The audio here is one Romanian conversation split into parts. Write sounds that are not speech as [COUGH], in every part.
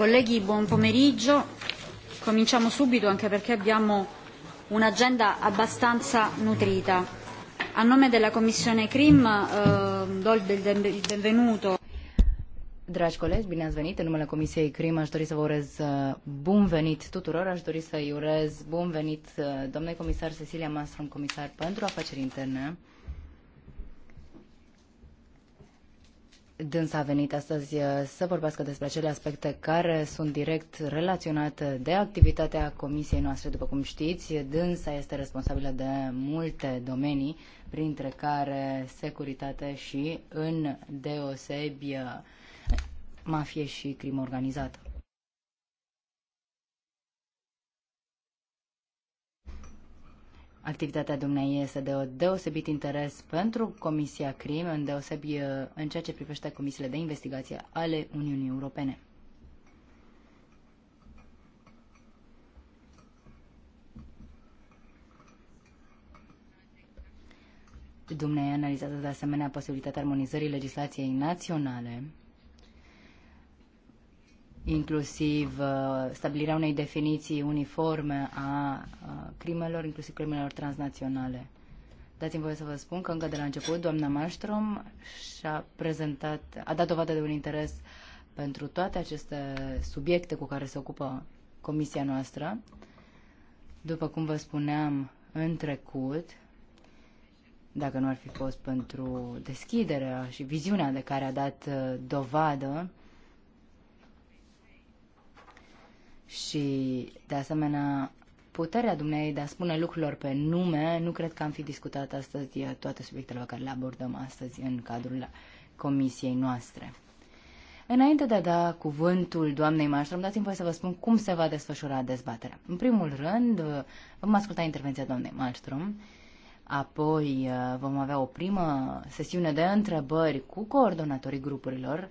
Colleghi, buon pomeriggio. Cominciamo subito anche perché abbiamo un'agenda abbastanza nutrita. A nome della Commissione CRIM eh, do il benvenuto. Dragi colegi, bine ați venit. În numele Comisiei CRIM aș dori să vă urez uh, bun venit tuturor. Aș dori să-i urez bun venit uh, domnului comisar Cecilia Mastrom, comisar pentru afaceri interne. Dânsa a venit astăzi uh, să vorbească despre acele aspecte care sunt direct relaționate de activitatea comisiei noastre. După cum știți, dânsa este responsabilă de multe domenii, printre care securitate și în deosebi uh, mafie și crimă organizată. Activitatea dumnei este de o deosebit interes pentru Comisia CRIM, deosebit uh, în ceea ce privește comisiile de investigație ale Uniunii Europene. Dumnezeu analizează de asemenea posibilitatea armonizării legislației naționale inclusiv uh, stabilirea unei definiții uniforme a uh, crimelor, inclusiv crimelor transnaționale. Dați-mi voie să vă spun că încă de la început doamna Maștrom și-a prezentat, a dat dovadă de un interes pentru toate aceste subiecte cu care se ocupă comisia noastră. După cum vă spuneam în trecut, dacă nu ar fi fost pentru deschiderea și viziunea de care a dat uh, dovadă, și, de asemenea, puterea dumneei de a spune lucrurilor pe nume, nu cred că am fi discutat astăzi toate subiectele pe care le abordăm astăzi în cadrul comisiei noastre. Înainte de a da cuvântul doamnei Maștrom, dați-mi voi să vă spun cum se va desfășura dezbaterea. În primul rând, vom asculta intervenția doamnei Maștrom, apoi uh, vom avea o primă sesiune de întrebări cu coordonatorii grupurilor,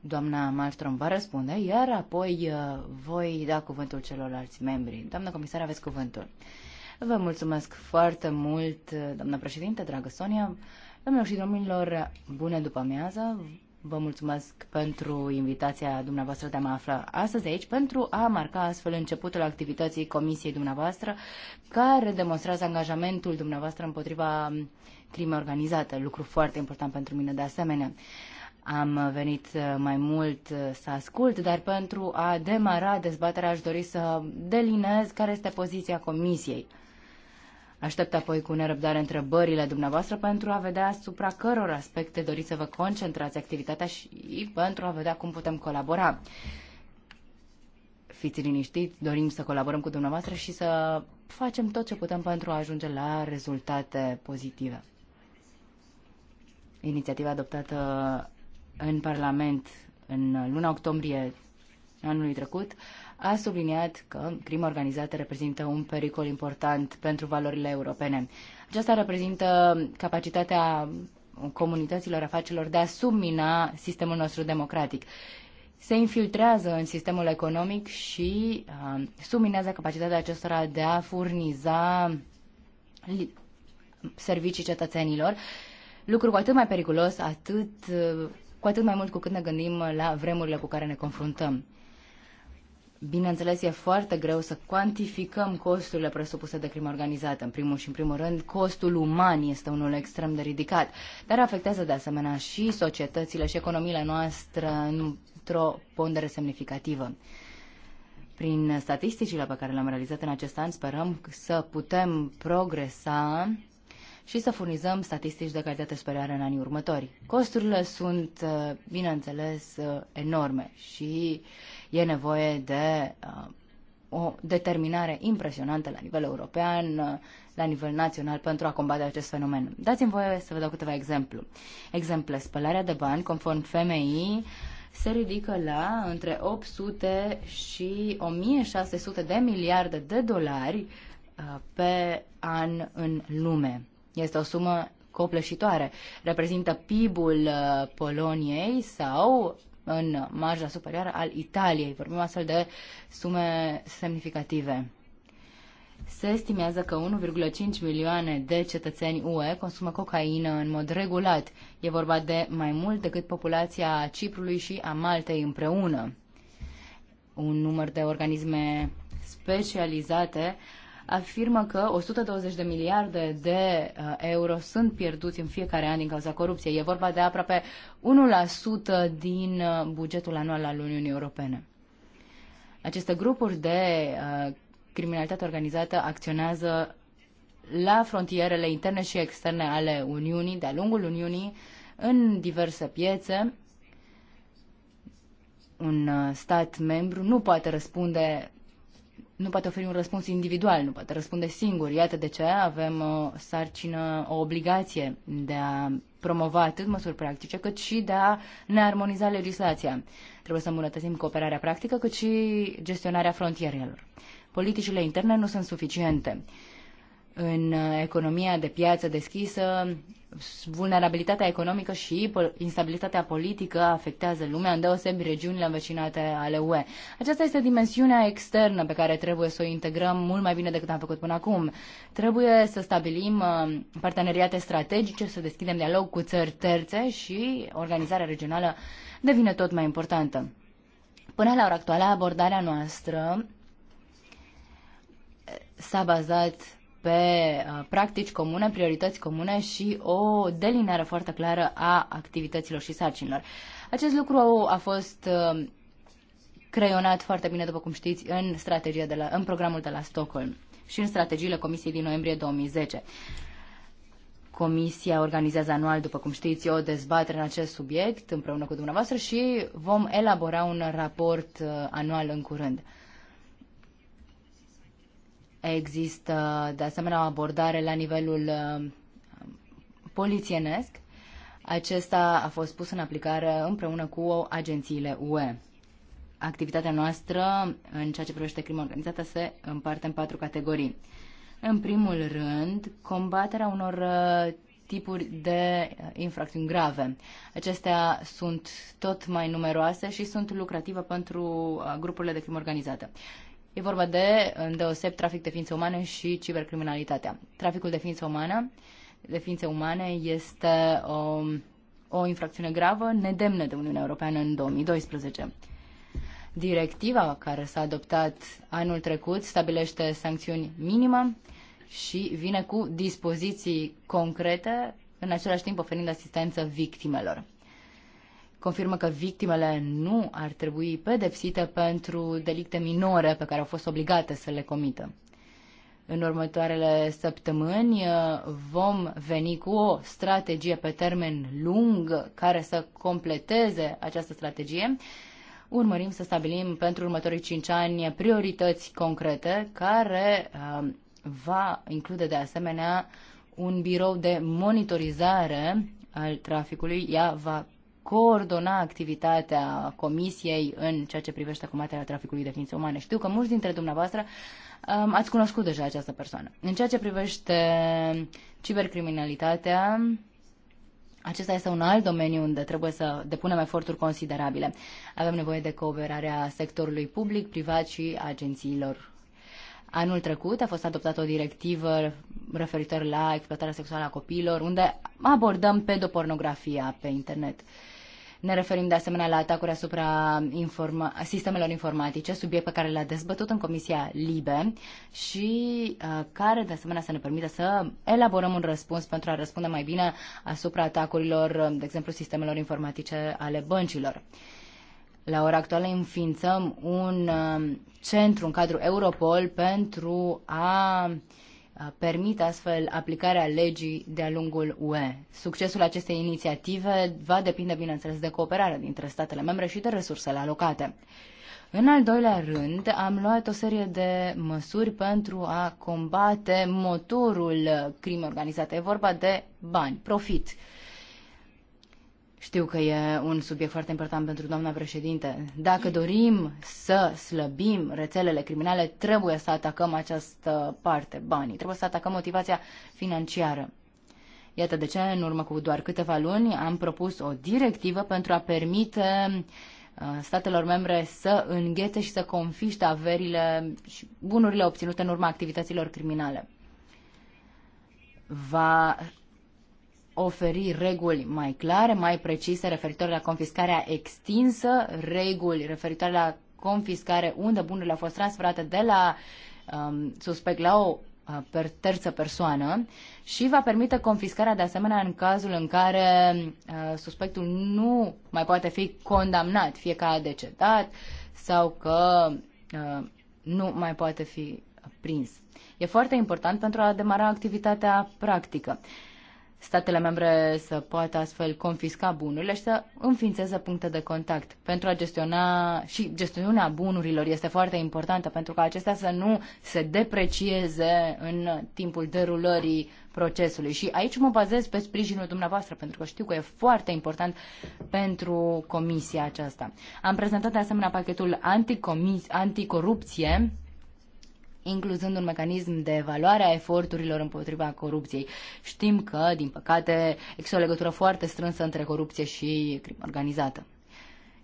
Doamna Malmström va răspunde, iar apoi uh, voi da cuvântul celorlalți membri. Doamna comisar, aveți cuvântul. Vă mulțumesc foarte mult, uh, doamna președinte, dragă Sonia. Doamnelor și domnilor, bune după amiază. Vă mulțumesc pentru invitația dumneavoastră de a mă afla astăzi aici pentru a marca astfel începutul activității comisiei dumneavoastră care demonstrează angajamentul dumneavoastră împotriva crimei organizate, lucru foarte important pentru mine de asemenea am venit uh, mai mult uh, să ascult, dar pentru a demara dezbaterea aș dori să delinez care este poziția Comisiei. Aștept apoi cu nerăbdare întrebările dumneavoastră pentru a vedea asupra căror aspecte doriți să vă concentrați activitatea și pentru a vedea cum putem colabora. Fiți liniștiți, dorim să colaborăm cu dumneavoastră și să facem tot ce putem pentru a ajunge la rezultate pozitive. Inițiativa adoptată în Parlament în luna octombrie anului trecut, a subliniat că crima organizată reprezintă un pericol important pentru valorile europene. Aceasta reprezintă capacitatea comunităților afacerilor de a submina sistemul nostru democratic. Se infiltrează în sistemul economic și uh, subminează capacitatea acestora de a furniza servicii cetățenilor. Lucru cu atât mai periculos, atât uh, cu atât mai mult cu cât ne gândim la vremurile cu care ne confruntăm. Bineînțeles, e foarte greu să cuantificăm costurile presupuse de crimă organizată. În primul și în primul rând, costul uman este unul extrem de ridicat, dar afectează de asemenea și societățile și economiile noastre într-o pondere semnificativă. Prin statisticile pe care le-am realizat în acest an, sperăm să putem progresa și să furnizăm statistici de calitate superioară în anii următori. Costurile sunt, uh, bineînțeles, uh, enorme și e nevoie de uh, o determinare impresionantă la nivel european, la nivel național pentru a combate acest fenomen. Dați-mi voie să vă dau câteva exemplu. Exemple, spălarea de bani, conform FMI, se ridică la între 800 și 1600 de miliarde de dolari pe an în lume. Este o sumă copleșitoare. Reprezintă PIB-ul uh, Poloniei sau în marja superioară al Italiei. Vorbim astfel de sume semnificative. Se estimează că 1,5 milioane de cetățeni UE consumă cocaină în mod regulat. E vorba de mai mult decât populația Ciprului și a Maltei împreună. Un număr de organisme specializate uh, afirmă că 120 de miliarde de uh, euro sunt pierduți în fiecare an din cauza corupției. E vorba de aproape 1% din uh, bugetul anual al Uniunii Europene. Aceste grupuri de uh, criminalitate organizată acționează la frontierele interne și externe ale Uniunii, de-a lungul Uniunii, în diverse piețe. Un stat membru nu poate răspunde nu poate oferi un răspuns individual, nu poate răspunde singur. Iată de ce avem o sarcină, o obligație de a promova atât măsuri practice, cât și de a ne armoniza legislația. Trebuie să îmbunătățim cooperarea practică, cât și gestionarea frontierelor. Politicile interne nu sunt suficiente în uh, economia de piață deschisă, vulnerabilitatea economică și instabilitatea politică afectează lumea, îndeosebi regiunile învecinate ale UE. Aceasta este dimensiunea externă pe care trebuie să o integrăm mult mai bine decât am făcut până acum. Trebuie să stabilim uh, parteneriate strategice, să deschidem dialog cu țări terțe și organizarea regională devine tot mai importantă. Până la ora actuală, abordarea noastră s-a bazat pe uh, practici comune, priorități comune și o delineare foarte clară a activităților și sarcinilor. Acest lucru a fost uh, creionat foarte bine, după cum știți, în, strategia de la, în programul de la Stockholm și în strategiile Comisiei din noiembrie 2010. Comisia organizează anual, după cum știți, o dezbatere în acest subiect împreună cu dumneavoastră și vom elabora un raport uh, anual în curând. Există, de asemenea, o abordare la nivelul uh, polițienesc. Acesta a fost pus în aplicare împreună cu agențiile UE. Activitatea noastră în ceea ce privește crima organizată se împarte în patru categorii. În primul rând, combaterea unor uh, tipuri de uh, infracțiuni grave. Acestea sunt tot mai numeroase și sunt lucrative pentru grupurile de crimă organizată. E vorba de, îndeoseb, trafic de ființe umane și cibercriminalitatea. Traficul de ființe umane, de ființe umane este o, um, o infracțiune gravă, nedemnă de Uniunea Europeană în 2012. Directiva care s-a adoptat anul trecut stabilește sancțiuni minime și vine cu dispoziții concrete, în același timp oferind asistență victimelor confirmă că victimele nu ar trebui pedepsite pentru delicte minore pe care au fost obligate să le comită. În următoarele săptămâni uh, vom veni cu o strategie pe termen lung care să completeze această strategie. Urmărim să stabilim pentru următorii 5 ani priorități concrete care uh, va include de asemenea un birou de monitorizare al traficului. Ea va coordona activitatea Comisiei în ceea ce privește combaterea traficului de ființe umane. Știu că mulți dintre dumneavoastră um, ați cunoscut deja această persoană. În ceea ce privește cibercriminalitatea, acesta este un alt domeniu unde trebuie să depunem eforturi considerabile. Avem nevoie de cooperarea sectorului public, privat și agențiilor. Anul trecut a fost adoptată o directivă referitor la exploatarea sexuală a copiilor, unde abordăm pedopornografia pe internet. Uh, ne referim de asemenea la atacuri asupra informa- sistemelor informatice, subiect pe care l-a dezbătut în Comisia Libe și uh, care de asemenea să ne permită să elaborăm un răspuns pentru a răspunde mai bine asupra atacurilor, uh, de exemplu, sistemelor informatice ale băncilor. La ora actuală înființăm un uh, centru în cadrul Europol pentru a uh, Uh, permit astfel aplicarea legii de-a lungul UE. Succesul acestei inițiative va depinde, bineînțeles, de cooperarea dintre statele membre și de resursele alocate. În al doilea rând, am luat o serie de măsuri pentru a combate motorul crimei organizate. E vorba de bani, profit. Uh, știu că e un subiect foarte important pentru doamna președinte. Dacă dorim să slăbim rețelele criminale, trebuie să atacăm această parte, banii, trebuie să atacăm motivația financiară. Iată de ce, în urmă cu doar câteva luni, am propus o directivă pentru a permite uh, statelor membre să înghete și să confiște averile și bunurile obținute în urma activităților criminale. Va oferi reguli mai clare, mai precise referitor la confiscarea extinsă, reguli referitor la confiscare unde bunurile au fost transferate de la um, suspect la o uh, per terță persoană și va permite confiscarea de asemenea în cazul în care uh, suspectul nu mai poate fi condamnat, fie că a decedat sau că uh, nu mai poate fi prins. E foarte important pentru a demara activitatea practică. Uh, statele membre să poată astfel confisca bunurile și să înființeze puncte de contact pentru a gestiona și gestiunea bunurilor este foarte importantă pentru ca acestea să nu se deprecieze în timpul derulării procesului. Și aici mă bazez pe sprijinul dumneavoastră pentru că știu că e foarte important pentru comisia aceasta. Am prezentat de asemenea pachetul anticorupție incluzând un mecanism de evaluare a eforturilor împotriva corupției. Știm că, din păcate, există o legătură foarte strânsă între corupție și crimă organizată.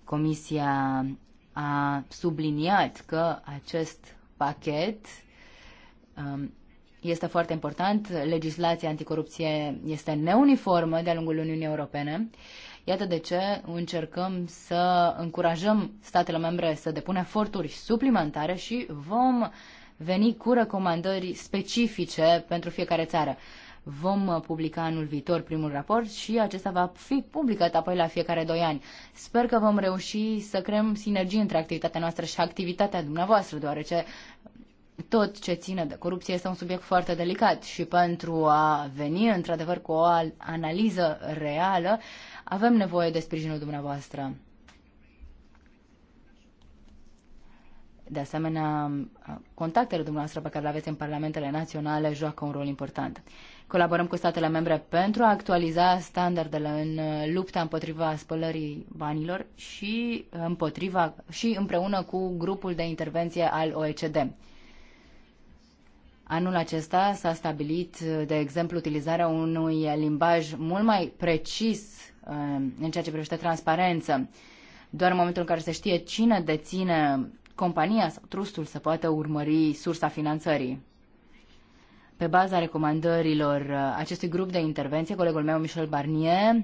Comisia a subliniat că acest pachet um, este foarte important. Legislația anticorupție este neuniformă de-a lungul Uniunii Europene. Iată de ce încercăm să încurajăm statele membre să depună eforturi suplimentare și vom veni cu recomandări specifice pentru fiecare țară. Vom uh, publica anul viitor primul raport și acesta va fi publicat apoi la fiecare doi ani. Sper că vom reuși să creăm sinergii între activitatea noastră și activitatea dumneavoastră, deoarece tot ce ține de corupție este un subiect foarte delicat și pentru a veni într-adevăr cu o analiză reală avem nevoie de sprijinul dumneavoastră. De asemenea, contactele dumneavoastră pe care le aveți în parlamentele naționale joacă un rol important. Colaborăm cu statele membre pentru a actualiza standardele în lupta împotriva spălării banilor și, împotriva, și împreună cu grupul de intervenție al OECD. Anul acesta s-a stabilit, de exemplu, utilizarea unui limbaj mult mai precis um, în ceea ce privește transparență. Doar în momentul în care se știe cine deține compania sau trustul să poată urmări sursa finanțării. Pe baza recomandărilor uh, acestui grup de intervenție, colegul meu Michel Barnier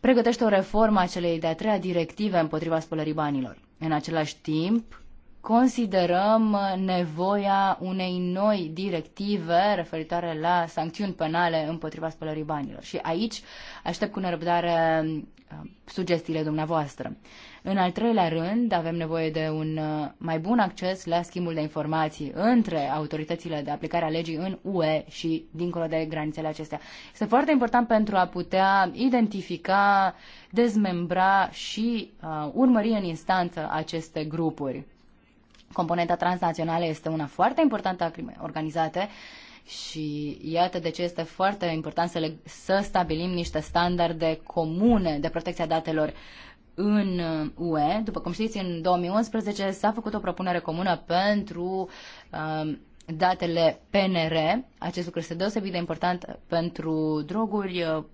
pregătește o reformă a celei de-a treia directive împotriva spălării banilor. În același timp, considerăm uh, nevoia unei noi directive referitoare la sancțiuni penale împotriva spălării banilor. Și aici aștept cu nerăbdare uh, sugestiile dumneavoastră. În al treilea rând, avem nevoie de un uh, mai bun acces la schimbul de informații între autoritățile de aplicare a legii în UE și dincolo de granițele acestea. Este foarte important pentru a putea identifica, dezmembra și uh, urmări în instanță aceste grupuri. Componenta transnațională este una foarte importantă a crimei organizate și iată de ce este foarte important să, le, să stabilim niște standarde comune de protecția datelor uh, în uh, UE. După cum știți, în 2011 s-a făcut o propunere comună pentru um, datele PNR. Acest lucru este deosebit de important pentru droguri, uh,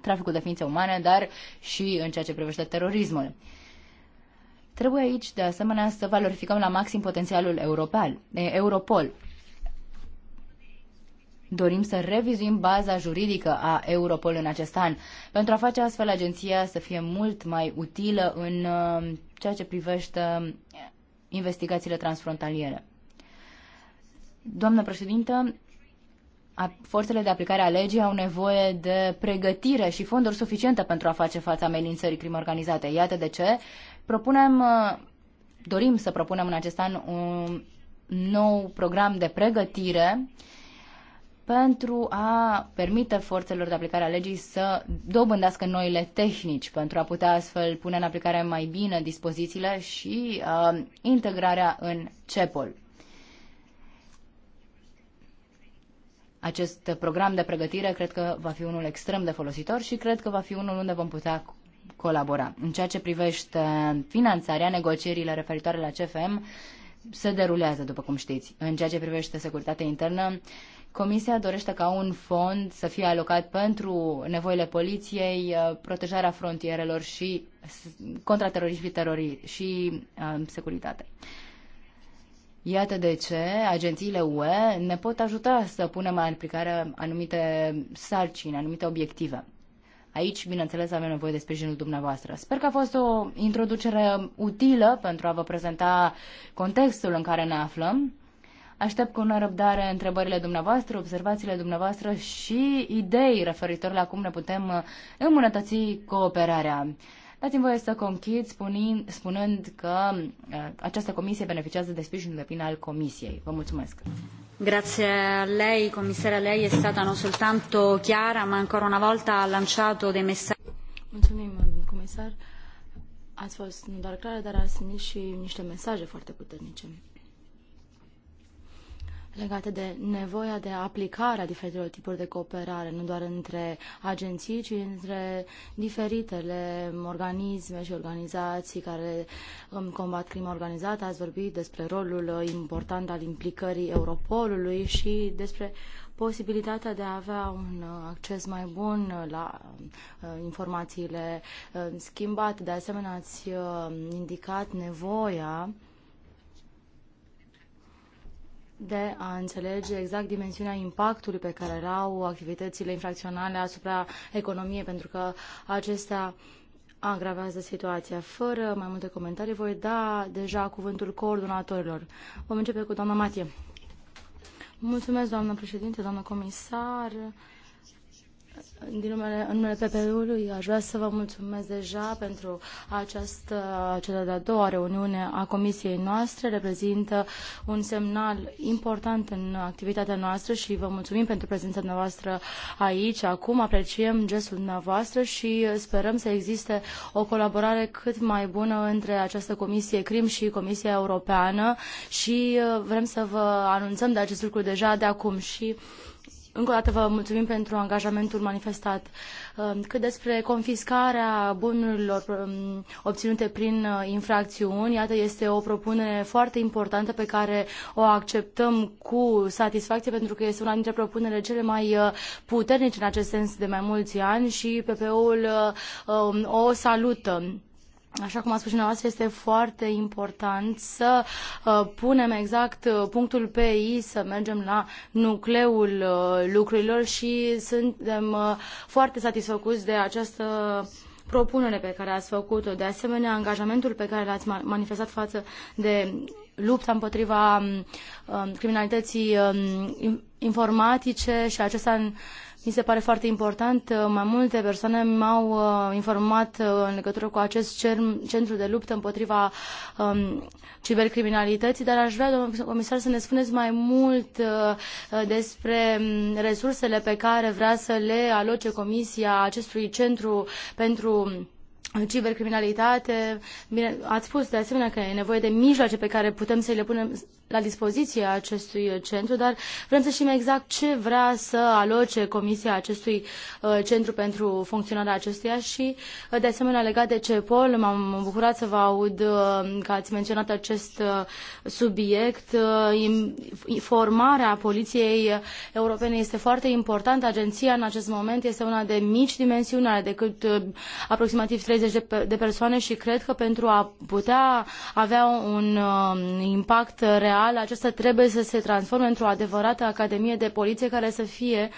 traficul de ființe umane, dar și în ceea ce privește terorismul. Trebuie aici, de asemenea, să valorificăm la maxim potențialul european, Europol dorim să revizuim baza juridică a Europol în acest an, pentru a face astfel agenția să fie mult mai utilă în uh, ceea ce privește uh, investigațiile transfrontaliere. Doamnă președintă, forțele de aplicare a legii au nevoie de pregătire și fonduri suficiente pentru a face față amenințării crimă organizate. Iată de ce propunem, uh, dorim să propunem în acest an un nou program de pregătire pentru a permite forțelor de aplicare a legii să dobândească noile tehnici, pentru a putea astfel pune în aplicare mai bine dispozițiile și uh, integrarea în CEPOL. Acest program de pregătire cred că va fi unul extrem de folositor și cred că va fi unul unde vom putea colabora. În ceea ce privește finanțarea, negocierile referitoare la CFM, uh, se derulează, după cum știți. În ceea ce privește securitatea internă, Comisia dorește ca un fond să fie alocat pentru nevoile poliției, uh, protejarea frontierelor și contraterorism și, terorii, și uh, securitate. Iată de ce agențiile UE ne pot ajuta să punem în aplicare anumite sarcini, anumite obiective. Aici, bineînțeles, avem nevoie de sprijinul dumneavoastră. Sper că a fost o introducere utilă pentru a vă prezenta contextul în care ne aflăm. Aștept cu nerăbdare întrebările dumneavoastră, observațiile dumneavoastră și idei referitor la cum ne putem îmbunătăți cooperarea. Dați-mi voie să conchid spunând că uh, această comisie beneficiază de sprijinul de plin al comisiei. Vă mulțumesc! Grazie a lei, commissaria. Lei è stata non soltanto chiara, ma ancora una volta ha lanciato dei messaggi. Mulțumim, comisar. Ați fost nu doar clară, dar ați trimis și niște mesaje foarte puternice legate de nevoia de aplicare a diferitelor tipuri de cooperare, nu doar între agenții, ci între diferitele organisme și organizații care um, combat crima organizată. Ați vorbit despre rolul uh, important al implicării Europolului și despre posibilitatea de a avea un uh, acces mai bun uh, la um, informațiile schimbate. De asemenea, ați indicat nevoia de a înțelege exact dimensiunea impactului pe care îl au activitățile infracționale asupra economiei, pentru că acestea agravează situația. Fără mai multe comentarii, voi da deja cuvântul coordonatorilor. Vom începe cu doamna Matie. Mulțumesc, doamnă președinte, doamnă comisar din numele, în numele PPU-ului aș vrea să vă mulțumesc deja pentru această cea de-a doua reuniune a comisiei noastre. Reprezintă un semnal important în activitatea noastră și vă mulțumim pentru prezența noastră aici. Acum apreciem gestul dumneavoastră și sperăm să existe o colaborare cât mai bună între această comisie CRIM și Comisia Europeană și uh, vrem să vă anunțăm de acest lucru deja de acum și încă o dată vă mulțumim pentru angajamentul manifestat. Um, cât despre confiscarea bunurilor um, obținute prin uh, infracțiuni, iată, este o propunere foarte importantă pe care o acceptăm cu satisfacție pentru că este una dintre propunerile cele mai uh, puternice în acest sens de mai mulți ani și PPO-ul uh, um, o salută așa cum a spus și dumneavoastră, este foarte important să uh, punem exact uh, punctul pe I, să mergem la nucleul uh, lucrurilor și suntem uh, foarte satisfăcuți de această propunere pe care ați făcut-o. De asemenea, angajamentul pe care l-ați manifestat față de lupta împotriva um, um, criminalității um, informatice și acesta în mi se pare foarte important. Uh, mai multe persoane m-au uh, informat uh, în legătură cu acest centru de luptă împotriva um, cibercriminalității, dar aș vrea, domnul comisar, să ne spuneți mai mult uh, despre um, resursele pe care vrea să le aloce Comisia acestui centru pentru um, cibercriminalitate. Bine, ați spus de asemenea că e nevoie de mijloace pe care putem să le punem la dispoziție acestui centru, dar vrem să știm exact ce vrea să aloce Comisia acestui uh, centru pentru funcționarea acestuia și, uh, de asemenea, legat de CEPOL, m-am bucurat să vă aud uh, că ați menționat acest subiect. Formarea poliției europene este foarte importantă. Agenția în acest moment este una de mici dimensiuni, are decât aproximativ 30 de persoane și cred că pentru a putea avea un impact real general, acesta trebuie să se transforme într-o adevărată academie de poliție care să fie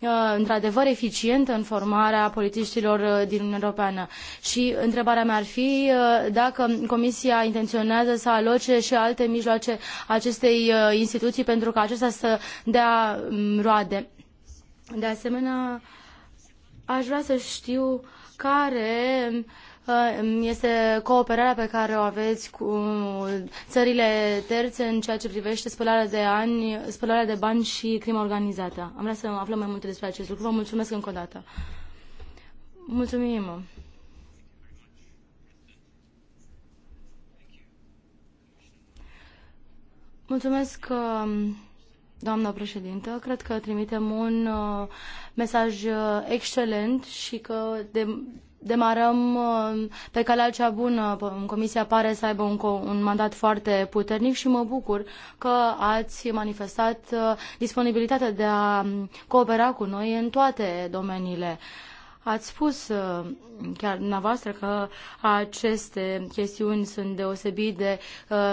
uh, într-adevăr eficientă în formarea polițiștilor uh, din Uniunea Europeană. Și întrebarea mea ar fi uh, dacă Comisia intenționează să aloce și alte mijloace acestei instituții pentru ca acesta să dea mm, roade. De asemenea, aș vrea să știu care uh, este cooperarea pe care o aveți cu țările terțe în ceea ce privește spălarea de, ani, spălarea de bani și crima organizată. Am vrea să aflăm mai multe despre acest lucru. Vă mulțumesc încă o dată. Mulțumim. Mulțumesc um, Doamna președintă, cred că trimitem un uh, mesaj uh, excelent și că de, demarăm uh, pe calea cea bună. Comisia pare să aibă un, un mandat foarte puternic și mă bucur că ați manifestat uh, disponibilitatea de a um, coopera cu noi în toate domeniile. Uh, Ați spus uh, chiar dumneavoastră că aceste chestiuni sunt deosebit de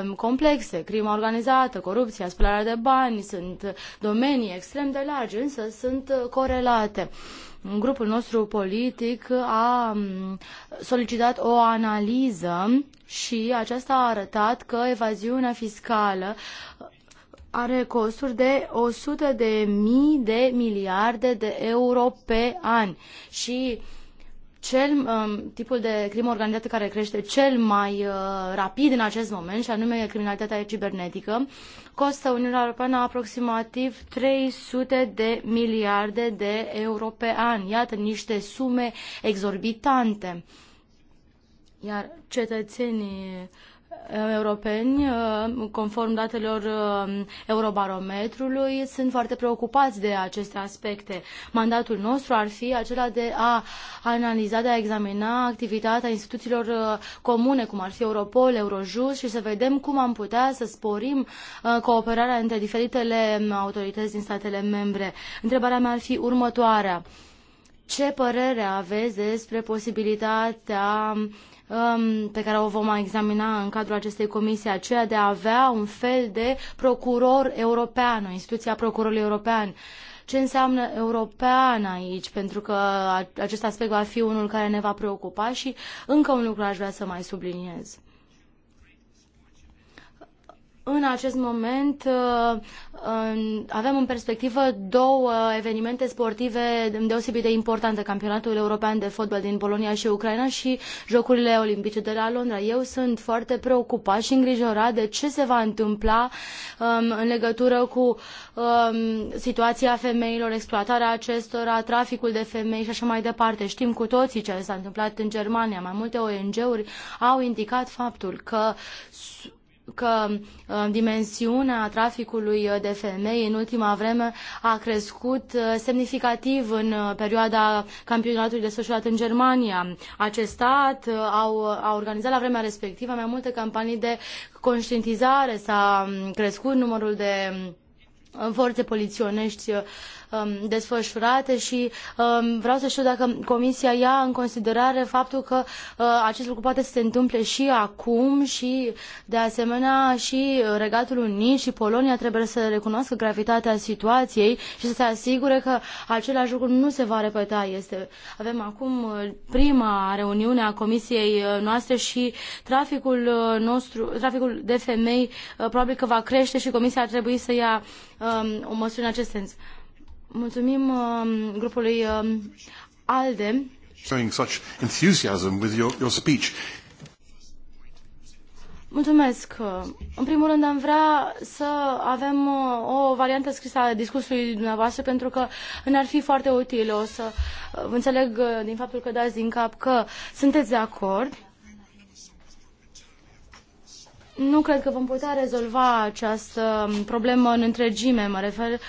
um, complexe. Crima organizată, corupția, spălarea de bani sunt domenii extrem de largi, însă sunt uh, corelate. Grupul nostru politic a um, solicitat o analiză și aceasta a arătat că evaziunea fiscală are costuri de 100 de mii de miliarde de euro pe an și cel um, tipul de crimă organizată care crește cel mai uh, rapid în acest moment, și anume criminalitatea cibernetică, costă Uniunea Europeană aproximativ 300 de miliarde de euro pe an. Iată niște sume exorbitante. Iar cetățenii europeni, uh, conform datelor uh, Eurobarometrului, sunt foarte preocupați de aceste aspecte. Mandatul nostru ar fi acela de a analiza, de a examina activitatea instituțiilor uh, comune, cum ar fi Europol, Eurojust, și să vedem cum am putea să sporim cooperarea între diferitele um, autorități din statele membre. Întrebarea mea ar fi următoarea. Ce părere aveți despre posibilitatea um, Um, pe care o vom examina în cadrul acestei comisii, aceea de a avea un fel de procuror european, o instituție a procurorului european. Ce înseamnă european aici? Pentru că acest aspect va fi unul care ne va preocupa și încă un lucru aș vrea să mai subliniez în acest moment uh, avem în perspectivă două evenimente sportive deosebit de importante, campionatul european de fotbal din Polonia și Ucraina și Jocurile Olimpice de la Londra. Eu sunt foarte preocupat și îngrijorat de ce se va întâmpla um, în legătură cu um, situația femeilor, exploatarea acestora, traficul de femei și așa mai departe. Știm cu toții ce s-a întâmplat în Germania. Mai multe ONG-uri au indicat faptul că că uh, dimensiunea traficului uh, de femei în ultima vreme a crescut uh, semnificativ în perioada campionatului desfășurat în Germania. Acest stat au, a organizat la vremea respectivă mai multe campanii de conștientizare, s-a um, crescut numărul de um, forțe poliționești um, desfășurate și um, vreau să știu dacă Comisia ia în considerare faptul că uh, acest lucru poate să se întâmple și acum și de asemenea și Regatul Unit și Polonia trebuie să recunoască gravitatea situației și să se asigure că același lucru nu se va repeta. Este, avem acum uh, prima reuniune a Comisiei uh, noastre și traficul uh, nostru, traficul de femei probabil că va crește și Comisia ar trebui să ia um, o măsură în acest sens. Mulțumim uh, grupului uh, ALDE. Showing such enthusiasm with your, your speech. Mulțumesc. În primul rând am vrea să avem uh, o variantă scrisă a discursului dumneavoastră pentru că ne-ar fi foarte util. O să înțeleg uh, din faptul că dați din cap că sunteți de acord nu cred că vom putea rezolva această problemă în întregime. Mă refer uh,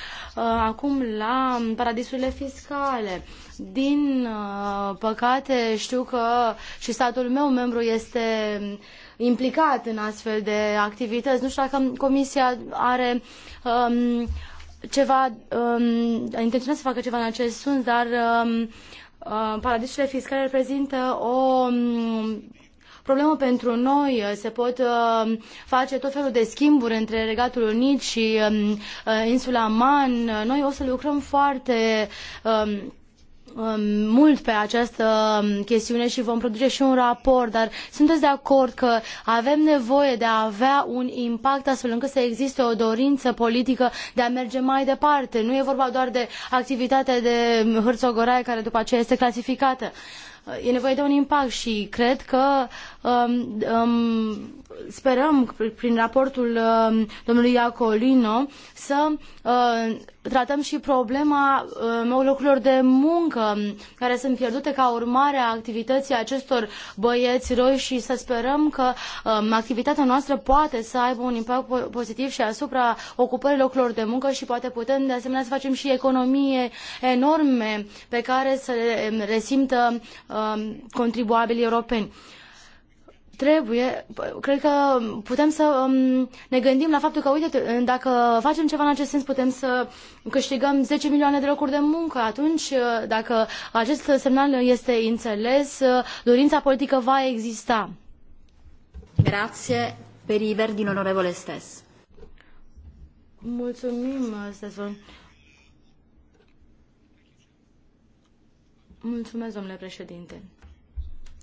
acum la paradisurile fiscale. Din uh, păcate știu că și statul meu membru este implicat în astfel de activități. Nu știu dacă Comisia are um, ceva, um, intenționat să facă ceva în acest sens, dar um, uh, paradisurile fiscale reprezintă o um, problemă pentru noi. Uh, se pot uh, face tot felul de schimburi între Regatul Unit și um, uh, insula Man. Noi o să lucrăm foarte um, um, mult pe această chestiune și vom produce și un raport, dar sunteți de acord că avem nevoie de a avea un impact astfel încât să existe o dorință politică de a merge mai departe. Nu e vorba doar de activitate de hârțogoraie care după aceea este clasificată. Uh, e nevoie de un impact și cred că um, um, sperăm prin raportul um, domnului Iacolino să uh, tratăm și problema um, locurilor de muncă um, care sunt pierdute ca urmare a activității acestor băieți roi și să sperăm că activitatea noastră poate să aibă un impact pozitiv și asupra ocupării locurilor de muncă și poate putem de asemenea să facem și economie enorme pe care să le resimtă contribuabilii europeni. Trebuie, cred că putem să um, ne gândim la faptul că, uite, dacă facem ceva în acest sens, putem să câștigăm 10 milioane de locuri de muncă. Atunci, dacă acest semnal este înțeles, dorința politică va exista. Grație. Periver din verdi onorevole Stes. Mulțumim, Stefan. Mulțumesc, domnule președinte.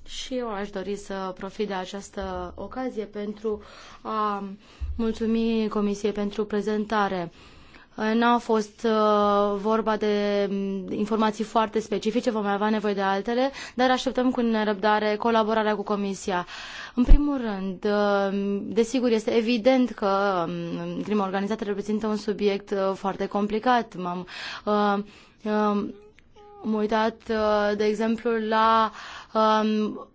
Și eu aș dori să profit de această ocazie pentru a mulțumi Comisiei pentru prezentare. N-a fost uh, vorba de mm, informații foarte specifice, vom avea nevoie de altele, dar așteptăm cu nerăbdare colaborarea cu Comisia. În primul rând, uh, desigur, este evident că mm, crima organizată reprezintă un subiect uh, foarte complicat. M-am, M-am uitat, uh, de exemplu, la um,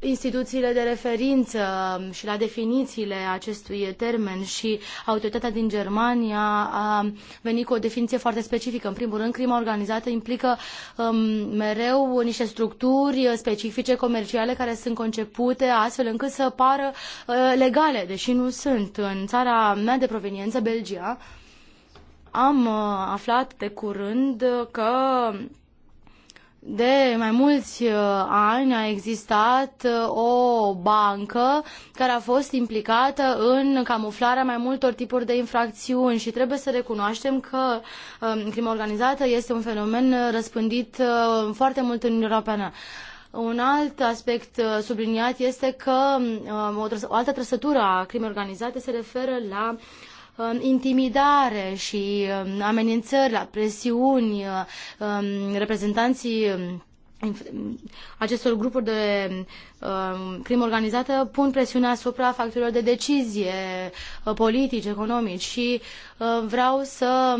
instituțiile de referință um, și la definițiile acestui termen și autoritatea din Germania a venit cu o definiție foarte specifică. În primul rând, crima organizată implică um, mereu niște structuri specifice comerciale care sunt concepute astfel încât să pară uh, legale, deși nu sunt. În țara mea de proveniență, Belgia, uh, am uh, aflat de curând că de mai mulți uh, ani a existat uh, o bancă care a fost implicată în camuflarea mai multor tipuri de infracțiuni și trebuie să recunoaștem că um, crima organizată este un fenomen răspândit uh, foarte mult în Europeană. Un alt aspect subliniat este că um, o, o altă trăsătură a crimei organizate se referă la uh, intimidare și um, amenințări, la presiuni, um, reprezentanții um, acestor grupuri de uh, crimă organizată pun presiune asupra factorilor de decizie uh, politici, economici și uh, vreau să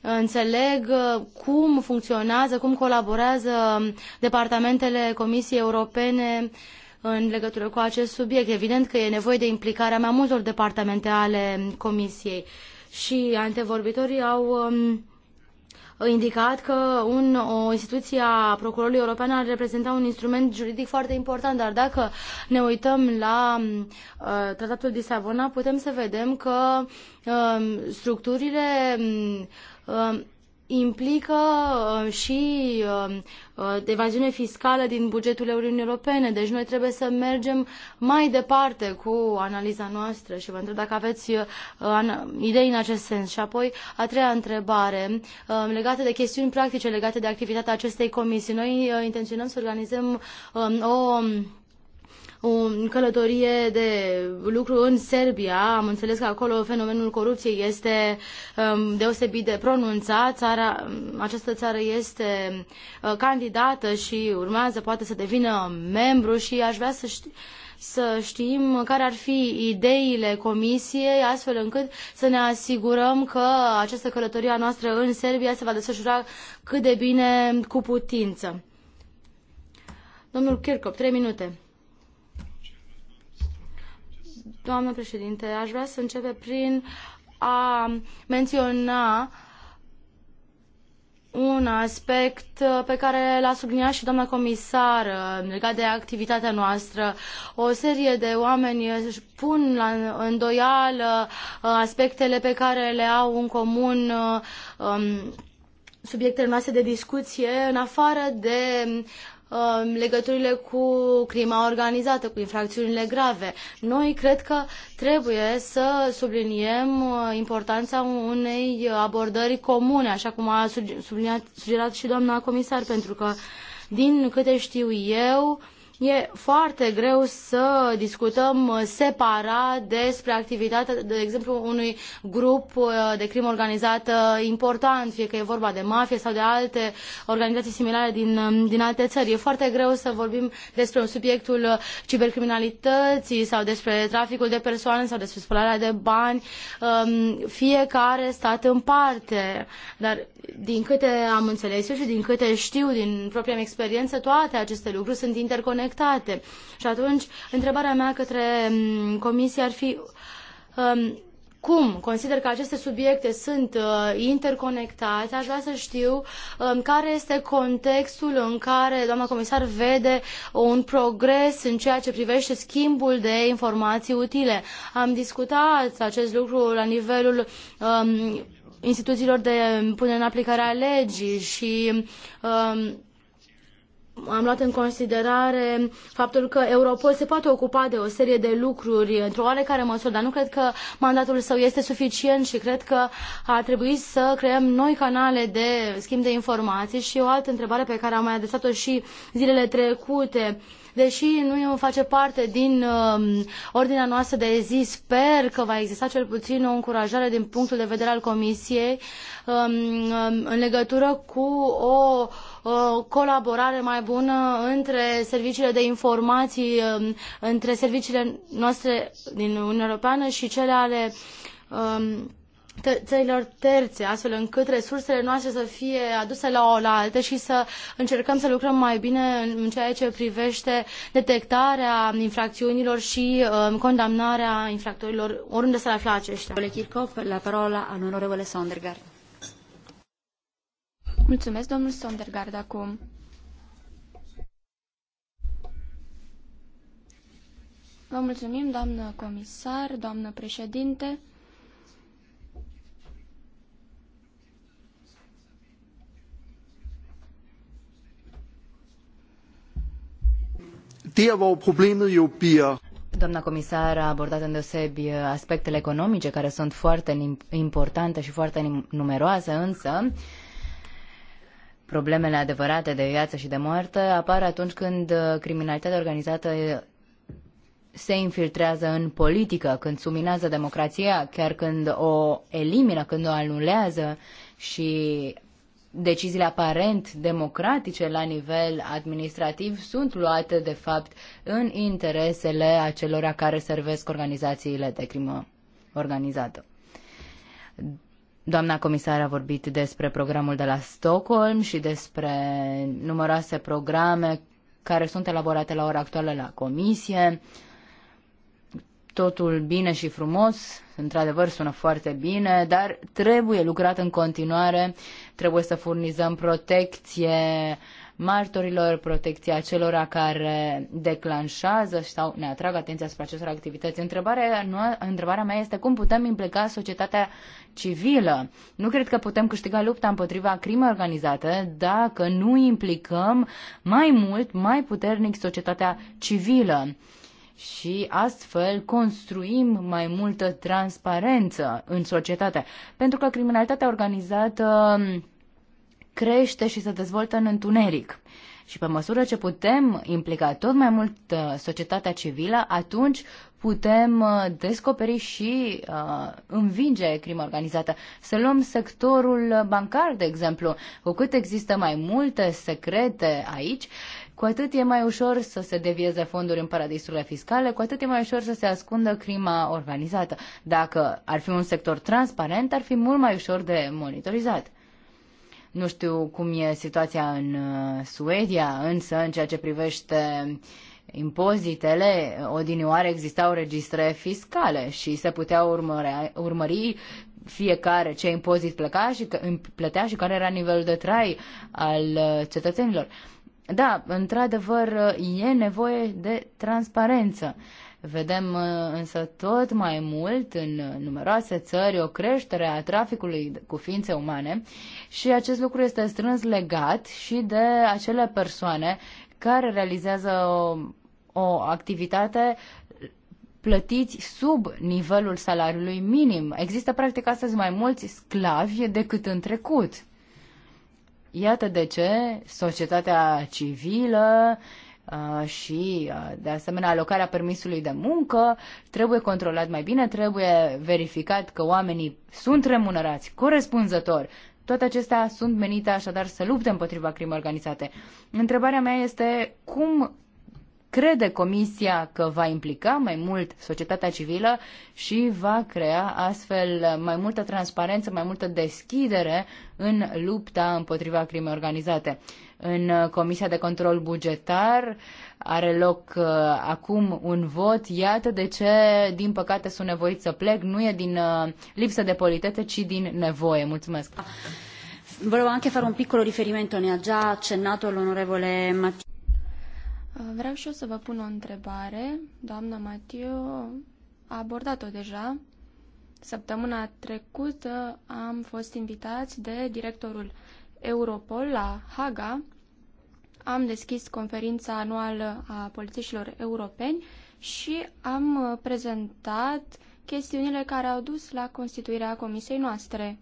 înțeleg uh, cum funcționează, cum colaborează departamentele Comisiei Europene uh, în legătură cu acest subiect. Evident că e nevoie de implicarea mai multor departamente ale Comisiei și antevorbitorii au um, indicat că un, o instituție a Procurorului European ar reprezenta un instrument juridic foarte important, dar dacă ne uităm la um, uh, Tratatul Disavona, putem să vedem că uh, structurile uh, implică uh, și uh, uh, evaziune fiscală din bugetul Uniunii Europene. Deci noi trebuie să mergem mai departe cu analiza noastră și vă întreb dacă aveți idei în acest sens. Și apoi a treia întrebare legată de chestiuni practice legate de activitatea acestei comisii. Noi intenționăm să organizăm um, o o călătorie de lucru în Serbia. Am înțeles că acolo fenomenul corupției este um, deosebit de pronunțat. Țara, această țară este uh, candidată și urmează poate să devină membru și aș vrea să știu să știm care ar fi ideile comisiei, astfel încât să ne asigurăm că această călătorie a noastră în Serbia se va desfășura cât de bine cu putință. Domnul Kirchhoff, trei minute. Doamnă președinte, aș vrea să începe prin a menționa un aspect pe care l-a subliniat și doamna comisar uh, legat de activitatea noastră. O serie de oameni își pun la îndoială uh, aspectele pe care le au în comun uh, um, subiectele noastre de discuție, în afară de Um, legăturile cu crima organizată, cu infracțiunile grave. Noi cred că trebuie să subliniem uh, importanța unei abordări comune, așa cum a sugerat și doamna comisar, pentru că, din câte știu eu, uh, E foarte greu să discutăm separat despre activitatea, de exemplu, unui grup uh, de crimă organizată important, fie că e vorba de mafie sau de alte organizații similare din, um, din alte țări. E foarte greu să vorbim despre subiectul cibercriminalității sau despre traficul de persoane sau despre spălarea de bani, um, fiecare stat în parte. Dar din câte am înțeles eu și din câte știu din propria mea experiență, toate aceste lucruri sunt interconectate. Și atunci, întrebarea mea către mm, comisie ar fi um, cum consider că aceste subiecte sunt uh, interconectate, aș vrea să știu um, care este contextul în care doamna comisar vede un progres în ceea ce privește schimbul de informații utile. Am discutat acest lucru la nivelul um, instituțiilor de punere în aplicare a legii și um, am luat în considerare faptul că Europol se poate ocupa de o serie de lucruri într-o oarecare măsură, dar nu cred că mandatul său este suficient și cred că ar trebui să creăm noi canale de schimb de informații și o altă întrebare pe care am mai adresat-o și zilele trecute. Uh, Deși nu face parte din uh, ordinea noastră de zi, sper că va exista cel puțin o încurajare din punctul de vedere al Comisiei um, um, în legătură cu o o colaborare mai bună între serviciile de informații, um, între serviciile noastre din Uniunea Europeană și cele ale um, ter- țărilor terțe, astfel încât resursele noastre să fie aduse la oaltă și să încercăm să lucrăm mai bine în ceea ce privește detectarea infracțiunilor și um, condamnarea infractorilor oriunde să le afla aceștia. la parola al onorevole Sondergaard. Mulțumesc, domnul Sondergaard, acum. Vă mulțumim, doamnă comisar, doamnă președinte. der, hvor problemet jo bliver Doamna comisar a abordat îndeosebi aspectele economice, care sunt foarte importante și foarte numeroase, însă problemele adevărate de viață și de moarte apar atunci când criminalitatea organizată se infiltrează în politică, când suminează democrația, chiar când o elimină, când o anulează și deciziile aparent democratice la nivel administrativ sunt luate, de fapt, în interesele acelora care servesc organizațiile de crimă organizată. Doamna comisar a vorbit despre programul de la Stockholm și despre numeroase programe care sunt elaborate la ora actuală la comisie. Uh, totul bine și frumos, într-adevăr sună foarte bine, dar trebuie lucrat în continuare, trebuie să furnizăm protecție martorilor, protecția celor care declanșează sau ne atrag atenția asupra acestor activități. Întrebarea, nu, întrebarea mea este cum putem implica societatea civilă. Nu cred că putem câștiga lupta împotriva crimei organizate dacă nu implicăm mai mult, mai puternic societatea civilă și astfel construim mai multă transparență în societate. Pentru că criminalitatea organizată um, crește și se dezvoltă în întuneric. Și pe măsură ce putem implica tot mai mult uh, societatea civilă, atunci putem uh, descoperi și uh, învinge crima organizată. Să luăm sectorul uh, bancar, de exemplu. Cu cât există mai multe secrete aici, uh, cu atât e mai ușor să se devieze fonduri în paradisurile fiscale, cu atât e mai ușor să se ascundă crima organizată. Dacă ar fi un sector transparent, ar fi mult mai ușor de monitorizat. Nu știu cum e situația în uh, Suedia, însă în ceea ce privește impozitele, odinioare existau registre fiscale și se putea urmări, urmări fiecare ce impozit pleca și, plătea și care era nivelul de trai al uh, cetățenilor. Da, într-adevăr, e nevoie de transparență. Vedem uh, însă tot mai mult în numeroase țări o creștere a traficului cu ființe umane și acest lucru este strâns legat și de acele persoane care realizează o, o activitate plătiți sub nivelul salariului minim. Există practic astăzi mai mulți sclavi decât în trecut. Iată de ce societatea civilă uh, și, uh, de asemenea, alocarea permisului de muncă trebuie controlat mai bine, trebuie verificat că oamenii sunt remunerați corespunzător. Toate acestea sunt menite așadar să lupte împotriva crimei organizate. Întrebarea mea este cum crede Comisia că va implica mai mult societatea civilă și va crea astfel mai multă transparență, mai multă deschidere în lupta împotriva crimei organizate. În uh, Comisia de Control Bugetar are loc uh, acum un vot. Iată de ce, din păcate, sunt nevoit să plec. Nu e din uh, lipsă de politete, ci din nevoie. Mulțumesc. Vreau anche fare un piccolo riferimento, ne ha già accennato l'onorevole Mattia Uh, vreau și eu să vă pun o întrebare. Doamna Matiu a abordat-o deja. Săptămâna trecută am fost invitați de directorul Europol la Haga. Am deschis conferința anuală a polițiștilor europeni și am prezentat chestiunile care au dus la constituirea comisiei noastre.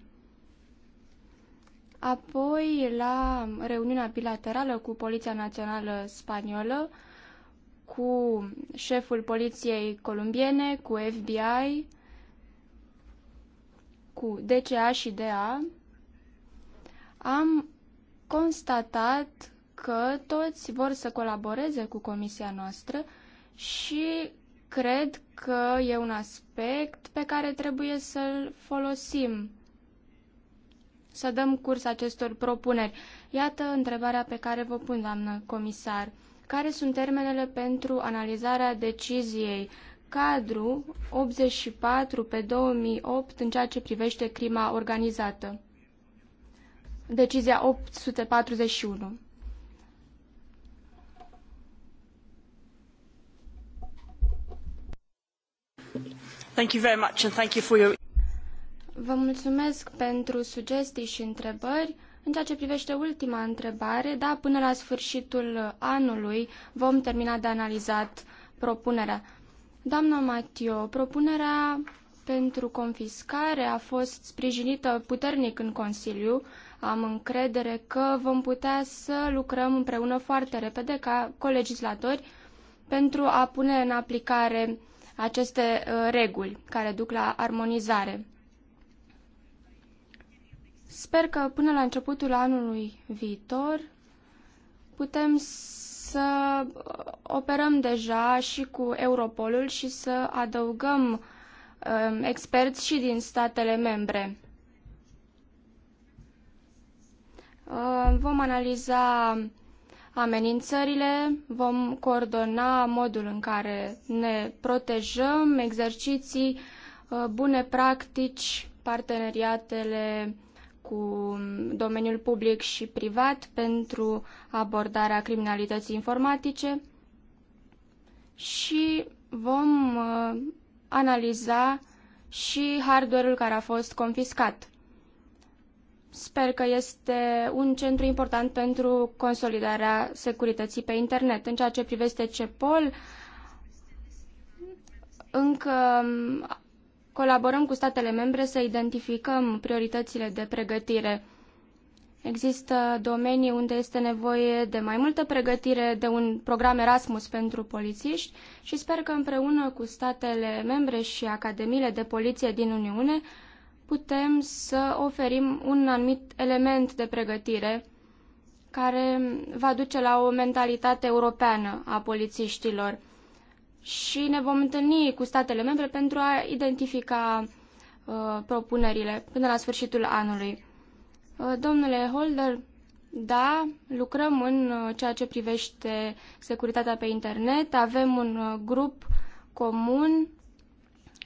Apoi, la reuniunea bilaterală cu Poliția Națională Spaniolă, cu șeful Poliției Columbiene, cu FBI, cu DCA și DA, am constatat că toți vor să colaboreze cu comisia noastră și cred că e un aspect pe care trebuie să-l folosim să dăm curs acestor propuneri. Iată întrebarea pe care vă pun, doamnă comisar. Care sunt termenele pentru analizarea deciziei cadru 84 pe 2008 în ceea ce privește crima organizată? Decizia 841. Thank you very much and thank you for your... Vă mulțumesc pentru sugestii și întrebări. În ceea ce privește ultima întrebare, da, până la sfârșitul anului vom termina de analizat propunerea. Doamna Matio, propunerea pentru confiscare a fost sprijinită puternic în Consiliu. Am încredere că vom putea să lucrăm împreună foarte repede ca colegislatori pentru a pune în aplicare aceste uh, reguli care duc la armonizare. Sper că până la începutul anului viitor putem să operăm deja și cu Europolul și să adăugăm um, experți și din statele membre. Uh, vom analiza amenințările, vom coordona modul în care ne protejăm, exerciții, uh, bune practici, parteneriatele cu domeniul public și privat pentru abordarea criminalității informatice și vom uh, analiza și hardware-ul care a fost confiscat. Sper că este un centru important pentru consolidarea securității pe internet. În ceea ce privește CEPOL, încă Colaborăm cu statele membre să identificăm prioritățile de pregătire. Există domenii unde este nevoie de mai multă pregătire, de un program Erasmus pentru polițiști și sper că împreună cu statele membre și academiile de poliție din Uniune putem să oferim un anumit element de pregătire care va duce la o mentalitate europeană a polițiștilor și ne vom întâlni cu statele membre pentru a identifica uh, propunerile până la sfârșitul anului. Uh, domnule Holder, da, lucrăm în uh, ceea ce privește securitatea pe internet, avem un uh, grup comun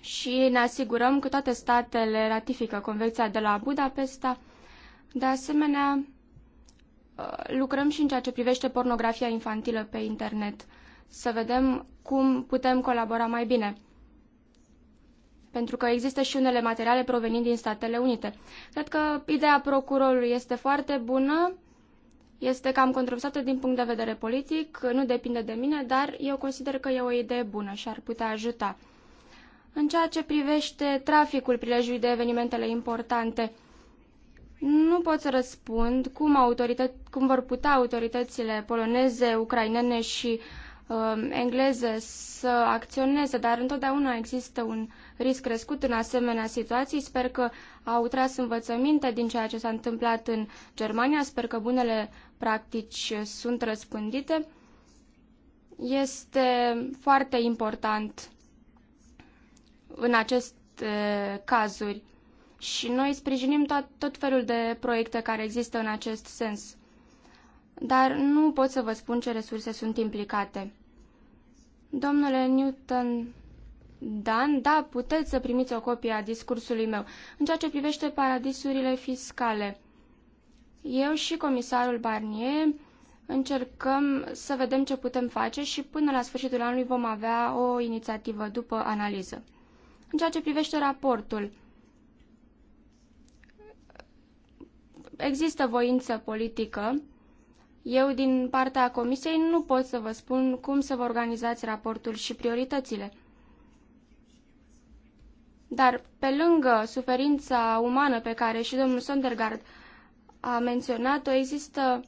și ne asigurăm că toate statele ratifică Convenția de la Budapesta. De asemenea, uh, lucrăm și în ceea ce privește pornografia infantilă pe internet. Să vedem cum putem colabora mai bine. Pentru că există și unele materiale provenind din Statele Unite. Cred că ideea procurorului este foarte bună, este cam controversată din punct de vedere politic, nu depinde de mine, dar eu consider că e o idee bună și ar putea ajuta. În ceea ce privește traficul prilejului de evenimentele importante, nu pot să răspund cum, cum vor putea autoritățile poloneze, ucrainene și uh, Um, engleze să acționeze, dar întotdeauna există un risc crescut în asemenea situații. Sper că au tras învățăminte din ceea ce s-a întâmplat în Germania, sper că bunele practici sunt răspândite. Este foarte important în aceste cazuri și noi sprijinim tot, tot felul de proiecte care există în acest sens dar nu pot să vă spun ce resurse sunt implicate. Domnule Newton Dan, da, puteți să primiți o copie a discursului meu în ceea ce privește paradisurile fiscale. Eu și comisarul Barnier încercăm să vedem ce putem face și până la sfârșitul anului vom avea o inițiativă după analiză. În ceea ce privește raportul, există voință politică eu, din partea Comisiei, nu pot să vă spun cum să vă organizați raportul și prioritățile. Dar, pe lângă suferința umană pe care și domnul Sondergaard a menționat-o, există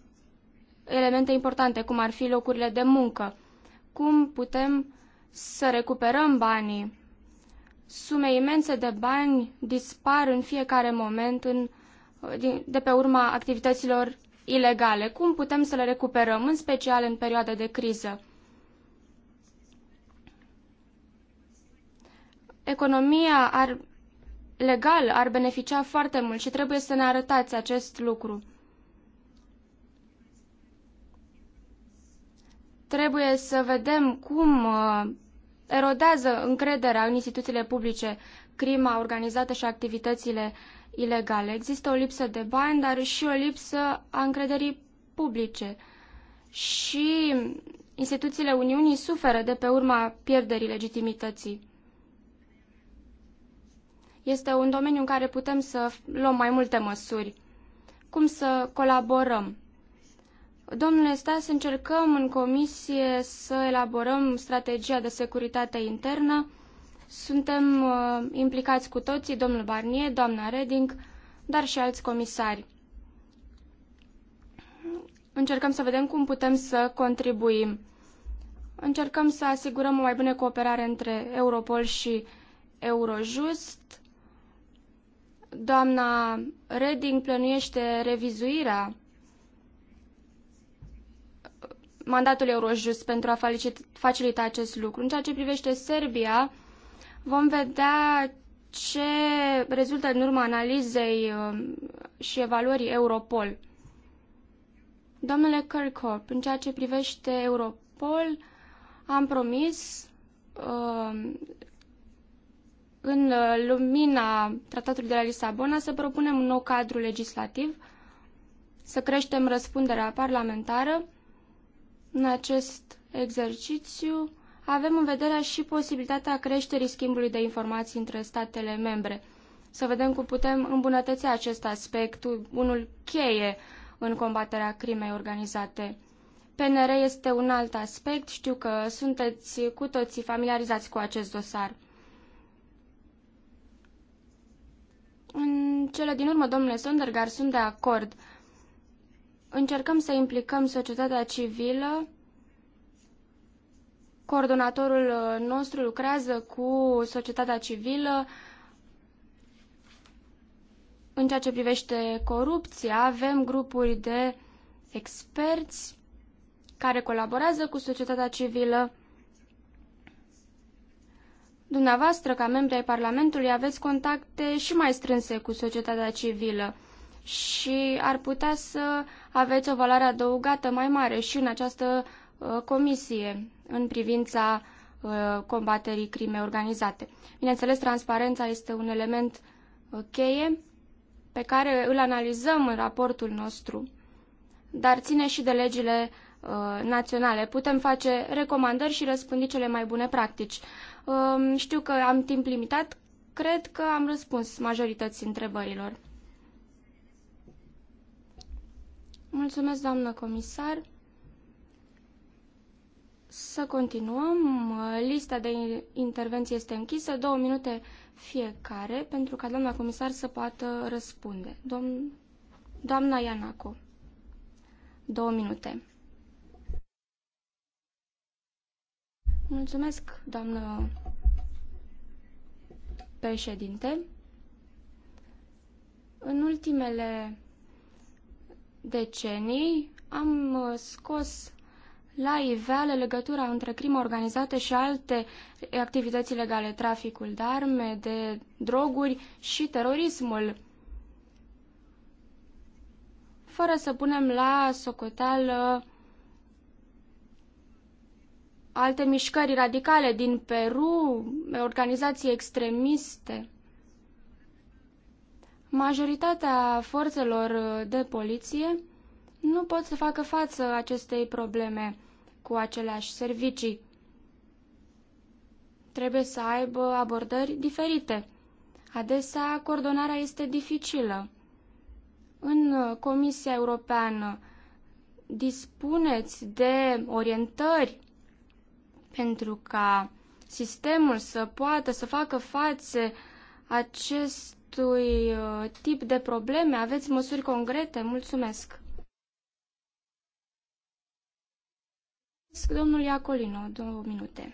elemente importante, cum ar fi locurile de muncă, cum putem să recuperăm banii. Sume imense de bani dispar în fiecare moment în, de pe urma activităților ilegale. Cum putem să le recuperăm, în special în perioada de criză? Economia ar, legală ar beneficia foarte mult și trebuie să ne arătați acest lucru. Trebuie să vedem cum uh, erodează încrederea în instituțiile publice, crima organizată și activitățile uh, ilegale. Există o lipsă de bani, dar și o lipsă a încrederii publice. Și instituțiile Uniunii suferă de pe urma pierderii legitimității. Este un domeniu în care putem să luăm mai multe măsuri. Cum să colaborăm? Domnule Stas, încercăm în comisie să elaborăm strategia de securitate internă suntem uh, implicați cu toții, domnul Barnier, doamna Reding, dar și alți comisari. Încercăm să vedem cum putem să contribuim. Încercăm să asigurăm o mai bună cooperare între Europol și Eurojust. Doamna Reding plănuiește revizuirea mandatul Eurojust pentru a facilita acest lucru. În ceea ce privește Serbia, Vom vedea ce rezultă în urma analizei um, și evaluării Europol. Domnule Kirchhoff, în ceea ce privește Europol, am promis um, în lumina Tratatului de la Lisabona să propunem un nou cadru legislativ, să creștem răspunderea parlamentară în acest exercițiu avem în vedere și posibilitatea creșterii schimbului de informații între statele membre. Să vedem cum putem îmbunătăți acest aspect, unul cheie în combaterea crimei organizate. PNR este un alt aspect, știu că sunteți cu toții familiarizați cu acest dosar. În cele din urmă, domnule Sondergar, sunt de acord. Încercăm să implicăm societatea civilă Coordonatorul uh, nostru lucrează cu societatea civilă în ceea ce privește corupția. Avem grupuri de experți care colaborează cu societatea civilă. Dumneavoastră, ca membri ai Parlamentului, aveți contacte și mai strânse cu societatea civilă și ar putea să aveți o valoare adăugată mai mare și în această uh, comisie în privința uh, combaterii crimei organizate. Bineînțeles, transparența este un element uh, cheie pe care îl analizăm în raportul nostru, dar ține și de legile uh, naționale. Putem face recomandări și răspândi cele mai bune practici. Um, știu că am timp limitat, cred că am răspuns majorității întrebărilor. Mulțumesc, doamnă comisar. Să continuăm. Lista de intervenții este închisă. Două minute fiecare pentru ca doamna comisar să poată răspunde. Domn... Doamna Ianacu, două minute. Mulțumesc, doamnă președinte. În ultimele decenii am scos la iveală legătura între crimă organizată și alte activități legale, traficul de arme, de droguri și terorismul, fără să punem la socoteală alte mișcări radicale din Peru, organizații extremiste. Majoritatea forțelor de poliție nu pot să facă față acestei probleme cu aceleași servicii. Trebuie să aibă abordări diferite. Adesea, coordonarea este dificilă. În Comisia Europeană dispuneți de orientări pentru ca sistemul să poată să facă față acestui uh, tip de probleme? Aveți măsuri concrete? Mulțumesc! Domnul Iacolino, două minute.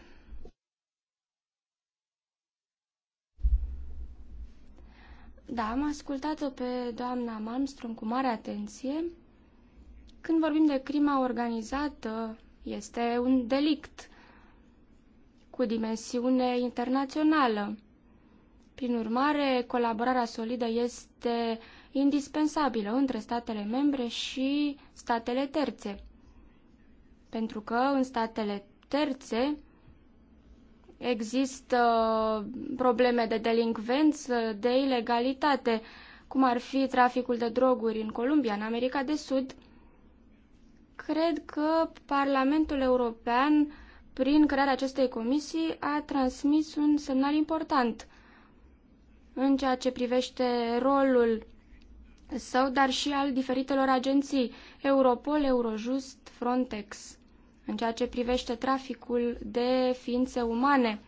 Da, am ascultat-o pe doamna Malmström cu mare atenție. Când vorbim de crima organizată, este un delict cu dimensiune internațională. Prin urmare, colaborarea solidă este indispensabilă între statele membre și statele terțe pentru că în statele terțe există probleme de delincvență, de ilegalitate, cum ar fi traficul de droguri în Columbia, în America de Sud. Cred că Parlamentul European, prin crearea acestei comisii, a transmis un semnal important în ceea ce privește rolul său, dar și al diferitelor agenții, Europol, Eurojust, Frontex în ceea ce privește traficul de ființe umane.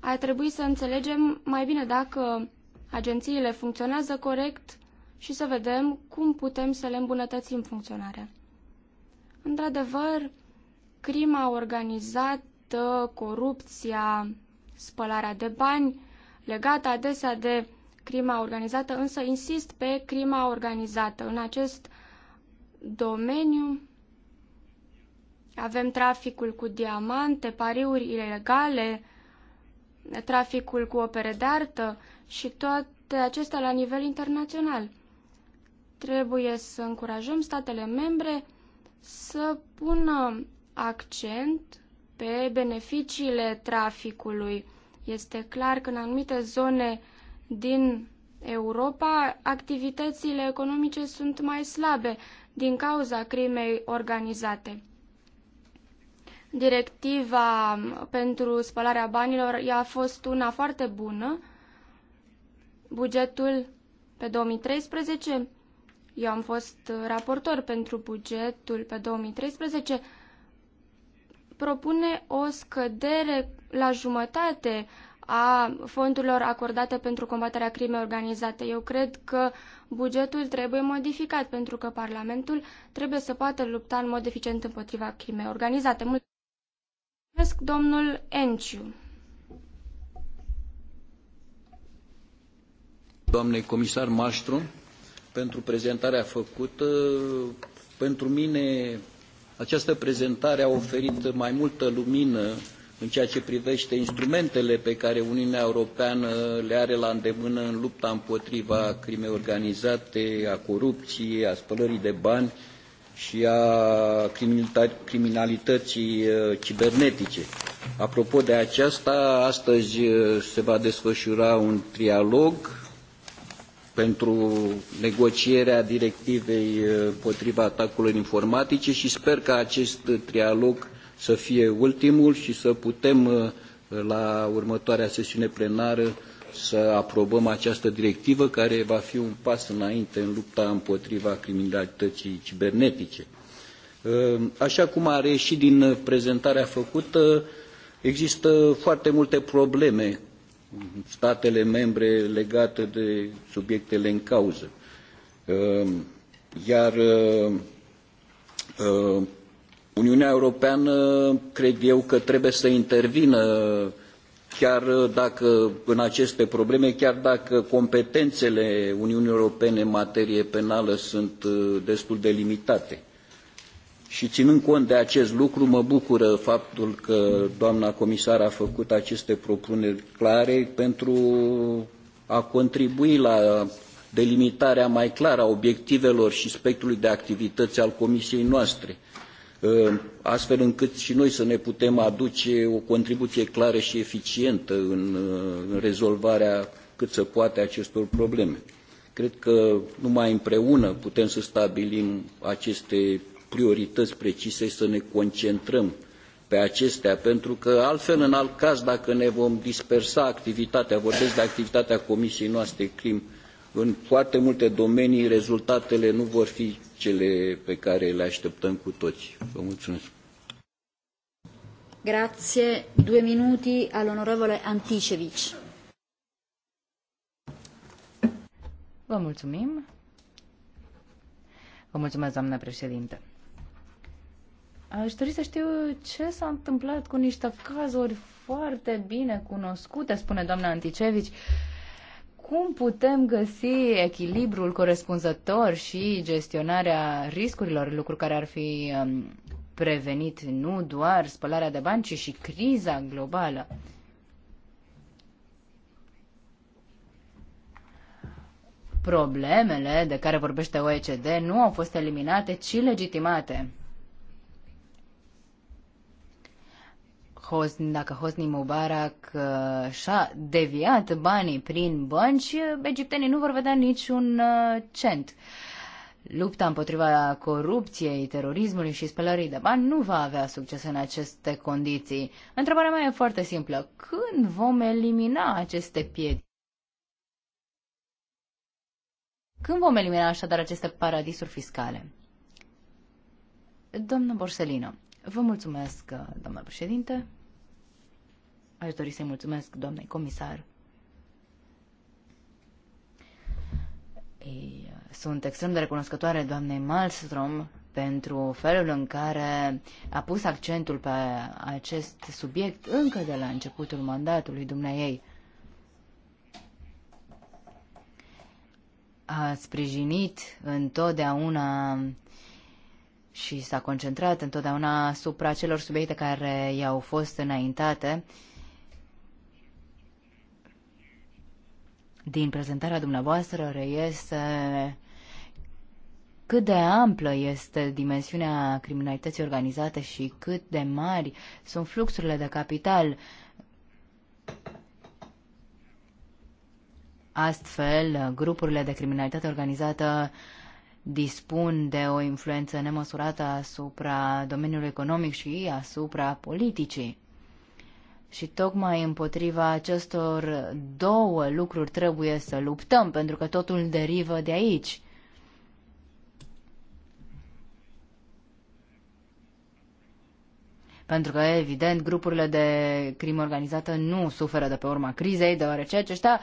Ar trebui să înțelegem mai bine dacă agențiile funcționează corect și să vedem cum putem să le îmbunătățim funcționarea. Într-adevăr, crima organizată, corupția, spălarea de bani, legată adesea de crima organizată, însă insist pe crima organizată. În acest domeniu avem traficul cu diamante, pariuri ilegale, traficul cu opere de artă și toate acestea la nivel internațional. Trebuie să încurajăm statele membre să pună accent pe beneficiile traficului. Este clar că în anumite zone din Europa activitățile economice sunt mai slabe din cauza crimei organizate. Directiva pentru spălarea banilor ea a fost una foarte bună. Bugetul pe 2013, eu am fost raportor pentru bugetul pe 2013, propune o scădere la jumătate a fondurilor acordate pentru combaterea crimei organizate. Eu cred că bugetul trebuie modificat pentru că Parlamentul trebuie să poată lupta în mod eficient împotriva crimei organizate. Mul Mulțumesc, domnul Enciu. Doamnei comisar Maștru, pentru prezentarea făcută. Pentru mine această prezentare a oferit mai multă lumină în ceea ce privește instrumentele pe care Uniunea Europeană le are la îndemână în lupta împotriva crimei organizate, a corupției, a spălării de bani, și a criminalității uh, cibernetice. Apropo de aceasta, astăzi uh, se va desfășura un trialog pentru negocierea directivei împotriva uh, atacurilor informatice și sper ca acest trialog să fie ultimul și să putem la următoarea sesiune plenară să aprobăm această directivă care va fi un pas înainte în lupta împotriva criminalității cibernetice. Ă, așa cum a reieșit din prezentarea făcută, există foarte multe probleme în statele membre legate de subiectele în cauză. Ă, iar ă, Uniunea Europeană cred eu că trebuie să intervină chiar uh, dacă în aceste probleme, chiar dacă competențele Uniunii Europene în materie penală sunt uh, destul de limitate. Și ținând cont de acest lucru, mă bucură faptul că doamna comisar a făcut aceste propuneri clare pentru a contribui la delimitarea mai clară a obiectivelor și spectrului de activități al comisiei noastre astfel încât și noi să ne putem aduce o contribuție clară și eficientă în, uh, în rezolvarea cât se poate acestor probleme. Cred că numai împreună putem să stabilim aceste priorități precise și să ne concentrăm pe acestea, pentru că altfel, în alt caz, dacă ne vom dispersa activitatea, vorbesc de activitatea Comisiei noastre CRIM, în foarte multe domenii rezultatele nu vor fi cele pe care le așteptăm cu toți. Vă mulțumesc. Grazie. Due minuti all'onorevole Anticevici. Vă mulțumim. Vă mulțumesc, doamnă președinte. Aș dori să știu ce s-a întâmplat cu niște cazuri foarte bine cunoscute, spune doamna Anticevici cum putem găsi echilibrul corespunzător și gestionarea riscurilor, lucru care ar fi um, prevenit nu doar spălarea de bani, ci și criza globală. Problemele de care vorbește OECD nu au fost eliminate, ci legitimate. Hosni, dacă Hosni Mubarak uh, și-a deviat banii prin bănci, egiptenii nu vor vedea niciun uh, cent. Lupta împotriva corupției, terorismului și spălării de bani nu va avea succes în aceste condiții. Întrebarea mea e foarte simplă. Când vom elimina aceste piedici? Când vom elimina așadar aceste paradisuri fiscale? Domnul Borselino, vă mulțumesc, uh, domnule președinte. Aș dori să-i mulțumesc doamnei comisar. Ei, sunt extrem de recunoscătoare doamnei Malmström pentru felul în care a pus accentul pe acest subiect încă de la începutul mandatului dumneiei. A sprijinit întotdeauna și s-a concentrat întotdeauna asupra celor subiecte care i-au fost înaintate uh, Din prezentarea dumneavoastră reiese cât de amplă este dimensiunea criminalității organizate și cât de mari sunt fluxurile de capital. Astfel, grupurile de criminalitate organizată dispun de o influență nemăsurată asupra domeniului economic și asupra politicii. Și tocmai împotriva acestor două lucruri trebuie să luptăm, pentru că totul derivă de aici. Pentru că, evident, grupurile de crimă organizată nu suferă de pe urma crizei, deoarece aceștia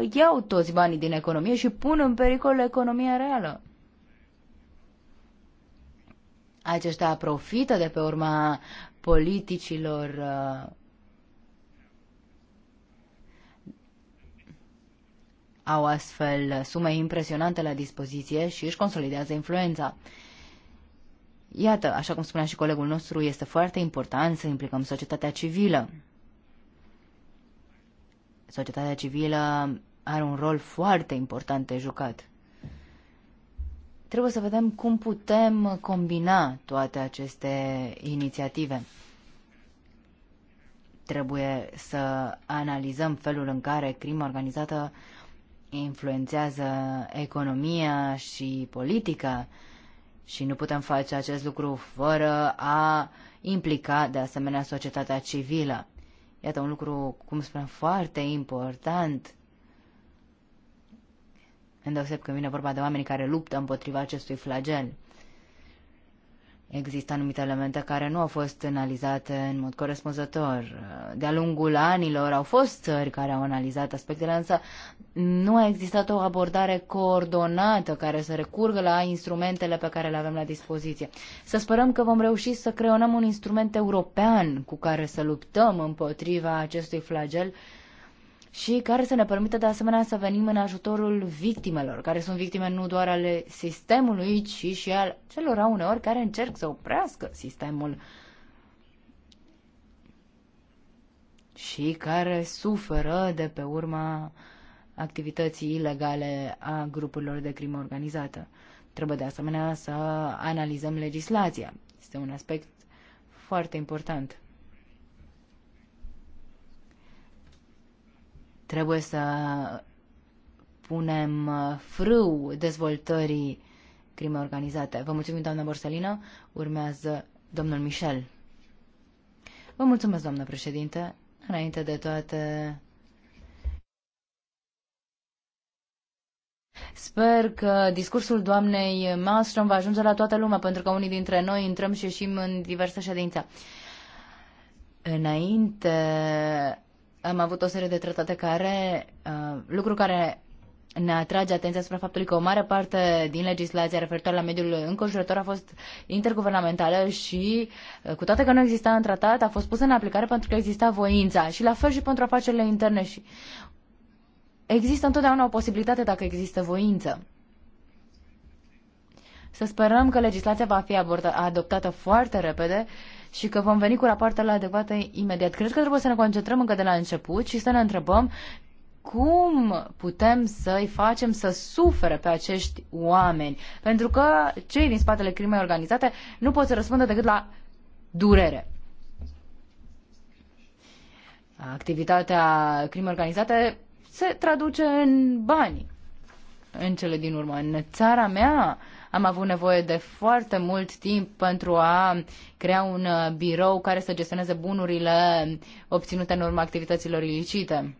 uh, iau toți banii din economie și pun în pericol economia reală. Aceștia profită de pe urma politicilor uh, au astfel sume impresionante la dispoziție și își consolidează influența. Iată, așa cum spunea și colegul nostru, este foarte important să implicăm societatea civilă. Societatea civilă are un rol foarte important de jucat. Trebuie să vedem cum putem combina toate aceste inițiative. Trebuie să analizăm felul în care crima organizată influențează economia și politica și nu putem face acest lucru fără a implica de asemenea societatea civilă. Iată un lucru, cum spunem, foarte important, îndeoseb când vine vorba de oameni care luptă împotriva acestui flagel. Există anumite elemente care nu au fost analizate în mod corespunzător. De-a lungul anilor au fost țări care au analizat aspectele, însă nu a existat o abordare coordonată care să recurgă la instrumentele pe care le avem la dispoziție. Să sperăm că vom reuși să creionăm un instrument european cu care să luptăm împotriva acestui flagel și care să ne permită de asemenea să venim în ajutorul victimelor, care sunt victime nu doar ale sistemului, ci și al celor uneori care încerc să oprească sistemul și care suferă de pe urma uh, activității ilegale a grupurilor de crimă organizată. Trebuie de asemenea să analizăm legislația. Este un aspect foarte important. Trebuie să punem frâu dezvoltării crime organizate. Vă mulțumim, doamna Borsalina. Urmează domnul Michel. Vă mulțumesc, doamnă președinte. Înainte de toate, Sper că discursul doamnei Malmström va ajunge la toată lumea, pentru că unii dintre noi intrăm și ieșim în diverse ședințe. Înainte am avut o serie de tratate care, uh, lucru care ne atrage atenția asupra faptului că o mare parte din legislația referitoare la mediul înconjurător a fost interguvernamentală și, uh, cu toate că nu exista în tratat, a fost pusă în aplicare pentru că exista voința și la fel și pentru afacerile interne și Există întotdeauna o posibilitate dacă există voință. Să sperăm că legislația va fi aborda, adoptată foarte repede și că vom veni cu rapoartele adecvate imediat. Cred că trebuie să ne concentrăm încă de la început și să ne întrebăm cum putem să-i facem să sufere pe acești oameni. Pentru că cei din spatele crimei organizate nu pot să răspundă decât la durere. Activitatea crimei organizate se traduce în bani. În cele din urmă, în țara mea am avut nevoie de foarte mult timp pentru a crea un uh, birou care să gestioneze bunurile obținute în urma activităților ilicite.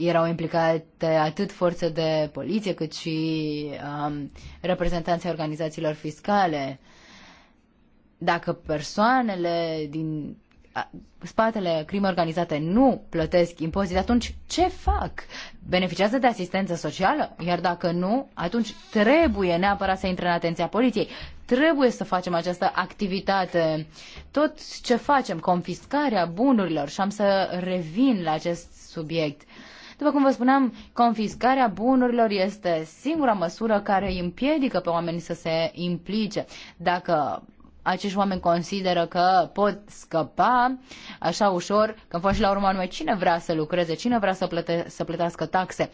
erau implicate atât forțe de poliție cât și um, reprezentanții organizațiilor fiscale. Uh, dacă persoanele din spatele crimei organizate nu plătesc impozite, atunci ce fac? Beneficiază de asistență socială? Iar dacă nu, atunci trebuie neapărat să intre în atenția poliției. Trebuie să facem această activitate. Tot ce facem, confiscarea bunurilor și am să revin la acest subiect. După cum vă spuneam, confiscarea bunurilor este singura măsură care îi împiedică pe oamenii să se implice. Dacă acești oameni consideră că pot scăpa așa ușor, că până și la urmă numai cine vrea să lucreze, cine vrea să, plăte, să plătească taxe.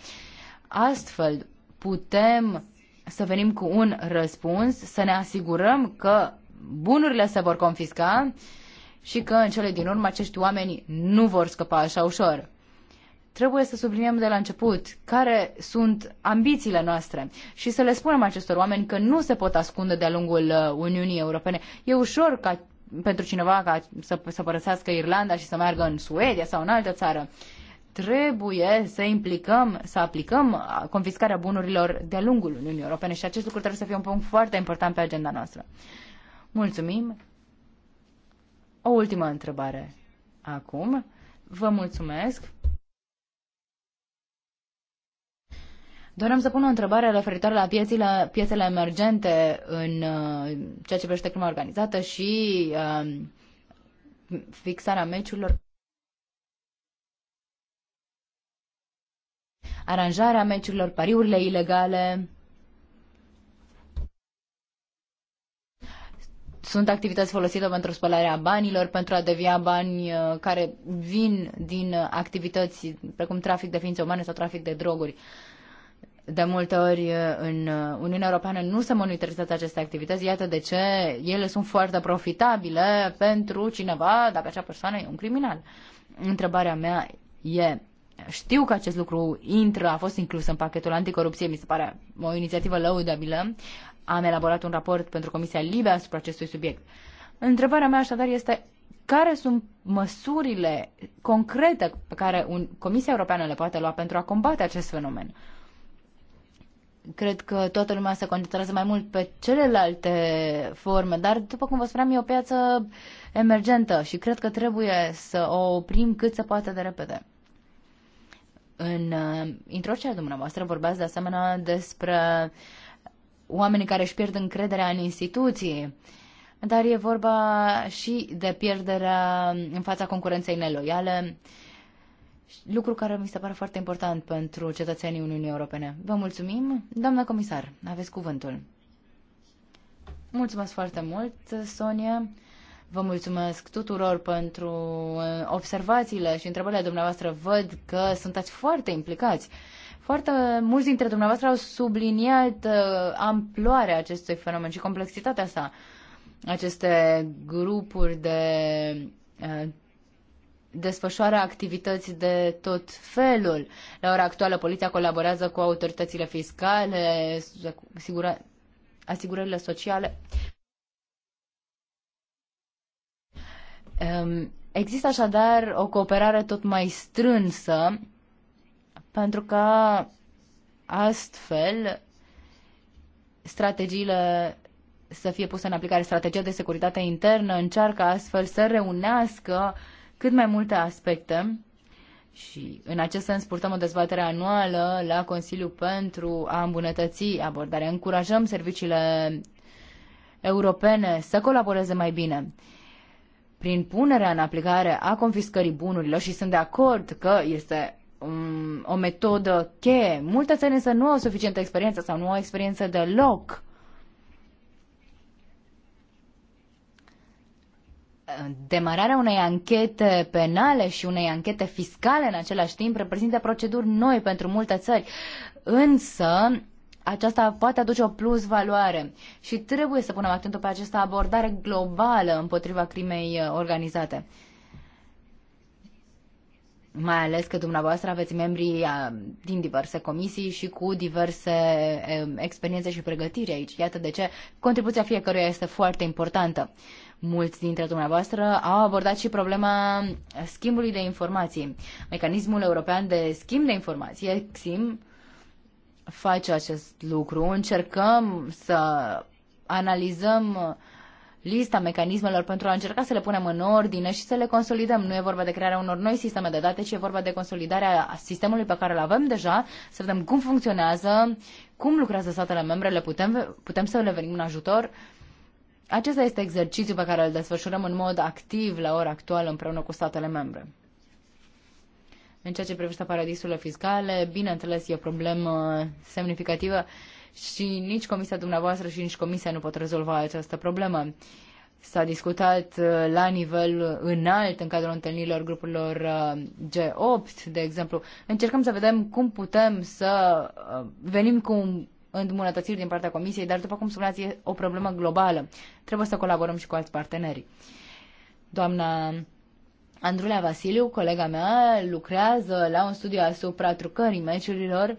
Astfel putem să venim cu un răspuns, să ne asigurăm că bunurile se vor confisca și că în cele din urmă acești oameni nu vor scăpa așa ușor. Trebuie să subliniem de la început care sunt ambițiile noastre și să le spunem acestor oameni că nu se pot ascunde de-a lungul uh, Uniunii Europene. E ușor ca pentru cineva ca să, să părăsească Irlanda și să meargă în Suedia sau în altă țară. Trebuie să implicăm, să aplicăm uh, confiscarea bunurilor de-a lungul Uniunii Europene și acest lucru trebuie să fie un punct foarte important pe agenda noastră. Mulțumim. O ultimă întrebare acum. Vă mulțumesc Doream să pun o întrebare referitoare la piețile, piețele emergente în uh, ceea ce privește crima organizată și uh, fixarea meciurilor. Aranjarea meciurilor, pariurile ilegale. Sunt activități folosite pentru spălarea banilor, pentru a devia bani uh, care vin din activități precum trafic de ființe umane sau trafic de droguri. Uh, de multe ori uh, în uh, Uniunea Europeană nu se monitorizează aceste activități, iată de ce ele sunt foarte profitabile pentru cineva, dacă acea persoană e un criminal. Întrebarea mea e, știu că acest lucru intră, a fost inclus în pachetul anticorupție, mi se pare o inițiativă lăudabilă, am elaborat un raport pentru Comisia Libe asupra acestui subiect. Întrebarea mea așadar este care sunt măsurile concrete pe care un, Comisia Europeană le poate lua pentru a combate acest fenomen? cred că toată lumea se concentrează mai mult pe celelalte forme, dar după cum vă spuneam, e o piață emergentă și cred că trebuie să o oprim cât se poate de repede. În uh, introducerea dumneavoastră vorbeați de asemenea despre oamenii care își pierd încrederea în instituții, dar e vorba și de pierderea în fața concurenței neloiale, uh, lucru care mi se pare foarte important pentru cetățenii Uniunii Europene. Vă mulțumim. Doamna comisar, aveți cuvântul. Mulțumesc foarte mult, Sonia. Vă mulțumesc tuturor pentru uh, observațiile și întrebările dumneavoastră. Văd că sunteți foarte implicați. Foarte mulți dintre dumneavoastră au subliniat uh, amploarea acestui fenomen și complexitatea sa. Aceste grupuri de uh, desfășoară activități de tot felul. La ora actuală, poliția colaborează cu autoritățile fiscale, asigura, asigurările sociale. Ehm, există așadar o cooperare tot mai strânsă pentru că astfel strategiile să fie puse în aplicare. Strategia de securitate internă încearcă astfel să reunească uh, cât mai multe aspecte și în acest sens purtăm o dezbatere anuală la Consiliu pentru a îmbunătăți abordarea. Încurajăm serviciile europene să colaboreze mai bine. Prin punerea în aplicare a confiscării bunurilor și sunt de acord că este um, o metodă cheie. Multe țări însă nu au suficientă experiență sau nu au experiență deloc demararea unei anchete penale și unei anchete fiscale în același timp reprezintă proceduri noi pentru multe țări. Însă, aceasta poate aduce o plus valoare și trebuie să punem accentul pe această abordare globală împotriva crimei uh, organizate. Mai ales că dumneavoastră aveți membrii uh, din diverse comisii și cu diverse uh, experiențe și pregătiri aici. Iată de ce contribuția fiecăruia este foarte importantă. Mulți dintre dumneavoastră au abordat și problema schimbului de informații. Mecanismul European de Schimb de Informații, XIM, face acest lucru. Încercăm să analizăm lista mecanismelor pentru a încerca să le punem în ordine și să le consolidăm. Nu e vorba de crearea unor noi sisteme de date, ci e vorba de consolidarea sistemului pe care îl avem deja, să vedem cum funcționează, cum lucrează statele membre, le putem, putem să le venim în ajutor. Uh, acesta este exercițiul pe care îl desfășurăm în mod activ la ora actuală împreună cu statele membre. În ceea ce privește paradisurile fiscale, bineînțeles, e o problemă semnificativă și nici comisia dumneavoastră și nici comisia nu pot rezolva această problemă. S-a discutat uh, la nivel înalt în cadrul întâlnirilor grupurilor uh, G8, de exemplu. Încercăm să vedem cum putem să uh, venim cu îndumunătățiri din partea Comisiei, dar, după cum spuneați, e o problemă globală. Trebuie să colaborăm și cu alți parteneri. Doamna Andrulea Vasiliu, colega mea, lucrează la un studiu asupra trucării meciurilor uh,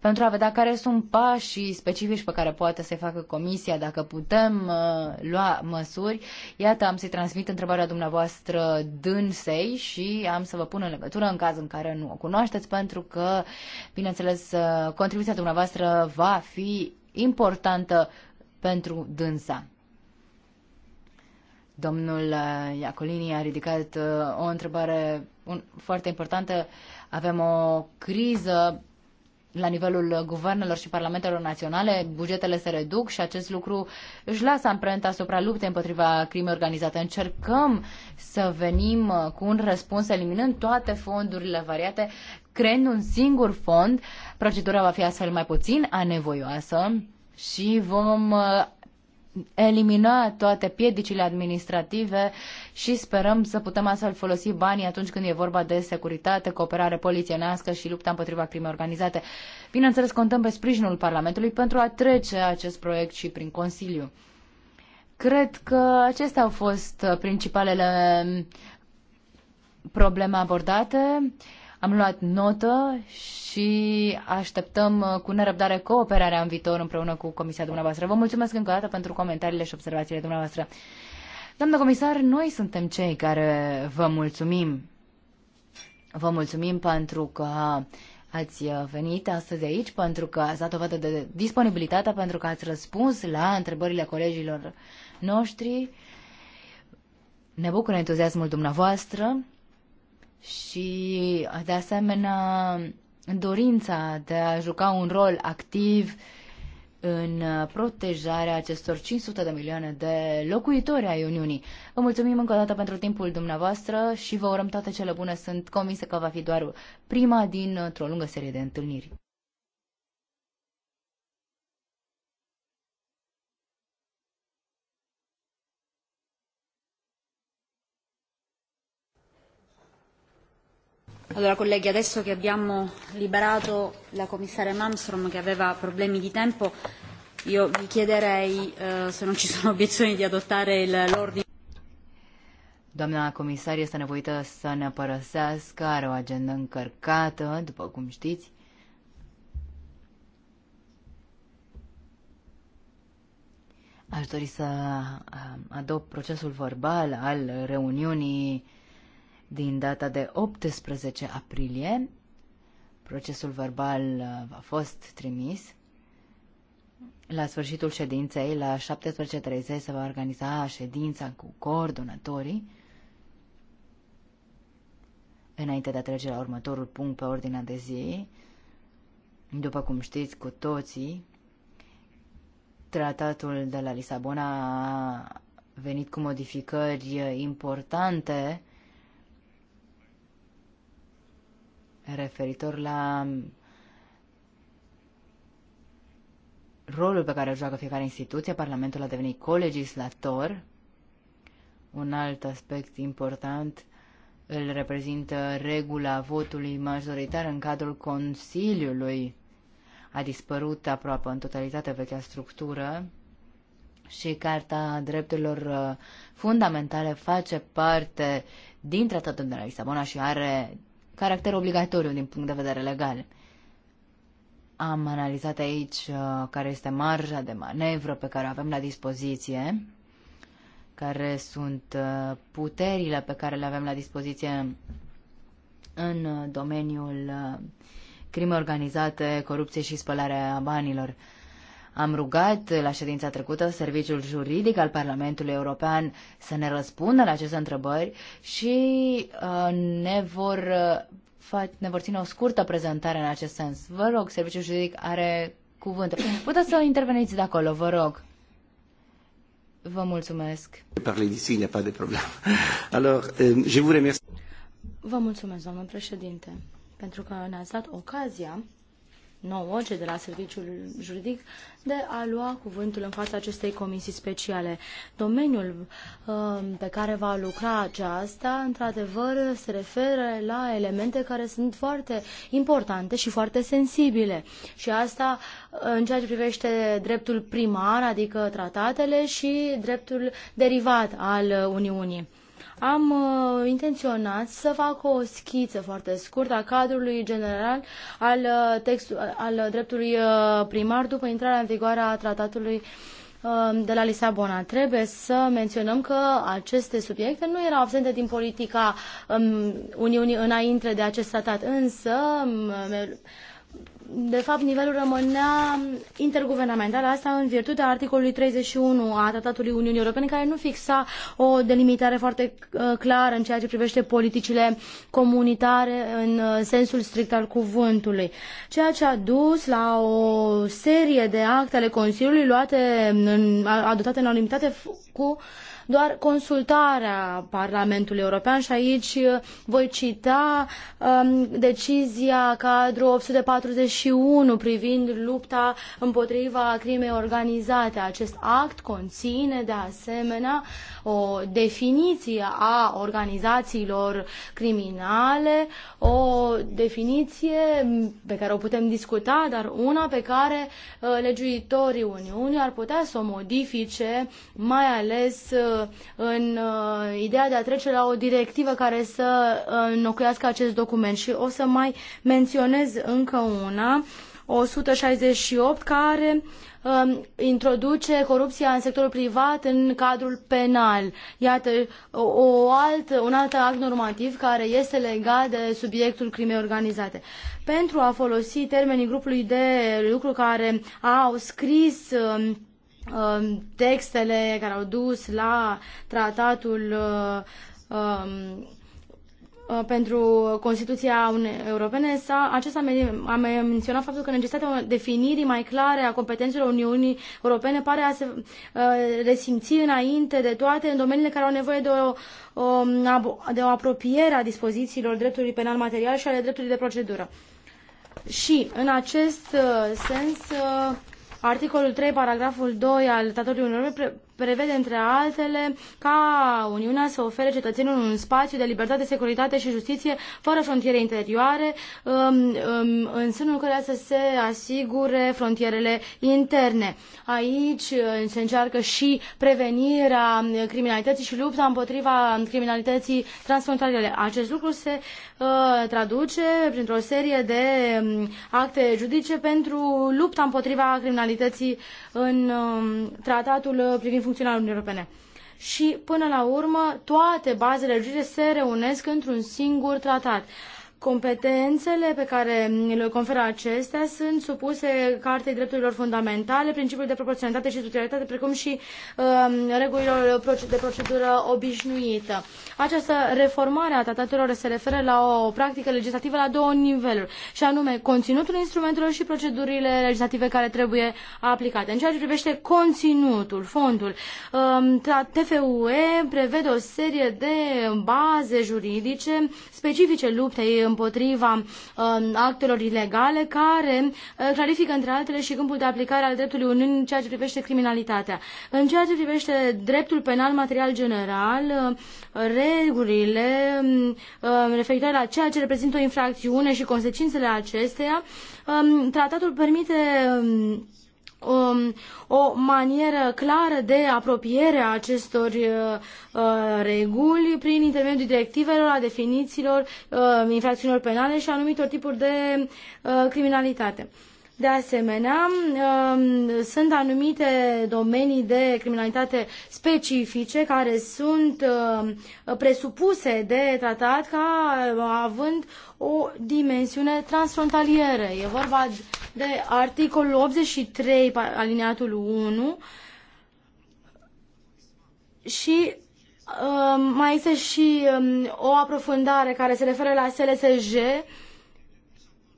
pentru a vedea care sunt pașii specifici pe care poate să-i facă comisia, dacă putem uh, lua măsuri. Iată, am să-i transmit întrebarea dumneavoastră dânsei și am să vă pun în legătură în caz în care nu o cunoașteți, pentru că, bineînțeles, uh, contribuția dumneavoastră va fi importantă pentru dânsa. Domnul uh, Iacolini a ridicat uh, o întrebare foarte importantă. Avem o criză la nivelul guvernelor și parlamentelor naționale, bugetele se reduc și acest lucru își lasă amprenta asupra luptei împotriva crimei organizate. Încercăm să venim uh, cu un răspuns eliminând toate fondurile variate, creând un singur fond. Procedura va fi astfel mai puțin anevoioasă și vom uh, elimina toate piedicile administrative și sperăm să putem astfel folosi banii atunci când e vorba de securitate, cooperare polițienească și lupta împotriva crimei organizate. Bineînțeles, contăm pe sprijinul Parlamentului pentru a trece acest proiect și prin Consiliu. Cred că acestea au fost uh, principalele um, probleme abordate. Am luat notă și așteptăm uh, cu nerăbdare cooperarea în viitor împreună cu Comisia dumneavoastră. Vă mulțumesc încă o dată pentru comentariile și observațiile dumneavoastră. Doamna comisar, noi suntem cei care vă mulțumim. Vă mulțumim pentru că ați venit astăzi aici, pentru că ați dat o dovadă de disponibilitate, pentru că ați răspuns la întrebările colegilor noștri. Ne bucură entuziasmul dumneavoastră și, de asemenea, dorința de a juca un rol activ în protejarea acestor 500 de milioane de locuitori ai Uniunii. Vă mulțumim încă o dată pentru timpul dumneavoastră și vă urăm toate cele bune. Sunt convinsă că va fi doar prima dintr-o lungă serie de întâlniri. Allora colleghi, adesso che abbiamo liberato la commissaria Malmström che aveva problemi di tempo, io vi chiederei, eh, se non ci sono obiezioni, di adottare l'ordine. Doamna comisar este nevoită să ne părăsească, are o agendă încărcată, după cum știți. Aș dori să eh, adopt procesul verbal al reuniunii din data de 18 aprilie. Procesul verbal uh, a fost trimis. La sfârșitul ședinței, la 17.30, se va organiza ședința cu coordonatorii. Înainte de a trece la următorul punct pe ordinea de zi, după cum știți cu toții, tratatul de la Lisabona a venit cu modificări importante referitor la rolul pe care îl joacă fiecare instituție. Parlamentul a devenit colegislator. Un alt aspect important îl reprezintă regula votului majoritar în cadrul Consiliului. A dispărut aproape în totalitate vechea structură și Carta Drepturilor uh, Fundamentale face parte din Tratatul de la Lisabona și are caracter obligatoriu din punct de vedere legal. Am analizat aici uh, care este marja de manevră pe care o avem la dispoziție, care sunt uh, puterile pe care le avem la dispoziție în uh, domeniul crime organizate, corupție și spălarea banilor. Am rugat la ședința trecută serviciul juridic al Parlamentului European să ne răspundă la aceste întrebări și uh, ne vor uh, ne vor ține o scurtă prezentare în acest sens. Vă rog, serviciul juridic are cuvântul. Puteți să interveniți de acolo, vă rog. Vă mulțumesc. [LAUGHS] Euh, vă mulțumesc, doamnă președinte, pentru că ne-ați dat ocazia nouă, ce de la serviciul juridic, de a lua cuvântul în fața acestei comisii speciale. Domeniul uh, pe care va lucra aceasta, într-adevăr, se referă la elemente care sunt foarte importante și foarte sensibile. Și asta uh, în ceea ce privește dreptul primar, adică tratatele, și dreptul derivat al Uniunii am uh, intenționat să fac o schiță foarte scurtă a cadrului general al, uh, textu- al dreptului uh, primar după intrarea în vigoare a tratatului uh, de la Lisabona. Trebuie să menționăm că aceste subiecte nu erau absente din politica um, Uniunii înainte de acest tratat, însă um, de fapt, nivelul rămânea interguvernamental, asta în virtutea articolului 31 a Tratatului Uniunii Europene, care nu fixa o delimitare foarte uh, clară în ceea ce privește politicile comunitare în uh, sensul strict al cuvântului, ceea ce a dus la o serie de acte ale Consiliului luate, în, adoptate în unanimitate cu uh, doar consultarea Parlamentului European și aici uh, voi cita um, decizia cadru 841 privind lupta împotriva crimei organizate. Acest act conține de asemenea o definiție a organizațiilor criminale, o definiție pe care o putem discuta, dar una pe care uh, legiuitorii Uniunii ar putea să o modifice, mai ales uh, în uh, ideea de a trece la o directivă care să uh, înlocuiască acest document. Și o să mai menționez încă una, 168, care um, introduce corupția în sectorul privat în cadrul penal. Iată o alt, un alt act normativ care este legat de subiectul crimei organizate. Pentru a folosi termenii grupului de lucru care au scris um, Um, textele care au dus la tratatul uh, um, uh, pentru Constituția Europene, s-a, acesta a menționat faptul că necesitatea definirii mai clare a competențelor Uniunii Europene pare a se uh, resimți înainte de toate în domeniile care au nevoie de o, o, um, de o apropiere a dispozițiilor dreptului penal material și ale dreptului de procedură. Și, în acest sens, Articolul 3, paragraful 2 al Tratatului Uniunii prevede, între altele, ca Uniunea să ofere cetățenilor un spațiu de libertate, securitate și justiție fără frontiere interioare, um, um, în sânul care să se asigure frontierele interne. Aici uh, se încearcă și prevenirea criminalității și lupta împotriva criminalității transfrontaliere. Acest lucru se uh, traduce printr-o serie de um, acte judice pentru lupta împotriva criminalității în um, tratatul uh, privind funcționarea Uniunii Europene. Și, până la urmă, toate bazele juridice se reunesc într-un singur tratat. Competențele pe care le conferă acestea sunt supuse Cartei Drepturilor Fundamentale, principiului de proporționalitate și subsidiaritate, precum și uh, regulilor de procedură obișnuită. Această reformare a tratatelor se referă la o practică legislativă la două niveluri, și anume conținutul instrumentelor și procedurile legislative care trebuie aplicate. În ceea ce privește conținutul, fondul, uh, um, TFUE prevede o serie de baze juridice specifice luptei împotriva um, actelor ilegale care uh, clarifică între altele și câmpul de aplicare al dreptului Uniunii în ceea ce privește criminalitatea. În ceea ce privește dreptul penal material general, uh, regulile um, uh, referitoare la ceea ce reprezintă o infracțiune și consecințele acesteia, um, tratatul permite Um, o manieră clară de apropiere a acestor uh, uh, reguli prin intermediul directivelor, a definițiilor, uh, infracțiunilor penale și anumitor tipuri de uh, criminalitate. De asemenea, um, sunt anumite domenii de criminalitate specifice care sunt um, presupuse de tratat ca uh, având o dimensiune transfrontalieră. E vorba de articolul 83, alineatul 1 și um, mai este și o aprofundare care se referă la SLSJ,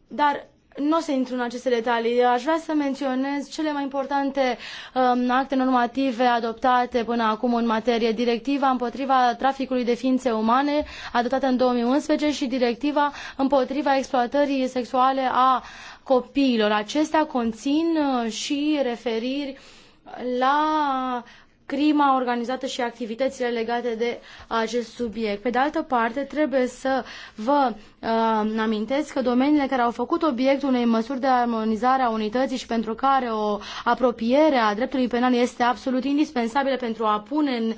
dar nu o să intru în aceste detalii. Aș vrea să menționez cele mai importante um, acte normative adoptate până acum în materie. Directiva împotriva traficului de ființe umane, adoptată în 2011, și directiva împotriva exploatării sexuale a copiilor. Acestea conțin uh, și referiri la crima organizată și activitățile legate de acest subiect. Pe de altă parte, trebuie să vă uh, amintesc că domeniile care au făcut obiectul unei măsuri de armonizare a unității și pentru care o apropiere a dreptului penal este absolut indispensabilă pentru a pune în uh,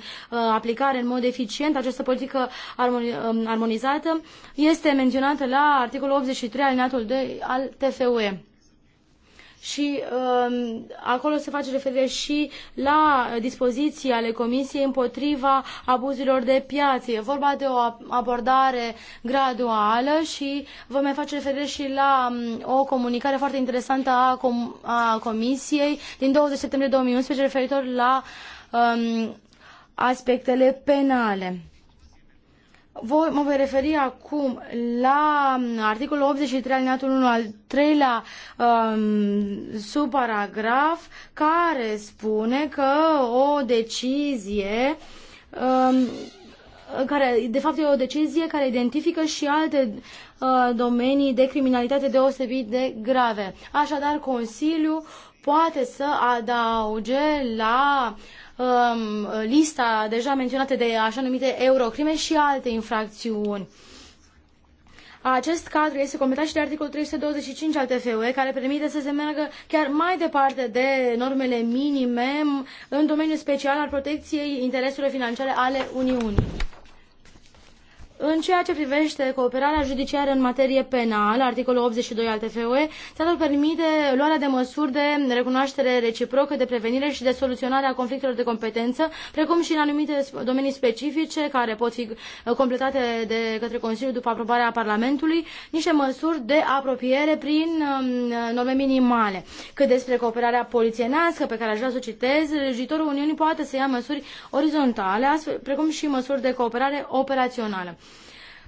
aplicare în mod eficient această politică um, armonizată, este menționată la articolul 83 alineatul 2 al TFUE și uh, acolo se face referire și la dispoziții ale Comisiei împotriva abuzurilor de piață. E vorba de o abordare graduală și vă mai face referire și la um, o comunicare foarte interesantă a, com a Comisiei din 20 septembrie 2011 referitor la um, aspectele penale voi, mă voi referi acum la um, articolul 83 alineatul 1 al treilea um, subparagraf care spune că o decizie um, care de fapt e o decizie care identifică și alte uh, domenii de criminalitate deosebit de grave. Așadar, Consiliul poate să adauge la uh, um, lista deja menționată de așa numite eurocrime și alte infracțiuni. Acest cadru este completat și de articolul 325 al TFUE, care permite să se meargă chiar mai departe de normele minime în domeniul special al protecției intereselor financiare ale Uniunii. În ceea ce privește cooperarea judiciară în materie penală, articolul 82 al TFUE, statul permite luarea de măsuri de recunoaștere reciprocă, de prevenire și de soluționare a conflictelor de competență, precum și în anumite domenii specifice care pot fi uh, completate de către Consiliu după aprobarea Parlamentului, niște măsuri de apropiere prin um, norme minimale. Cât despre cooperarea polițienească pe care aș vrea să o citez, legiuitorul Uniunii poate să ia măsuri orizontale, astfel, precum și măsuri de cooperare operațională.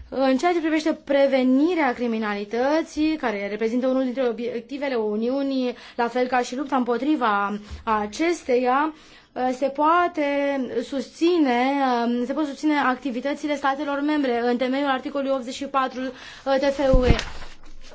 În ceea ce privește prevenirea criminalității, care reprezintă unul dintre obiectivele Uniunii, la fel ca și lupta împotriva acesteia, se poate susține, se pot susține activitățile statelor membre în temeiul articolului 84 TFUE.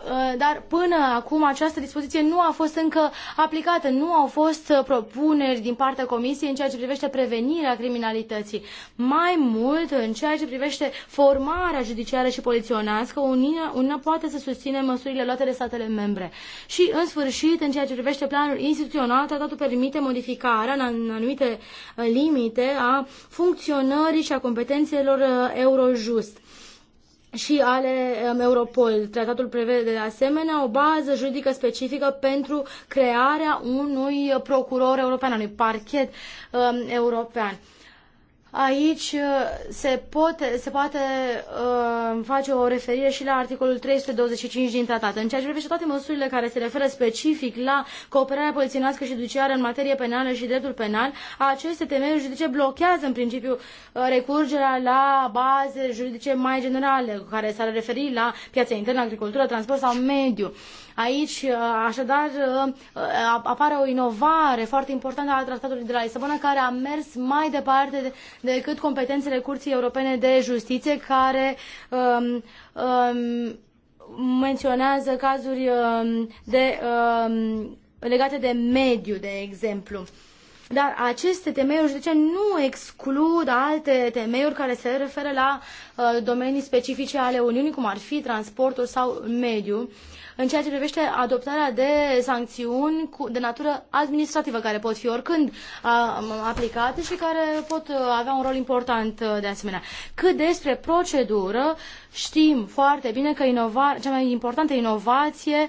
Uh, dar până acum această dispoziție nu a fost încă aplicată, nu au fost uh, propuneri din partea Comisiei în ceea ce privește prevenirea criminalității. Mai mult, în ceea ce privește formarea judiciară și poliționească, Uniunea, Uniunea poate să susține măsurile luate de statele membre. Și, în sfârșit, în ceea ce privește planul instituțional, tratatul permite modificarea în anumite uh, limite a funcționării și a competențelor Eurojust și ale um, Europol. Tratatul prevede de asemenea o bază juridică specifică pentru crearea unui procuror european, unui parchet um, european. Aici uh, se poate, se poate uh, face o referire și la articolul 325 din tratat. În ceea ce privește toate măsurile care se referă specific la cooperarea polițienească și judiciară în materie penală și dreptul penal, aceste temeiuri juridice blochează în principiu uh, recurgerea la baze juridice mai generale, care s-ar referi la piața internă, agricultură, transport sau mediu. Uh, Aici, uh, așadar, uh, apare o inovare foarte importantă a tratatului de la Lisabona, care a mers mai departe decât competențele Curții Europene de Justiție, care um, um, menționează cazuri um, de, um, legate de mediu, de exemplu. Dar aceste temeiuri juridice nu exclud alte temeiuri care se referă la uh, domenii specifice ale Uniunii, cum ar fi transportul sau mediu în ceea ce privește adoptarea de sancțiuni cu, de natură administrativă, care pot fi oricând a, aplicate și care pot uh, avea un rol important uh, de asemenea. Cât despre procedură, știm foarte bine că inova, cea mai importantă inovație uh,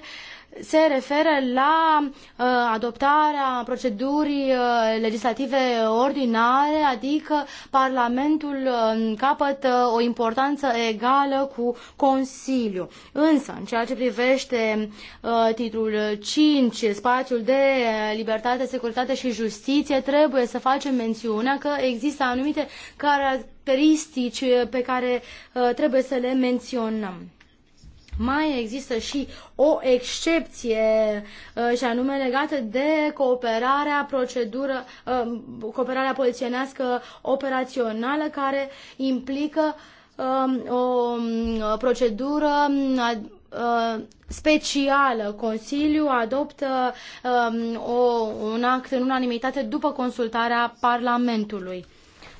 se referă la uh, adoptarea procedurii uh, legislative ordinare, adică Parlamentul uh, capătă o importanță egală cu Consiliu. Însă, în ceea ce privește uh, titlul 5, spațiul de libertate, securitate și justiție, trebuie să facem mențiunea că există anumite caracteristici pe care uh, trebuie să le menționăm mai există și o excepție uh, și anume legată de cooperarea procedură, uh, cooperarea polițienească operațională care implică um, o um, procedură uh, specială. Consiliul adoptă um, un act în unanimitate după consultarea Parlamentului.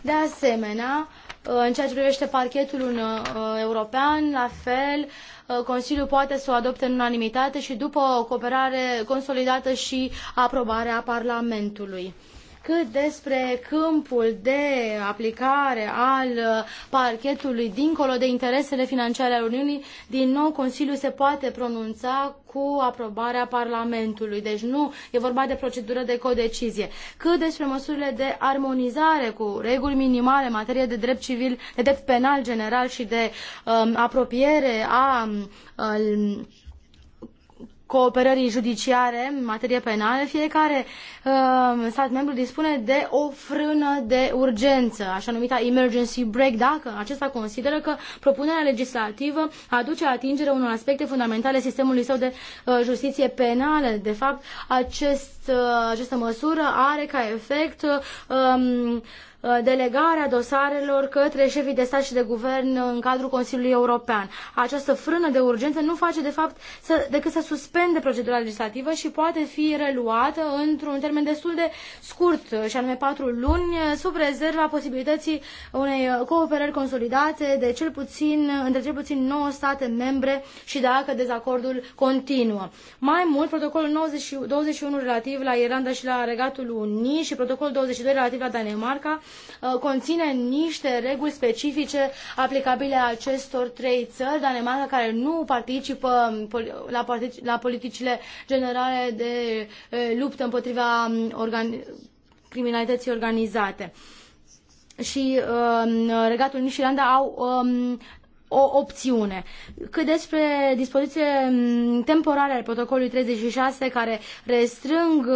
De asemenea, în ceea ce privește parchetul uh, european, la fel, uh, Consiliul poate să o adopte în unanimitate și după o cooperare consolidată și aprobarea Parlamentului cât despre câmpul de aplicare al uh, parchetului dincolo de interesele financiare ale Uniunii, din nou Consiliul se poate pronunța cu aprobarea Parlamentului. Deci nu e vorba de procedură de codecizie. Cât despre măsurile de armonizare cu reguli minimale în materie de drept civil, de drept penal general și de um, apropiere a um, cooperării judiciare în materie penală, fiecare uh, stat membru dispune de o frână de urgență, așa numita emergency break, dacă acesta consideră că propunerea legislativă aduce atingere unor aspecte fundamentale sistemului său de uh, justiție penală. De fapt, acest, uh, această măsură are ca efect um, Uh, delegarea dosarelor către șefii de stat și de guvern în cadrul Consiliului European. Această frână de urgență nu face de fapt să, decât să suspende procedura legislativă și poate fi reluată într-un termen destul de scurt, uh, și anume patru luni, uh, sub rezerva posibilității unei cooperări consolidate de cel puțin, între cel puțin 9 state membre și dacă dezacordul continuă. Mai mult, protocolul 90, 21 relativ la Irlanda și la Regatul Unii și protocolul 22 relativ la Danemarca Uh, conține niște reguli specifice aplicabile acestor trei țări, Danemarca care nu participă um, la, partic- la politicile generale de uh, luptă împotriva um, organi- criminalității organizate și um, Regatul Irlanda au um, o opțiune. Cât despre dispoziție temporare ale protocolului 36 care restrâng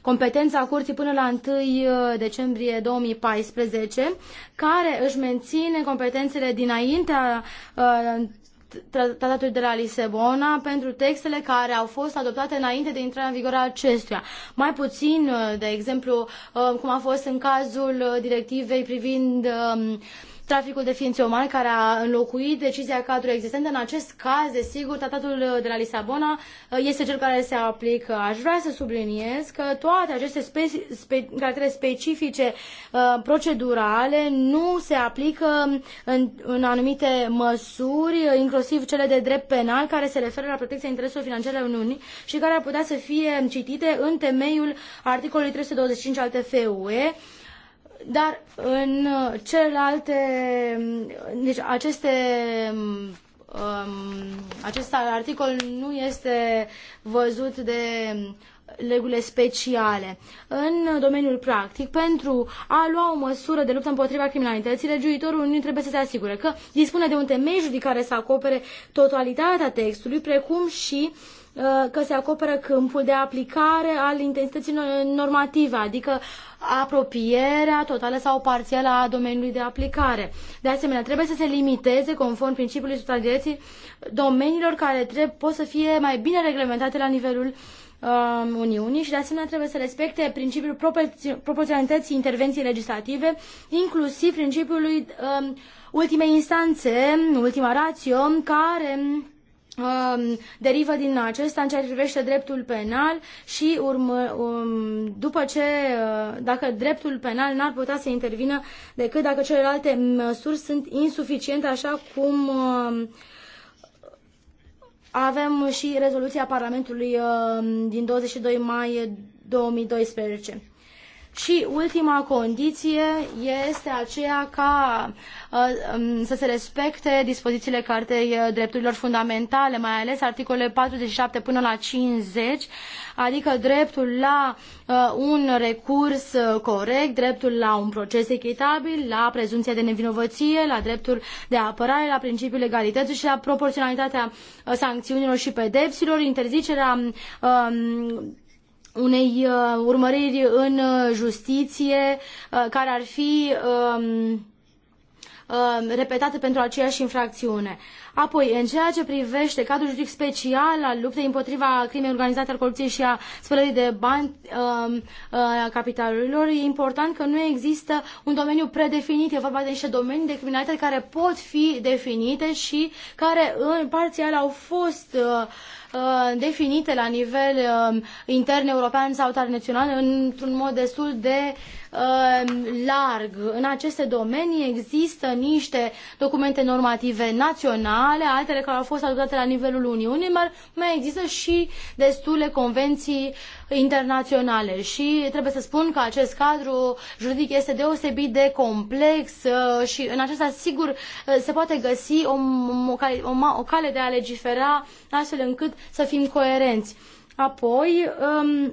competența curții până la 1 uh, decembrie 2014, care își menține competențele dinaintea uh, tratatul de la Lisabona pentru textele care au fost adoptate înainte de intrarea în vigoare a acestuia. Mai puțin, uh, de exemplu, cum a fost în cazul directivei privind traficul de ființe umane, care a înlocuit decizia cadru existentă. În acest caz, desigur, tratatul de la Lisabona uh, este cel care se aplică. Aș vrea să subliniez că toate aceste spe- spe- caractere specifice uh, procedurale nu se aplică în, în anumite măsuri, uh, inclusiv cele de drept penal, care se referă la protecția intereselor financiare ale Uniunii și care ar putea să fie citite în temeiul articolului 325 al TFUE, dar în uh, celelalte, um, deci aceste, um, um, acest articol nu este văzut de um, legule speciale. În domeniul practic, pentru a lua o măsură de luptă împotriva criminalității, legiuitorul nu trebuie să se asigure că dispune de un temei juridic care să acopere totalitatea textului, precum și uh, Uh, că se acoperă câmpul de aplicare al intensității normative, adică apropierea totală sau parțială a domeniului de aplicare. De asemenea, trebuie să se limiteze, conform principiului subsidiarității, domeniilor care trebuie, pot să fie mai bine reglementate la nivelul uh, Uniunii și de asemenea trebuie să respecte principiul proporționalității intervenției legislative, inclusiv principiului uh, ultimei instanțe, ultima rațiune, care Um, derivă din acesta în ceea ce privește dreptul penal și urmă, um, după ce, uh, dacă dreptul penal n-ar putea să intervină decât dacă celelalte măsuri sunt insuficiente, așa cum uh, avem și rezoluția Parlamentului um, din 22 mai 2012. Și ultima condiție este aceea ca uh, um, să se respecte dispozițiile Cartei uh, Drepturilor Fundamentale, mai ales articolele 47 până la 50, adică dreptul la uh, un recurs corect, dreptul la un proces echitabil, la prezumția de nevinovăție, la dreptul de apărare, la principiul legalității și la proporționalitatea sancțiunilor și pedepsilor, interzicerea um, unei uh, urmăriri în uh, justiție uh, care ar fi um, um, repetate pentru aceeași infracțiune. Apoi, în ceea ce privește cadrul juridic special al luptei împotriva crimei organizate, al corupției și a spălării de bani um, uh, uh, capitalurilor, e important că nu există un domeniu predefinit. E vorba de niște domenii de criminalitate care pot fi definite și care în parțial au fost uh, Uh, definite la nivel uh, intern european sau internațional într-un mod destul de Uh, larg. În aceste domenii există niște documente normative naționale, altele care au fost adoptate la nivelul Uniunii, dar mai există și destule convenții internaționale și trebuie să spun că acest cadru juridic este deosebit de complex uh, și în acesta sigur uh, se poate găsi o, o, o, o cale de a legifera astfel încât să fim coerenți. Apoi, um,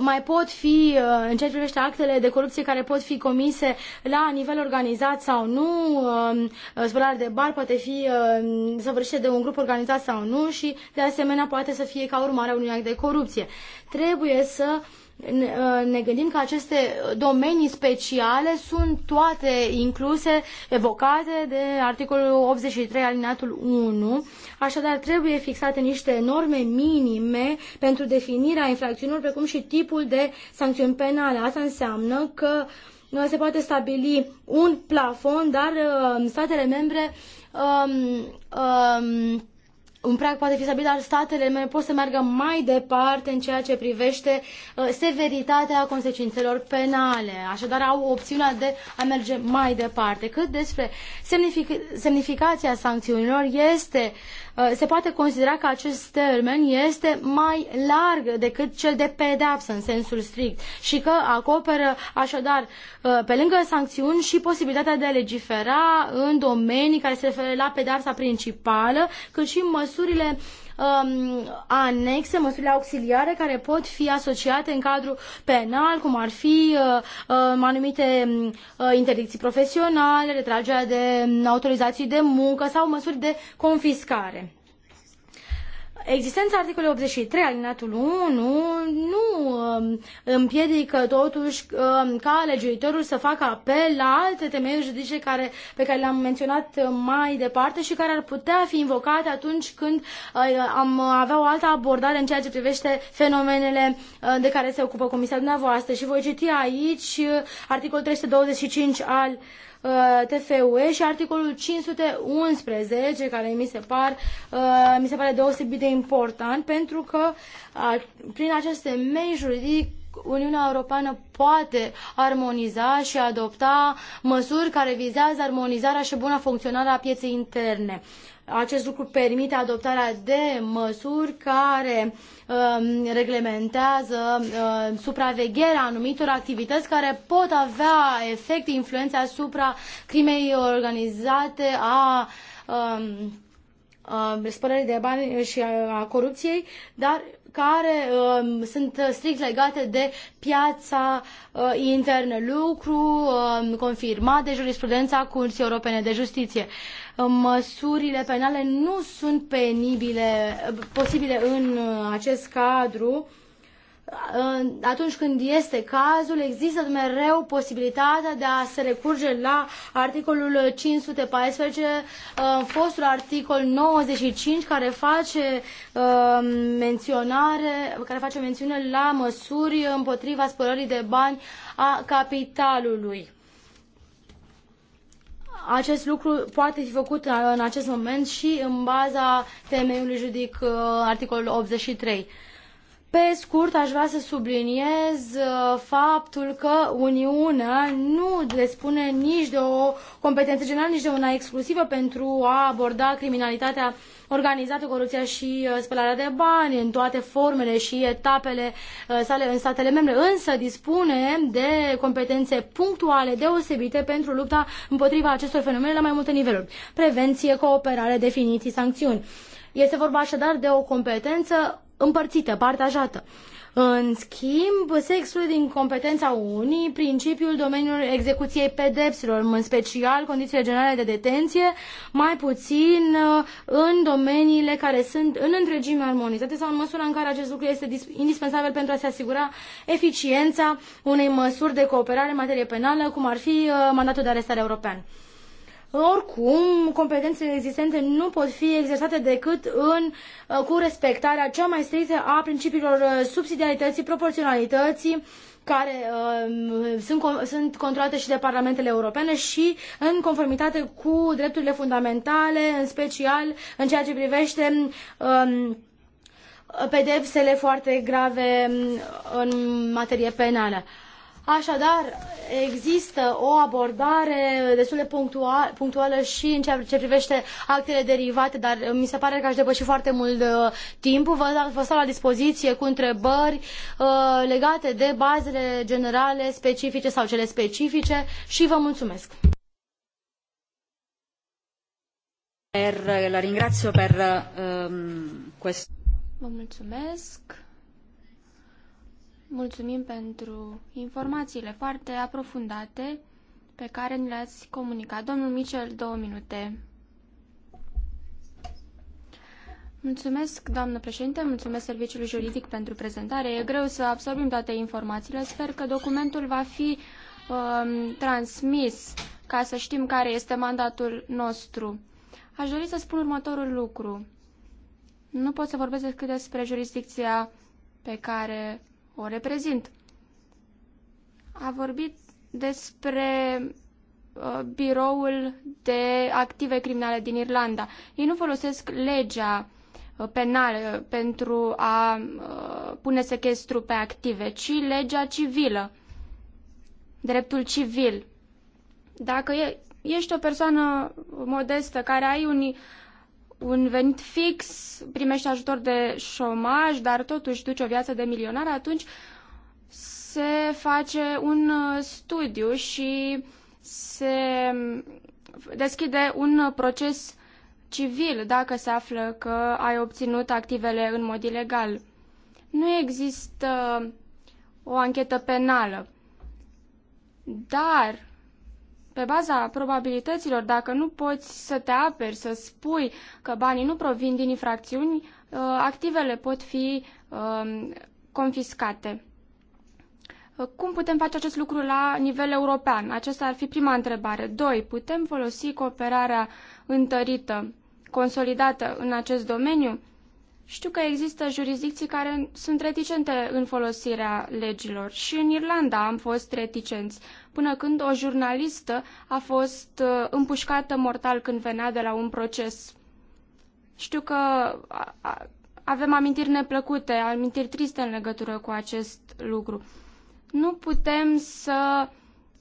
mai pot fi, uh, în ceea ce privește actele de corupție care pot fi comise la nivel organizat sau nu, um, uh, spălare de bar poate fi um, săvârșită de un grup organizat sau nu și, de asemenea, poate să fie ca urmare a unui act de corupție. Trebuie să uh, Uh, ne gândim că aceste domenii speciale sunt toate incluse, evocate de articolul 83 alineatul 1. Așadar, trebuie fixate niște norme minime pentru definirea infracțiunilor, precum și tipul de sancțiuni penale. Asta înseamnă că uh, se poate stabili un plafon, dar uh, statele membre um, um, un prag poate fi stabilit, dar statele membre pot să meargă mai departe în ceea ce privește uh, severitatea consecințelor penale. Așadar, au opțiunea de a merge mai departe. Cât despre semnific- semnificația sancțiunilor este uh, Uh, se poate considera că acest termen este mai larg decât cel de pedeapsă în sensul strict și că acoperă așadar uh, pe lângă sancțiuni și posibilitatea de a legifera în domenii care se referă la pedeapsa principală, cât și măsurile uh, um, anexe, măsurile auxiliare care pot fi asociate în cadrul penal, cum ar fi uh, uh, anumite um, uh, interdicții profesionale, retragerea de um, autorizații de muncă sau măsuri de confiscare. Existența articolului 83 alinatul 1 nu um, împiedică totuși um, ca legiuitorul să facă apel la alte temei judice care, pe care le-am menționat mai departe și care ar putea fi invocate atunci când uh, am avea o altă abordare în ceea ce privește fenomenele uh, de care se ocupă Comisia dumneavoastră. Și voi citi aici uh, articolul 325 al Uh, TFUE și articolul 511, care mi se, par, uh, mi se pare deosebit de important, pentru că uh, prin aceste mei juridic Uniunea Europeană poate armoniza și adopta măsuri care vizează armonizarea și buna funcționare a pieței interne. Acest lucru permite adoptarea de măsuri care um, reglementează um, supravegherea anumitor activități care pot avea efecte, influențe asupra crimei organizate, a um, spălării de bani și a corupției, dar care um, sunt strict legate de piața uh, internă, lucru um, confirmat de jurisprudența Curții Europene de Justiție. Uh, măsurile penale nu sunt penibile, posibile în acest cadru, atunci când este cazul, există mereu posibilitatea de a se recurge la articolul 514, fostul articol 95, care face um, menționare, care face mențiune la măsuri împotriva spălării de bani a capitalului acest lucru poate fi făcut uh, în acest moment și în baza temeiului juridic uh, articolul 83. Pe scurt, aș vrea să subliniez uh, faptul că Uniunea nu le spune nici de o competență generală, nici de una exclusivă pentru a aborda criminalitatea organizată, corupția și uh, spălarea de bani în toate formele și etapele uh, sale în statele membre, însă dispune de competențe punctuale deosebite pentru lupta împotriva acestor fenomene la mai multe niveluri. Prevenție, cooperare, definiții, sancțiuni. Este vorba așadar de o competență împărțită, partajată. În schimb, se exclude din competența unii principiul domeniul execuției pedepsilor, în special condițiile generale de detenție, mai puțin uh, în domeniile care sunt în întregime armonizate sau în măsura în care acest lucru este indispensabil pentru a se asigura eficiența unei măsuri de cooperare în materie penală, cum ar fi uh, mandatul de arestare european. Oricum, competențele existente nu pot fi exersate decât în, uh, cu respectarea cea mai strictă a principiilor uh, subsidiarității, proporționalității, care uh, sunt, sunt controlate și de parlamentele europene și în conformitate cu drepturile fundamentale, în special în ceea ce privește uh, pedepsele foarte grave um, în materie penală. Așadar, există o abordare destul de punctual, punctuală și în ceea ce privește actele derivate, dar mi se pare că aș depăși foarte mult uh, timpul. Vă, vă stau la dispoziție cu întrebări uh, legate de bazele generale, specifice sau cele specifice și vă mulțumesc. Per, la ringrazio per um, Vă mulțumesc Mulțumim pentru informațiile foarte aprofundate pe care ni le-ați comunicat. Domnul Michel, două minute. Mulțumesc, doamnă președinte, mulțumesc serviciului juridic pentru prezentare. E greu să absorbim toate informațiile. Sper că documentul va fi um, transmis ca să știm care este mandatul nostru. Aș dori să spun următorul lucru. Nu pot să vorbesc decât despre jurisdicția pe care o reprezint. A vorbit despre uh, biroul de active criminale din Irlanda. Ei nu folosesc legea uh, penală pentru a uh, pune sequestru pe active, ci legea civilă, dreptul civil. Dacă ești o persoană modestă care ai un un venit fix, primește ajutor de șomaj, dar totuși duce o viață de milionar, atunci se face un uh, studiu și se um, deschide un uh, proces civil dacă se află că ai obținut activele în mod ilegal. Nu există uh, o anchetă penală, dar pe baza probabilităților, dacă nu poți să te aperi, să spui că banii nu provin din infracțiuni, uh, activele pot fi um, confiscate. Uh, cum putem face acest lucru la nivel european? Aceasta ar fi prima întrebare. Doi, putem folosi cooperarea întărită, consolidată în acest domeniu? Știu că există jurisdicții care sunt reticente în folosirea legilor și în Irlanda am fost reticenți, până când o jurnalistă a fost uh, împușcată mortal când venea de la un proces. Știu că avem amintiri neplăcute, amintiri triste în legătură cu acest lucru. Nu putem să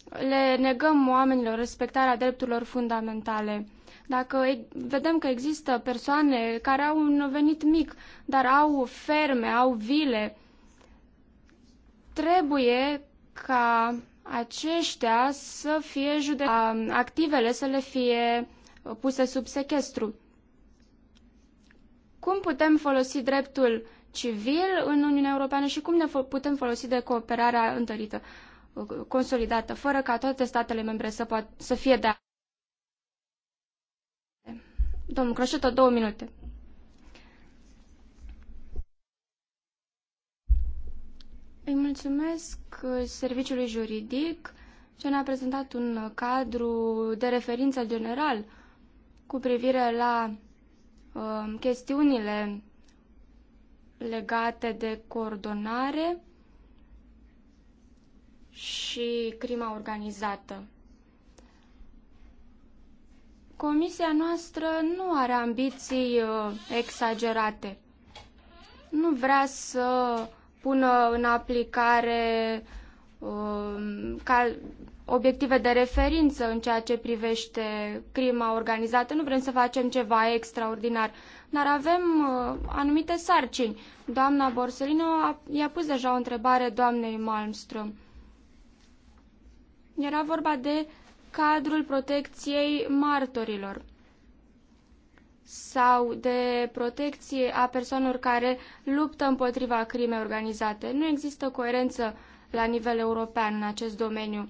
le negăm oamenilor respectarea drepturilor fundamentale. Dacă vedem că există persoane care au un venit mic, dar au ferme, au vile, trebuie ca aceștia să fie judecate, activele să le fie uh, puse sub sechestru. Cum putem folosi dreptul civil în Uniunea Europeană și cum ne putem folosi de cooperarea întărită, uh, consolidată, fără ca toate statele membre să, să fie de Domnul Croșetă, două minute. Îi mulțumesc uh, serviciului juridic ce ne-a prezentat un uh, cadru de referință general cu privire la uh, chestiunile legate de coordonare și crima organizată. Comisia noastră nu are ambiții uh, exagerate. Nu vrea să pună în aplicare um, ca obiective de referință în ceea ce privește crima organizată. Nu vrem să facem ceva extraordinar, dar avem uh, anumite sarcini. Doamna Borsellino i-a pus deja o întrebare doamnei Malmström. Era vorba de cadrul protecției martorilor sau de protecție a persoanelor care luptă împotriva crimei organizate. Nu există coerență la nivel european în acest domeniu.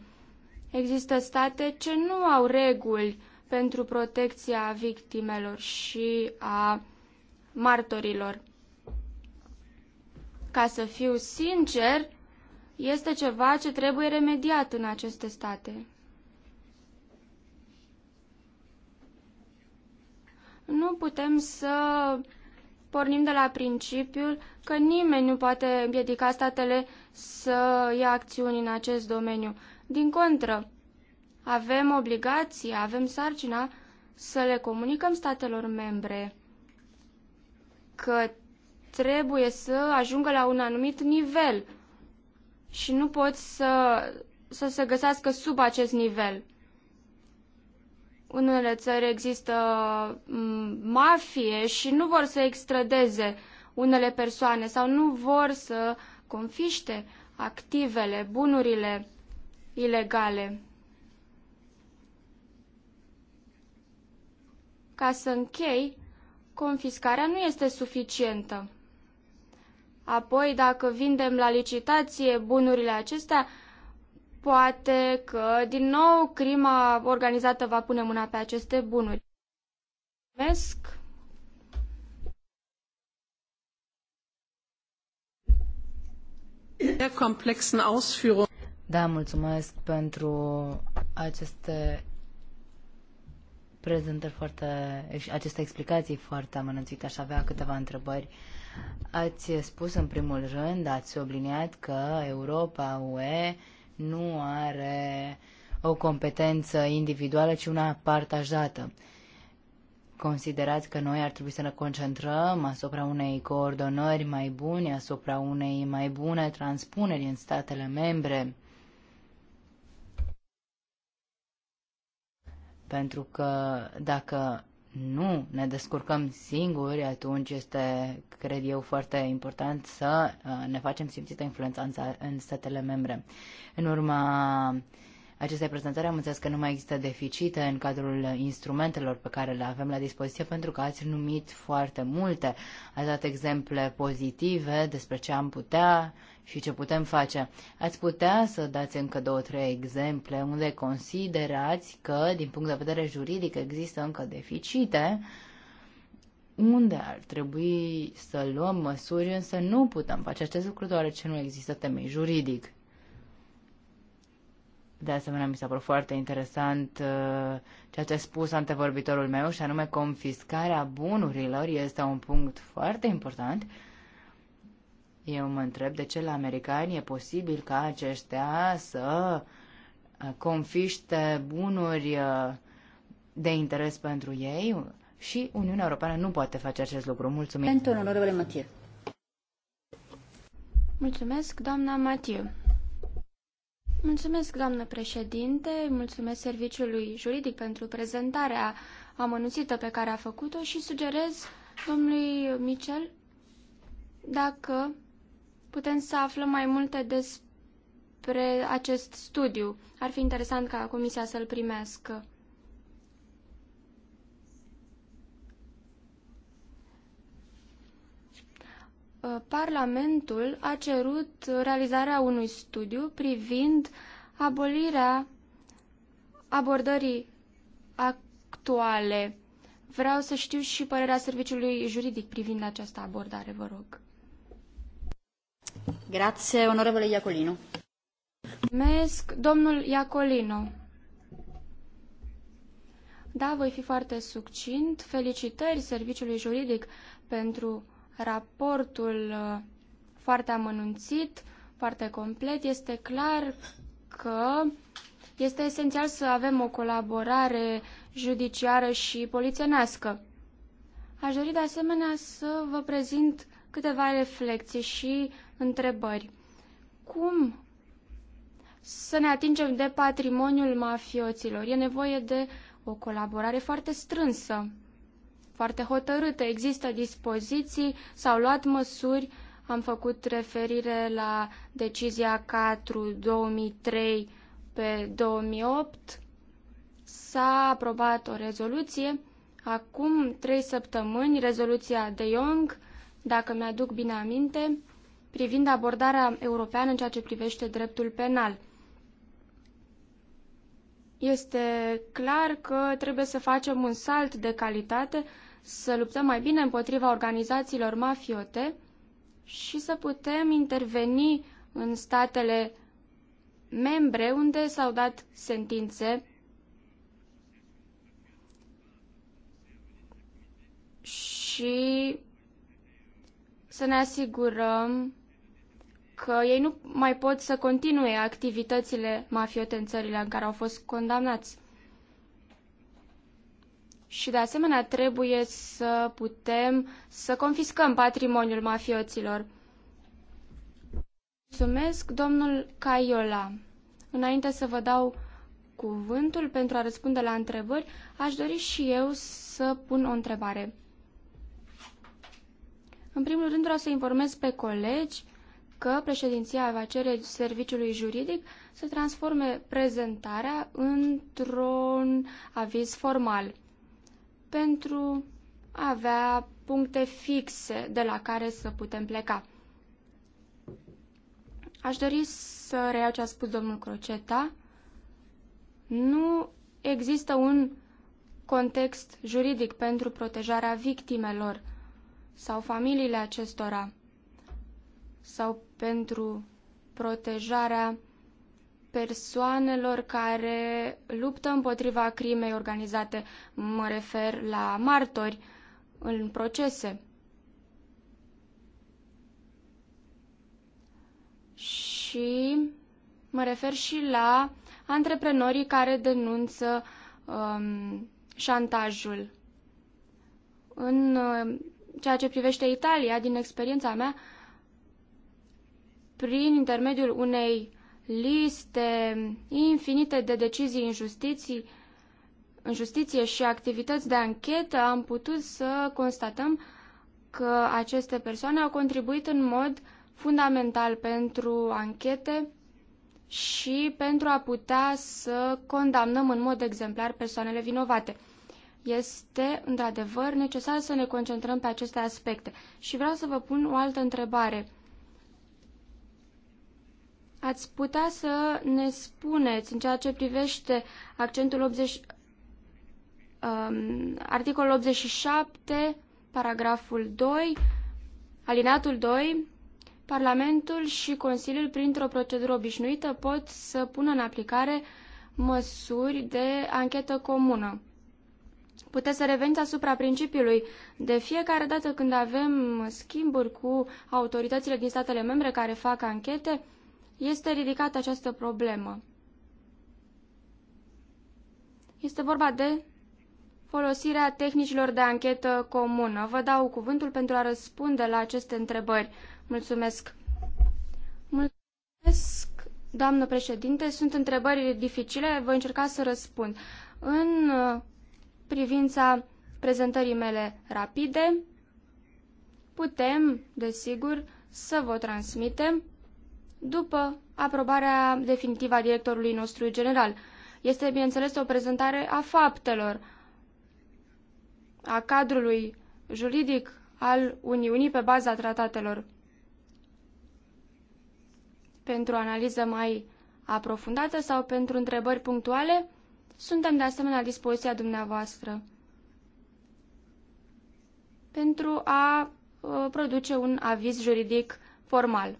Există state ce nu au reguli pentru protecția victimelor și a martorilor. Ca să fiu sincer, este ceva ce trebuie remediat în aceste state. nu putem să pornim de la principiul că nimeni nu poate împiedica statele să ia acțiuni în acest domeniu. Din contră, avem obligația, avem sarcina să le comunicăm statelor membre că trebuie să ajungă la un anumit nivel și nu pot să, să se găsească sub acest nivel unele țări există mm, mafie și nu vor să extradeze unele persoane sau nu vor să confiște activele, bunurile ilegale. Ca să închei, confiscarea nu este suficientă. Apoi, dacă vindem la licitație bunurile acestea, Poate că, din nou, crima organizată va pune mâna pe aceste bunuri. Mulțumesc! Da, mulțumesc pentru aceste prezentări foarte, aceste explicații foarte amănânțite. Aș avea câteva întrebări. Ați spus în primul rând, ați subliniat că Europa, UE nu are o competență individuală, ci una partajată. Considerați că noi ar trebui să ne concentrăm asupra unei coordonări mai bune, asupra unei mai bune transpuneri în statele membre, pentru că dacă nu ne descurcăm singuri, atunci este, cred eu, foarte important să uh, ne facem simțită influența în statele membre. În urma acestei prezentări am înțeles că nu mai există deficite în cadrul instrumentelor pe care le avem la dispoziție, pentru că ați numit foarte multe. Ați dat exemple pozitive despre ce am putea și ce putem face. Ați putea să dați încă două, trei exemple unde considerați că, din punct de vedere juridic, există încă deficite, unde ar trebui să luăm măsuri, însă nu putem face acest lucru deoarece nu există temei juridic. De asemenea, mi s-a părut foarte interesant uh, ceea ce a spus antevorbitorul meu, și anume confiscarea bunurilor este un punct foarte important. Eu mă întreb de ce la americani e posibil ca aceștia să uh, confiște bunuri uh, de interes pentru ei și Uniunea Europeană nu poate face acest lucru. Mulțumim. Pentru onorevole Matiu. Mulțumesc, doamna Matiu. Mulțumesc, doamnă președinte, mulțumesc serviciului juridic pentru prezentarea amănunțită pe care a făcut-o și sugerez domnului Michel dacă putem să aflăm mai multe despre acest studiu. Ar fi interesant ca Comisia să-l primească. Uh, Parlamentul a cerut realizarea unui studiu privind abolirea abordării actuale. Vreau să știu și părerea serviciului juridic privind această abordare, vă rog. Grazie, Iacolino. domnul Iacolino. Da, voi fi foarte succint. Felicitări serviciului juridic pentru raportul uh, foarte amănunțit, foarte complet. Este clar că este esențial să avem o colaborare judiciară și polițienească. Aș dori de asemenea să vă prezint câteva reflexii și întrebări. Cum să ne atingem de patrimoniul mafioților? E nevoie de o colaborare foarte strânsă, foarte hotărâtă. Există dispoziții, s-au luat măsuri, am făcut referire la decizia 4 2003 pe 2008, s-a aprobat o rezoluție. Acum trei săptămâni, rezoluția de Young, dacă mi-aduc bine aminte, privind abordarea europeană în ceea ce privește dreptul penal. Este clar că trebuie să facem un salt de calitate, să luptăm mai bine împotriva organizațiilor mafiote și să putem interveni în statele membre unde s-au dat sentințe și să ne asigurăm că ei nu mai pot să continue activitățile mafiote în țările în care au fost condamnați. Și de asemenea trebuie să putem să confiscăm patrimoniul mafioților. Mulțumesc, domnul Caiola. Înainte să vă dau cuvântul pentru a răspunde la întrebări, aș dori și eu să pun o întrebare. În primul rând vreau să informez pe colegi că președinția va cere serviciului juridic să transforme prezentarea într-un aviz formal pentru a avea puncte fixe de la care să putem pleca. Aș dori să reiau ce a spus domnul Croceta. Nu există un context juridic pentru protejarea victimelor sau familiile acestora sau pentru protejarea persoanelor care luptă împotriva crimei organizate. Mă refer la martori în procese. Și mă refer și la antreprenorii care denunță um, șantajul. În uh, ceea ce privește Italia, din experiența mea, prin intermediul unei liste infinite de decizii în justiție, în justiție și activități de anchetă, am putut să constatăm că aceste persoane au contribuit în mod fundamental pentru anchete și pentru a putea să condamnăm în mod exemplar persoanele vinovate. Este, într-adevăr, necesar să ne concentrăm pe aceste aspecte. Și vreau să vă pun o altă întrebare. Ați putea să ne spuneți în ceea ce privește accentul 80, um, articolul 87, paragraful 2, alineatul 2, Parlamentul și Consiliul, printr-o procedură obișnuită, pot să pună în aplicare măsuri de anchetă comună. Puteți să reveniți asupra principiului. De fiecare dată când avem schimburi cu autoritățile din statele membre care fac anchete, este ridicată această problemă. Este vorba de folosirea tehnicilor de anchetă comună. Vă dau cuvântul pentru a răspunde la aceste întrebări. Mulțumesc. Mulțumesc, doamnă președinte. Sunt întrebări dificile, voi încerca să răspund. În uh, privința prezentării mele rapide, putem, desigur, să vă transmitem după aprobarea definitivă a directorului nostru general. Este, bineînțeles, o prezentare a faptelor, a cadrului juridic al Uniunii pe baza tratatelor. Pentru o analiză mai aprofundată sau pentru întrebări punctuale, suntem de asemenea la dispoziția dumneavoastră pentru a uh, produce un aviz juridic formal.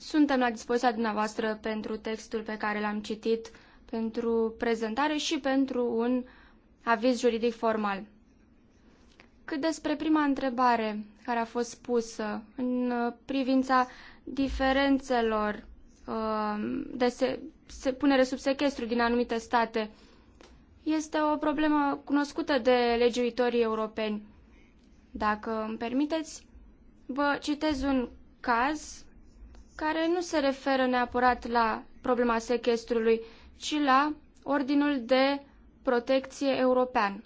Suntem la dispoziția dumneavoastră pentru textul pe care l-am citit, pentru prezentare și pentru un aviz juridic formal. Cât despre prima întrebare care a fost pusă în privința diferențelor uh, de se, se punere sub sequestru din anumite state, este o problemă cunoscută de legiuitorii europeni. Dacă îmi permiteți, vă citez un caz care nu se referă neapărat la problema sequestrului, ci la Ordinul de Protecție European,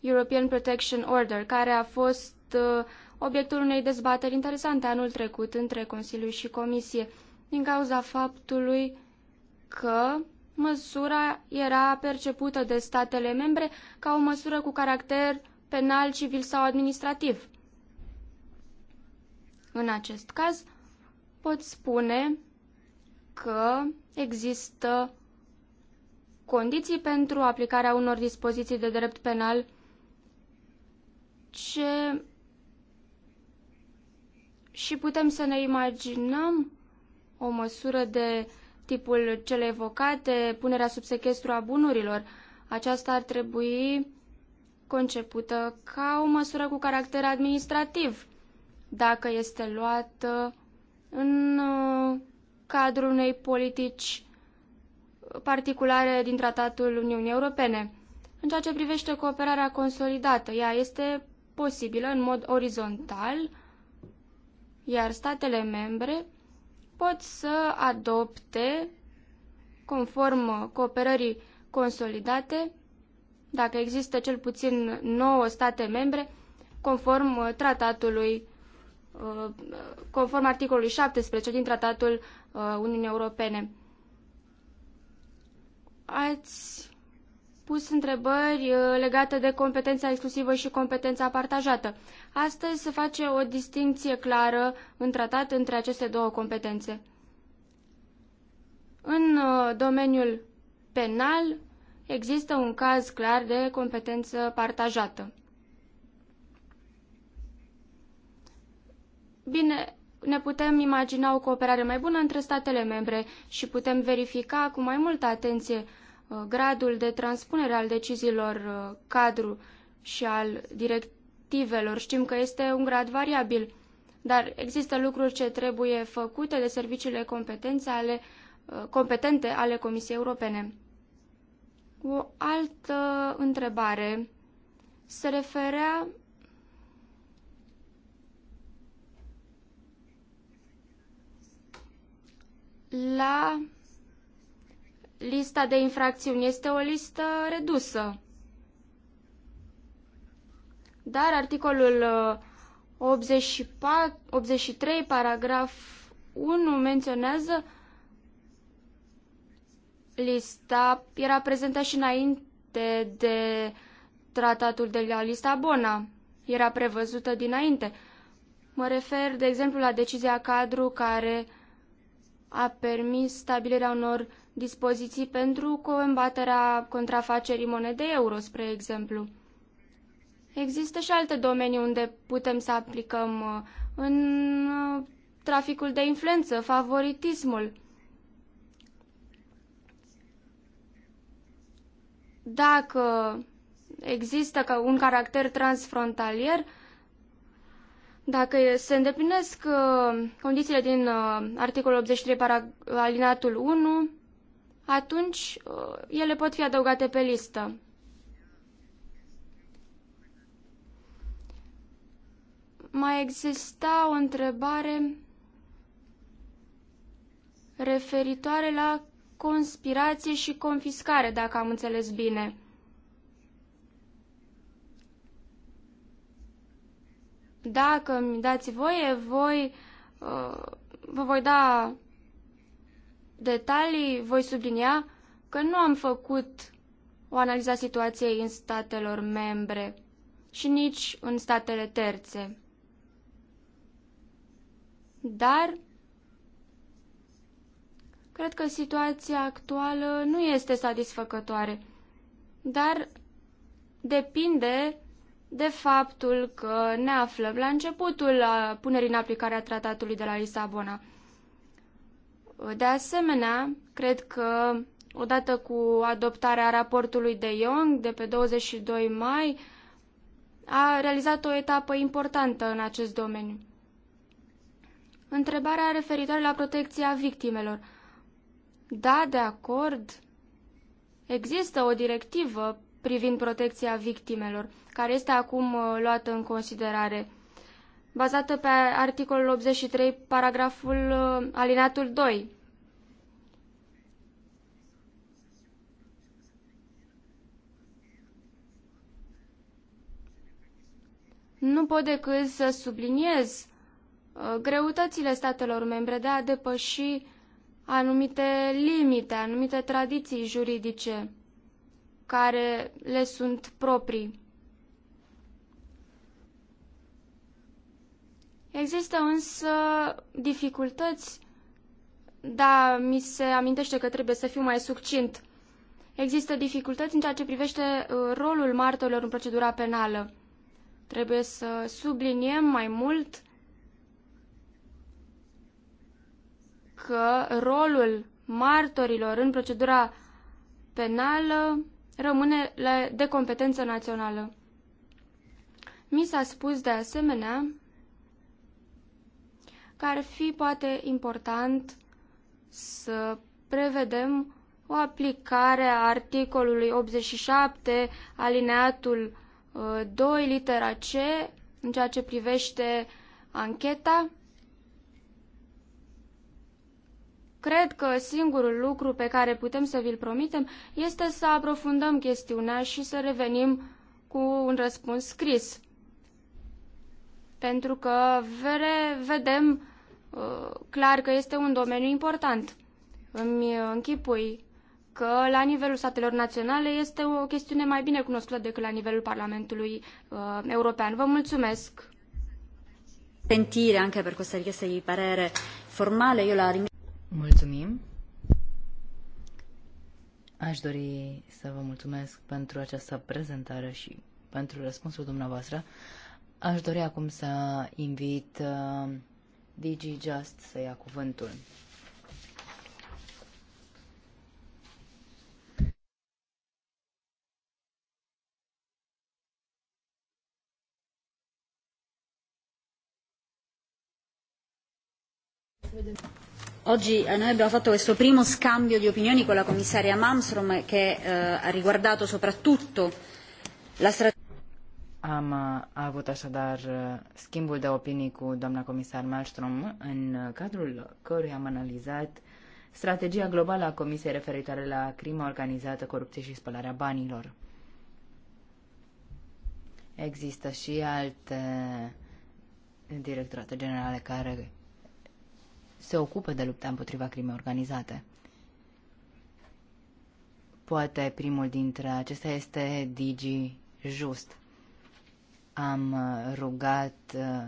European Protection Order, care a fost uh, obiectul unei dezbateri interesante anul trecut între Consiliu și Comisie, din cauza faptului că măsura era percepută de statele membre ca o măsură cu caracter penal, civil sau administrativ. În acest caz, pot spune că există condiții pentru aplicarea unor dispoziții de drept penal ce și putem să ne imaginăm o măsură de tipul cele evocate, punerea sub sequestru a bunurilor. Aceasta ar trebui concepută ca o măsură cu caracter administrativ, dacă este luată în uh, cadrul unei politici particulare din Tratatul Uniunii Europene. În ceea ce privește cooperarea consolidată, ea este posibilă în mod orizontal, iar statele membre pot să adopte, conform cooperării consolidate, dacă există cel puțin 9 state membre, conform uh, tratatului Uh, conform articolului 17 din Tratatul uh, Uniunii Europene. Ați pus întrebări uh, legate de competența exclusivă și competența partajată. Astăzi se face o distinție clară în tratat între aceste două competențe. În domeniul penal există un caz clar de competență partajată. Bine, ne putem imagina o cooperare mai bună între statele membre și putem verifica cu mai multă atenție uh, gradul de transpunere al deciziilor uh, cadru și al directivelor. Știm că este un grad variabil, dar există lucruri ce trebuie făcute de serviciile competențe ale, uh, competente ale Comisiei Europene. O altă întrebare se referea la lista de infracțiuni. Este o listă redusă. Dar articolul 84, uh, 83, paragraf 1, menționează lista, era prezentă și înainte de tratatul de la Lisabona. Era prevăzută dinainte. Mă refer, de exemplu, la decizia cadru care a permis stabilirea unor dispoziții pentru combaterea contrafacerii monedei euro, spre exemplu. Există și alte domenii unde putem să aplicăm uh, în uh, traficul de influență, favoritismul. Dacă există un caracter transfrontalier, dacă se îndeplinesc uh, condițiile din uh, articolul 83 para, alinatul 1, atunci uh, ele pot fi adăugate pe listă. Mai exista o întrebare referitoare la conspirație și confiscare, dacă am înțeles bine. Dacă mi dați voie, voi, uh, vă voi da detalii, voi sublinia că nu am făcut o analiză a situației în statelor membre și nici în statele terțe. Dar cred că situația actuală nu este satisfăcătoare, dar depinde de faptul că ne aflăm la începutul uh, punerii în aplicare a tratatului de la Lisabona. Uh, de asemenea, cred că odată cu adoptarea raportului de Young de pe 22 mai, a realizat o etapă importantă în acest domeniu. Întrebarea referitoare la protecția victimelor. Da, de acord. Există o directivă privind protecția victimelor – care este acum uh, luată în considerare, bazată pe articolul 83, paragraful uh, alinatul 2. Nu pot decât să subliniez uh, greutățile statelor membre de a depăși anumite limite, anumite tradiții juridice care le sunt proprii. Există însă dificultăți, da, mi se amintește că trebuie să fiu mai succint. Există dificultăți în ceea ce privește uh, rolul martorilor în procedura penală. Trebuie să subliniem mai mult că rolul martorilor în procedura penală rămâne de competență națională. Mi s-a spus de asemenea că ar fi poate important să prevedem o aplicare a articolului 87, alineatul 2, uh, litera C, în ceea ce privește ancheta. Cred că singurul lucru pe care putem să vi-l promitem este să aprofundăm chestiunea și să revenim cu un răspuns scris. Pentru că vedem clar că este un domeniu important. Îmi închipui că la nivelul statelor naționale este o chestiune mai bine cunoscută decât la nivelul Parlamentului uh, European. Vă mulțumesc! Sentire anche per questa richiesta di parere formale, eu la ringrazio. Mulțumim! Aș dori să vă mulțumesc pentru această prezentare și pentru răspunsul dumneavoastră. Aș dori acum să invit uh, DG Just să ia cuvântul. Oggi eh, noi abbiamo fatto questo primo scambio di opinioni con la commissaria Malmström che eh, ha riguardato soprattutto la strategia am uh, avut așadar uh, schimbul de opinii cu doamna comisar Malmström, în uh, cadrul căruia am analizat strategia globală a Comisiei referitoare la crimă organizată, corupție și spălarea banilor. Există și alte directorate generale care se ocupă de lupta împotriva crimei organizate. Poate primul dintre acestea este Digi Just. Am uh, rugat uh,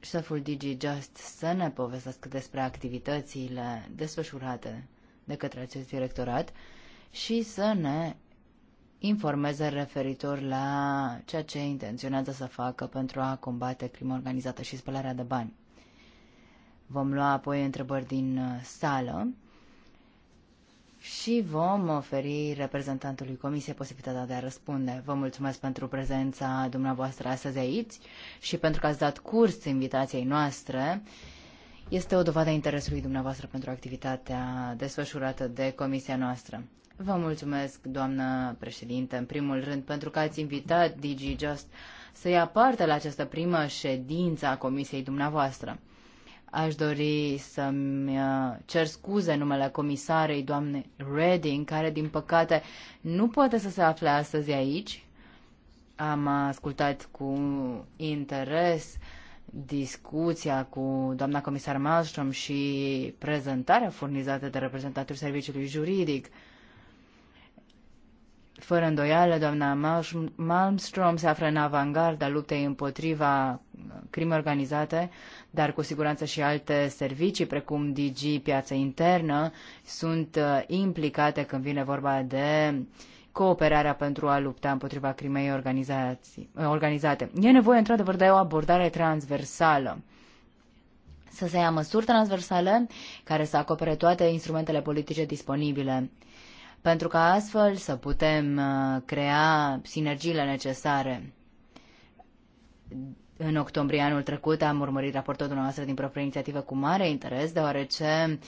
șeful Digi Just să ne povestească despre activitățile desfășurate de către acest directorat și să ne informeze referitor la ceea ce intenționează să facă pentru a combate crima organizată și spălarea de bani. Vom lua apoi întrebări din uh, sală și vom oferi reprezentantului Comisiei posibilitatea de a răspunde. Vă mulțumesc pentru prezența dumneavoastră astăzi aici și pentru că ați dat curs invitației noastre. Este o dovadă a interesului dumneavoastră pentru activitatea desfășurată de Comisia noastră. Vă mulțumesc, doamnă președinte, în primul rând, pentru că ați invitat DigiJust să ia parte la această primă ședință a Comisiei dumneavoastră. Aș dori să-mi uh, cer scuze numele comisarei doamne Redding, care din păcate nu poate să se afle astăzi aici. Am ascultat cu interes discuția cu doamna comisar Malmström și prezentarea furnizată de reprezentantul serviciului juridic. Fără îndoială, doamna Malmström se află în avangarda luptei împotriva crimei organizate, dar cu siguranță și alte servicii, precum DG Piața Internă, sunt uh, implicate când vine vorba de cooperarea pentru a lupta împotriva crimei organizate. E nevoie, într-adevăr, de o abordare transversală să se ia măsuri transversale care să acopere toate instrumentele politice disponibile pentru ca astfel să putem uh, crea sinergiile necesare. În octombrie anul trecut am urmărit raportul dumneavoastră din proprie inițiativă cu mare interes, deoarece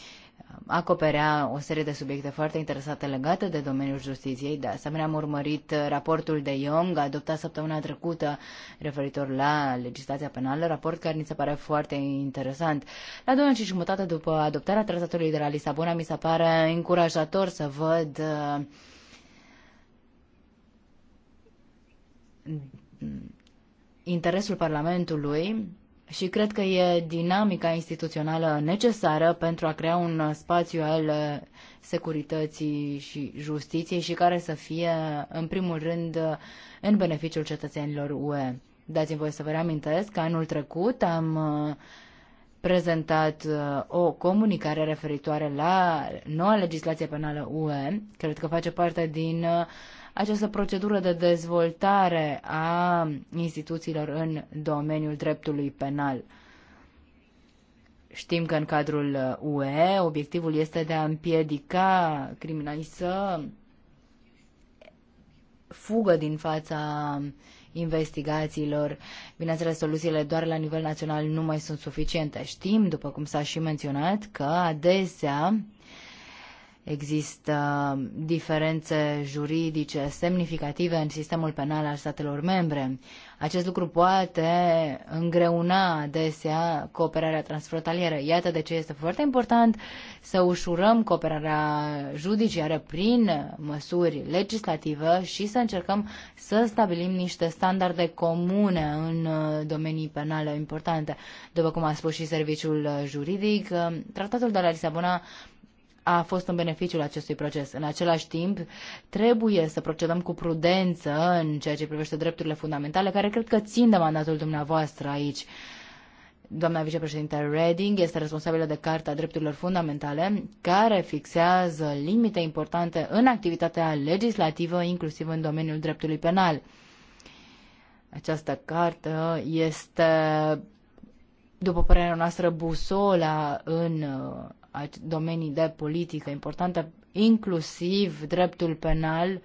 acoperea o serie de subiecte foarte interesate legate de domeniul justiției. De asemenea, am urmărit raportul de Young, adoptat săptămâna trecută, referitor la legislația penală, raport care mi se pare foarte interesant. La două și jumătate după adoptarea tratatului de la Lisabona, mi se pare încurajator să văd uh, interesul Parlamentului și cred că e dinamica instituțională necesară pentru a crea un spațiu al uh, securității și justiției și care să fie, în primul rând, uh, în beneficiul cetățenilor UE. Dați-mi voie să vă reamintesc că anul trecut am uh, prezentat o comunicare referitoare la noua legislație penală UE. Cred că face parte din uh, această procedură de dezvoltare a instituțiilor în domeniul dreptului penal. Știm că în cadrul UE obiectivul este de a împiedica criminalii să fugă din fața investigațiilor. Bineînțeles, soluțiile doar la nivel național nu mai sunt suficiente. Știm, după cum s-a și menționat, că adesea Există diferențe juridice semnificative în sistemul penal al statelor membre. Acest lucru poate îngreuna adesea cooperarea transfrontalieră. Iată de ce este foarte important să ușurăm cooperarea judiciară prin măsuri legislative și să încercăm să stabilim niște standarde comune în domenii penale importante. După cum a spus și serviciul juridic, tratatul de la Lisabona a fost în beneficiul acestui proces. În același timp, trebuie să procedăm cu prudență în ceea ce privește drepturile fundamentale, care cred că țin de mandatul dumneavoastră aici. Doamna vicepreședinte Reding este responsabilă de Carta Drepturilor Fundamentale, care fixează limite importante în activitatea legislativă, inclusiv în domeniul dreptului penal. Această carte este, după părerea noastră, busola în domenii de politică importantă, inclusiv dreptul penal,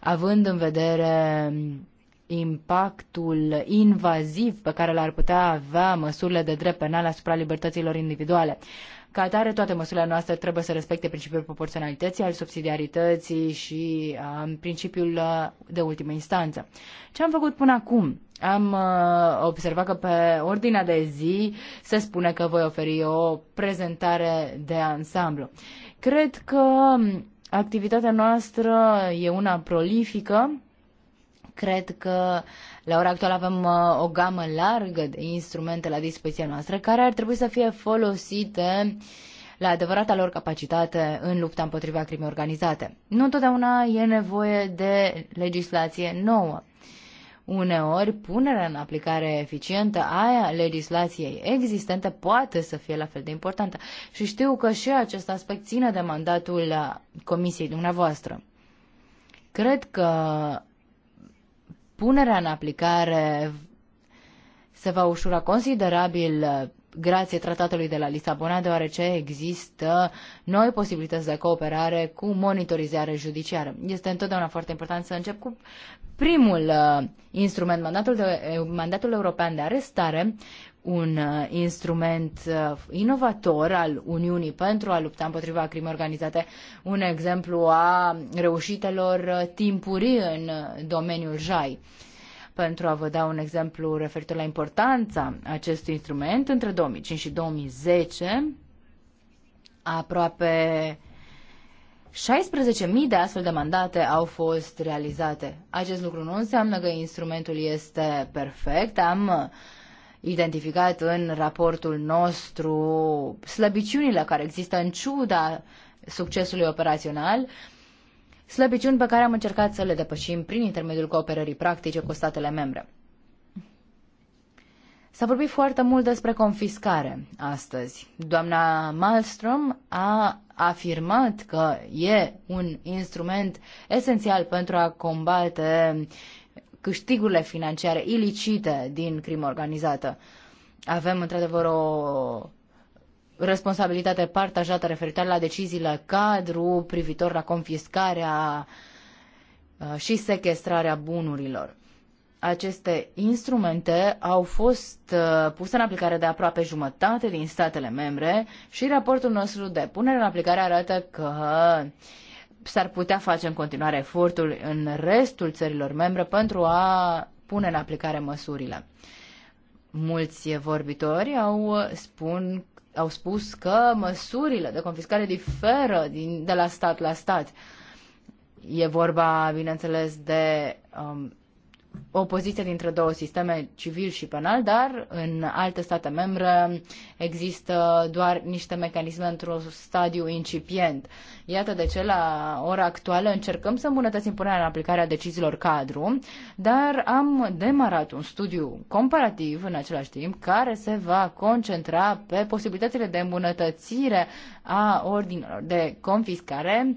având în vedere impactul invaziv pe care l-ar putea avea măsurile de drept penal asupra libertăților individuale. Ca atare, toate măsurile noastre trebuie să respecte principiul proporționalității, al subsidiarității și a, uh, principiul uh, de ultimă instanță. Ce am făcut până acum? Am uh, observat că pe ordinea de zi se spune că voi oferi o prezentare de ansamblu. Cred că activitatea noastră e una prolifică. Cred că la ora actuală avem uh, o gamă largă de instrumente la dispoziția noastră care ar trebui să fie folosite la adevărata lor capacitate în lupta împotriva crimei organizate. Nu întotdeauna e nevoie de legislație nouă. Uh, Uneori, punerea în aplicare eficientă a legislației existente poate să fie la fel de importantă. Și știu că și acest aspect ține de mandatul uh, comisiei dumneavoastră. Cred că punerea în aplicare se va ușura considerabil uh, grație tratatului de la Lisabona, deoarece există noi posibilități de cooperare cu monitorizare judiciară. Este întotdeauna foarte important să încep cu primul uh, instrument, mandatul, de, eh, mandatul european de arestare, un uh, instrument uh, inovator al Uniunii pentru a lupta împotriva crimei organizate, un exemplu a reușitelor uh, timpurii în uh, domeniul JAI. Uh, pentru a vă da un exemplu referitor la importanța acestui instrument, între 2005 și 2010, aproape 16.000 de astfel de mandate au fost realizate. Acest lucru nu înseamnă că instrumentul este perfect. Am identificat în raportul nostru slăbiciunile care există în ciuda succesului operațional. Uh, slăbiciuni pe care am încercat să le depășim prin intermediul cooperării practice cu statele membre. S-a vorbit foarte mult despre confiscare astăzi. Doamna Malmström a afirmat că e un instrument esențial pentru a combate câștigurile financiare ilicite din crimă organizată. Avem într-adevăr o responsabilitate partajată referitoare la deciziile cadru privitor la confiscarea uh, și sequestrarea bunurilor. Aceste instrumente au fost uh, puse în aplicare de aproape jumătate din statele membre și raportul nostru de punere în aplicare arată că s-ar putea face în continuare efortul în restul țărilor membre pentru a pune în aplicare măsurile mulți vorbitori au spun au spus că măsurile de confiscare diferă din, de la stat la stat. E vorba, bineînțeles, de um, opoziție dintre două sisteme, civil și penal, dar în alte state membre există doar niște mecanisme într-un stadiu incipient. Iată de ce la ora actuală încercăm să îmbunătățim punerea în aplicare a deciziilor cadru, dar am demarat un studiu comparativ în același timp care se va concentra pe posibilitățile de îmbunătățire a ordinelor de confiscare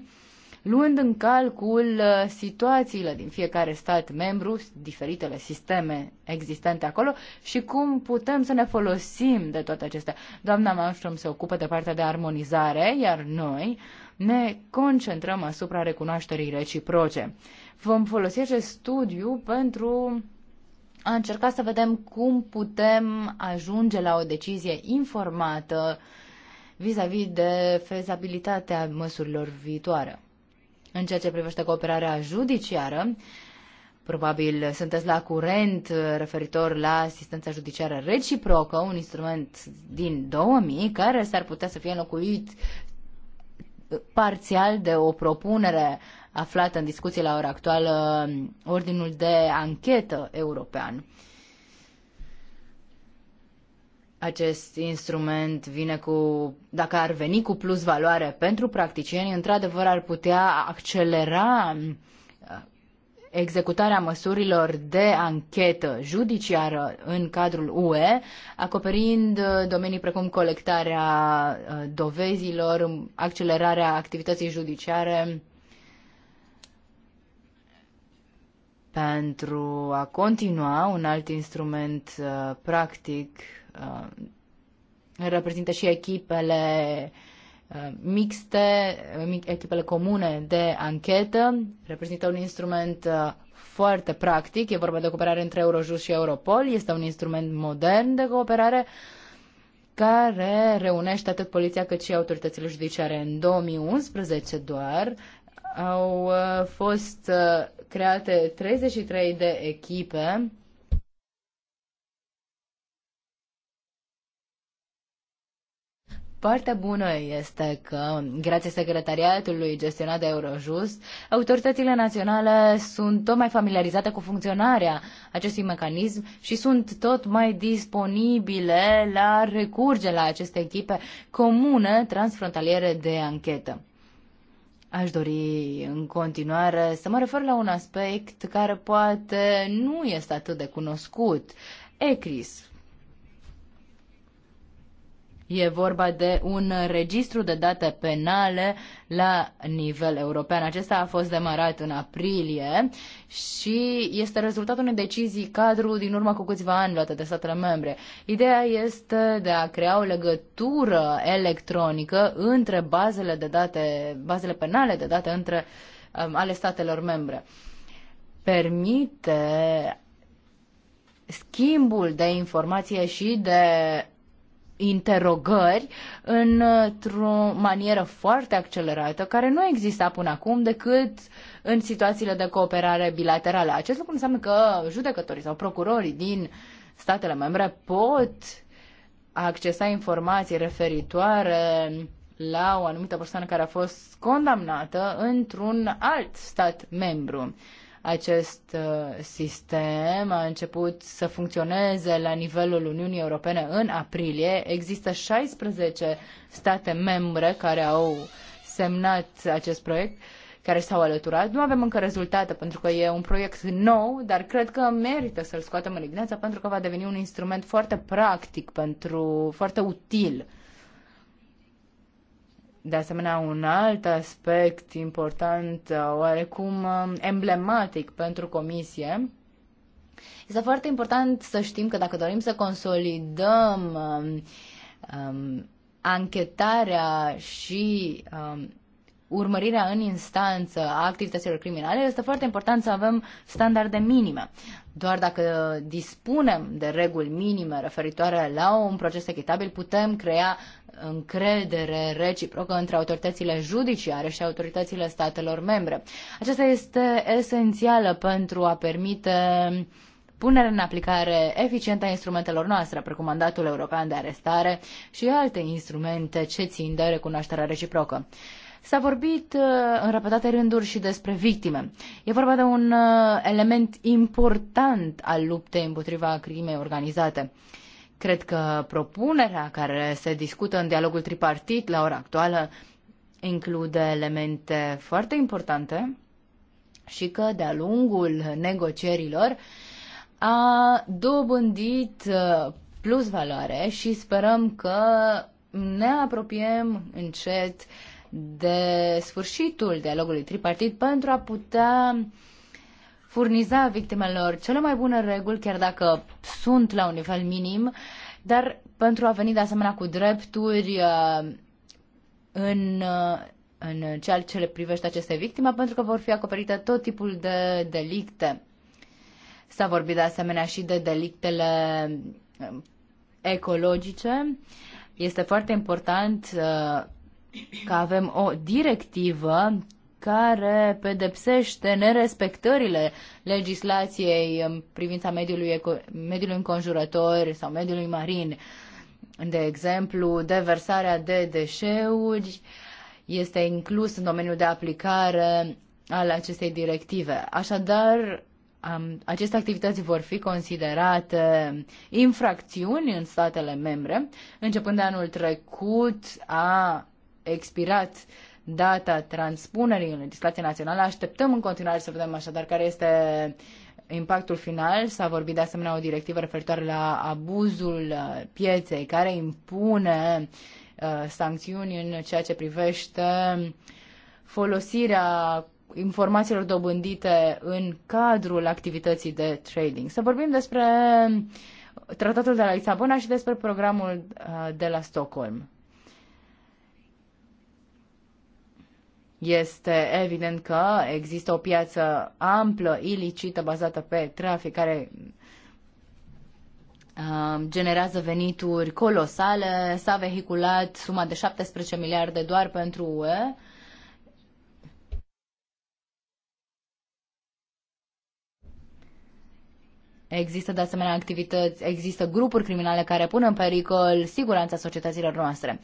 luând în calcul uh, situațiile din fiecare stat membru, diferitele sisteme existente acolo și cum putem să ne folosim de toate acestea. Doamna Malmström se ocupă de partea de armonizare, iar noi ne concentrăm asupra recunoașterii reciproce. Vom folosi acest studiu pentru a încerca să vedem cum putem ajunge la o decizie informată vis-a-vis -vis de fezabilitatea măsurilor viitoare. În ceea ce privește cooperarea judiciară, probabil sunteți la curent uh, referitor la asistența judiciară reciprocă, un instrument din 2000 care s-ar putea să fie înlocuit uh, parțial de o propunere aflată în discuție la ora actuală, um, Ordinul de Anchetă European acest instrument vine cu, dacă ar veni cu plus valoare pentru practicieni, într-adevăr ar putea accelera uh, executarea măsurilor de anchetă judiciară în cadrul UE, acoperind uh, domenii precum colectarea uh, dovezilor, accelerarea activității judiciare pentru a continua un alt instrument practic Uh, reprezintă și echipele uh, mixte, uh, echipele comune de anchetă, reprezintă un instrument foarte practic, e vorba de cooperare între Eurojust și Europol, este un instrument modern de cooperare care reunește atât poliția cât și autoritățile judiciare. În 2011 doar au fost create 33 de echipe Partea bună este că, grație secretariatului gestionat de Eurojust, autoritățile naționale sunt tot mai familiarizate cu funcționarea acestui mecanism și sunt tot mai disponibile la recurge la aceste echipe comune transfrontaliere de anchetă. Aș dori în continuare să mă refer la un aspect care poate nu este atât de cunoscut. ECRIS, E vorba de un registru de date penale la nivel european. Acesta a fost demarat în aprilie și este rezultatul unei decizii cadru din urmă cu câțiva ani luate de statele membre. Ideea este de a crea o legătură electronică între bazele de date, bazele penale de date între um, ale statelor membre. Permite schimbul de informație și de interogări într-o manieră foarte accelerată, care nu exista până acum decât în situațiile de cooperare bilaterală. Acest lucru înseamnă că judecătorii sau procurorii din statele membre pot accesa informații referitoare la o anumită persoană care a fost condamnată într-un alt stat membru. Acest uh, sistem a început să funcționeze la nivelul Uniunii Europene în aprilie. Există 16 state membre care au semnat acest proiect care s-au alăturat. Nu avem încă rezultate pentru că e un proiect nou, dar cred că merită să-l scoatem în evidență pentru că va deveni un instrument foarte practic, pentru, foarte util de asemenea, un alt aspect important, uh, oarecum uh, emblematic pentru comisie, este foarte important să știm că dacă dorim să consolidăm um, um anchetarea și um, urmărirea în instanță a activităților criminale, este foarte important să avem standarde minime. Doar dacă dispunem de reguli minime referitoare la un proces echitabil, putem crea încredere reciprocă între autoritățile judiciare și autoritățile statelor membre. Aceasta este esențială pentru a permite punerea în aplicare eficientă a instrumentelor noastre, precum mandatul european de arestare și alte instrumente ce țin de recunoașterea reciprocă. S-a vorbit uh, în repetate rânduri și despre victime. E vorba de un uh, element important al luptei împotriva crimei organizate. Cred că propunerea care se discută în dialogul tripartit la ora actuală include elemente foarte importante și că de-a lungul negocierilor a dobândit uh, plus valoare și sperăm că ne apropiem încet uh, de sfârșitul dialogului tripartit pentru a putea furniza victimelor cele mai bune reguli, chiar dacă sunt la un nivel minim, dar pentru a veni de asemenea cu drepturi uh, în, uh, în ceea ce le privește aceste victime, pentru că vor fi acoperite tot tipul de delicte. S-a vorbit de asemenea și de delictele uh, ecologice. Este foarte important că avem o directivă care pedepsește nerespectările legislației în privința mediului, mediului înconjurător sau mediului marin. De exemplu, deversarea de deșeuri este inclus în domeniul de aplicare al acestei directive. Așadar, aceste activități vor fi considerate infracțiuni în statele membre. Începând de anul trecut a expirat data transpunerii în legislația națională. Așteptăm în continuare să vedem așadar care este impactul final. S-a vorbit de asemenea o directivă referitoare la abuzul uh, pieței care impune uh, sancțiuni în ceea ce privește folosirea informațiilor dobândite în cadrul activității de trading. Să vorbim despre tratatul de la Lisabona și despre programul uh, de la Stockholm. Este evident că există o piață amplă, ilicită, bazată pe trafic, care uh, generează venituri colosale. S-a vehiculat suma de 17 miliarde doar pentru UE. Există de asemenea activități, există grupuri criminale care pun în pericol siguranța societăților noastre.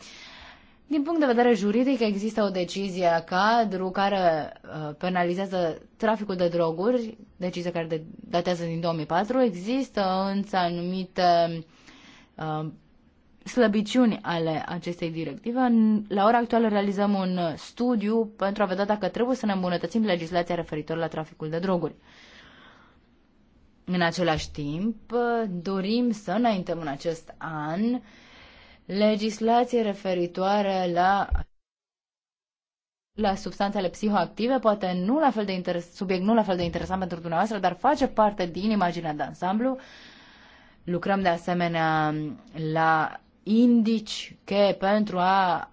Din punct de vedere juridic, există o decizie a cadru care uh, penalizează traficul de droguri, decizie care datează din 2004. Există însă anumite uh, slăbiciuni ale acestei directive. La ora actuală realizăm un studiu pentru a vedea dacă trebuie să ne îmbunătățim legislația referitor la traficul de droguri. În același timp, uh, dorim să înaintăm în acest an uh, legislație referitoare la la substanțele psihoactive, poate nu la fel de interes, subiect nu la fel de interesant pentru dumneavoastră, dar face parte din imaginea de ansamblu. Lucrăm de asemenea la indici că pentru a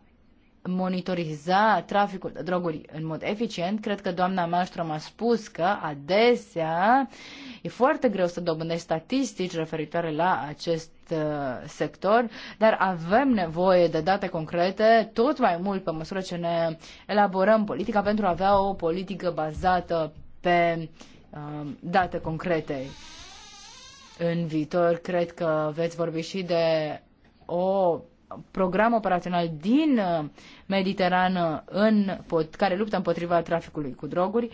monitoriza traficul de droguri în mod eficient. Cred că doamna m a spus că adesea e foarte greu să dobândești statistici referitoare la acest acest uh, sector, dar avem nevoie de date concrete tot mai mult pe măsură ce ne elaborăm politica pentru a avea o politică bazată pe um, date concrete. În viitor, cred că veți vorbi și de o program operațional din uh, Mediterană în, care luptă împotriva traficului cu droguri.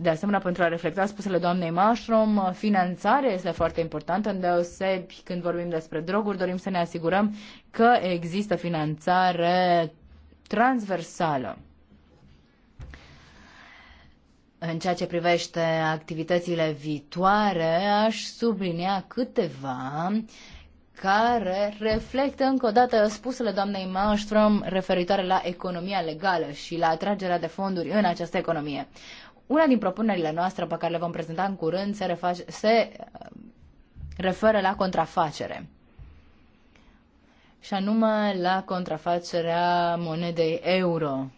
De asemenea, pentru a reflecta spusele doamnei Mașrom, finanțarea este foarte importantă, îndeosebi când vorbim despre droguri, dorim să ne asigurăm că există finanțare transversală. În ceea ce privește activitățile viitoare, aș sublinia câteva care reflectă încă o dată spusele doamnei Maastrom referitoare la economia legală și la atragerea de fonduri în această economie. Una din propunerile noastre pe care le vom prezenta în curând se, reface, se uh, referă la contrafacere și anume la contrafacerea monedei euro.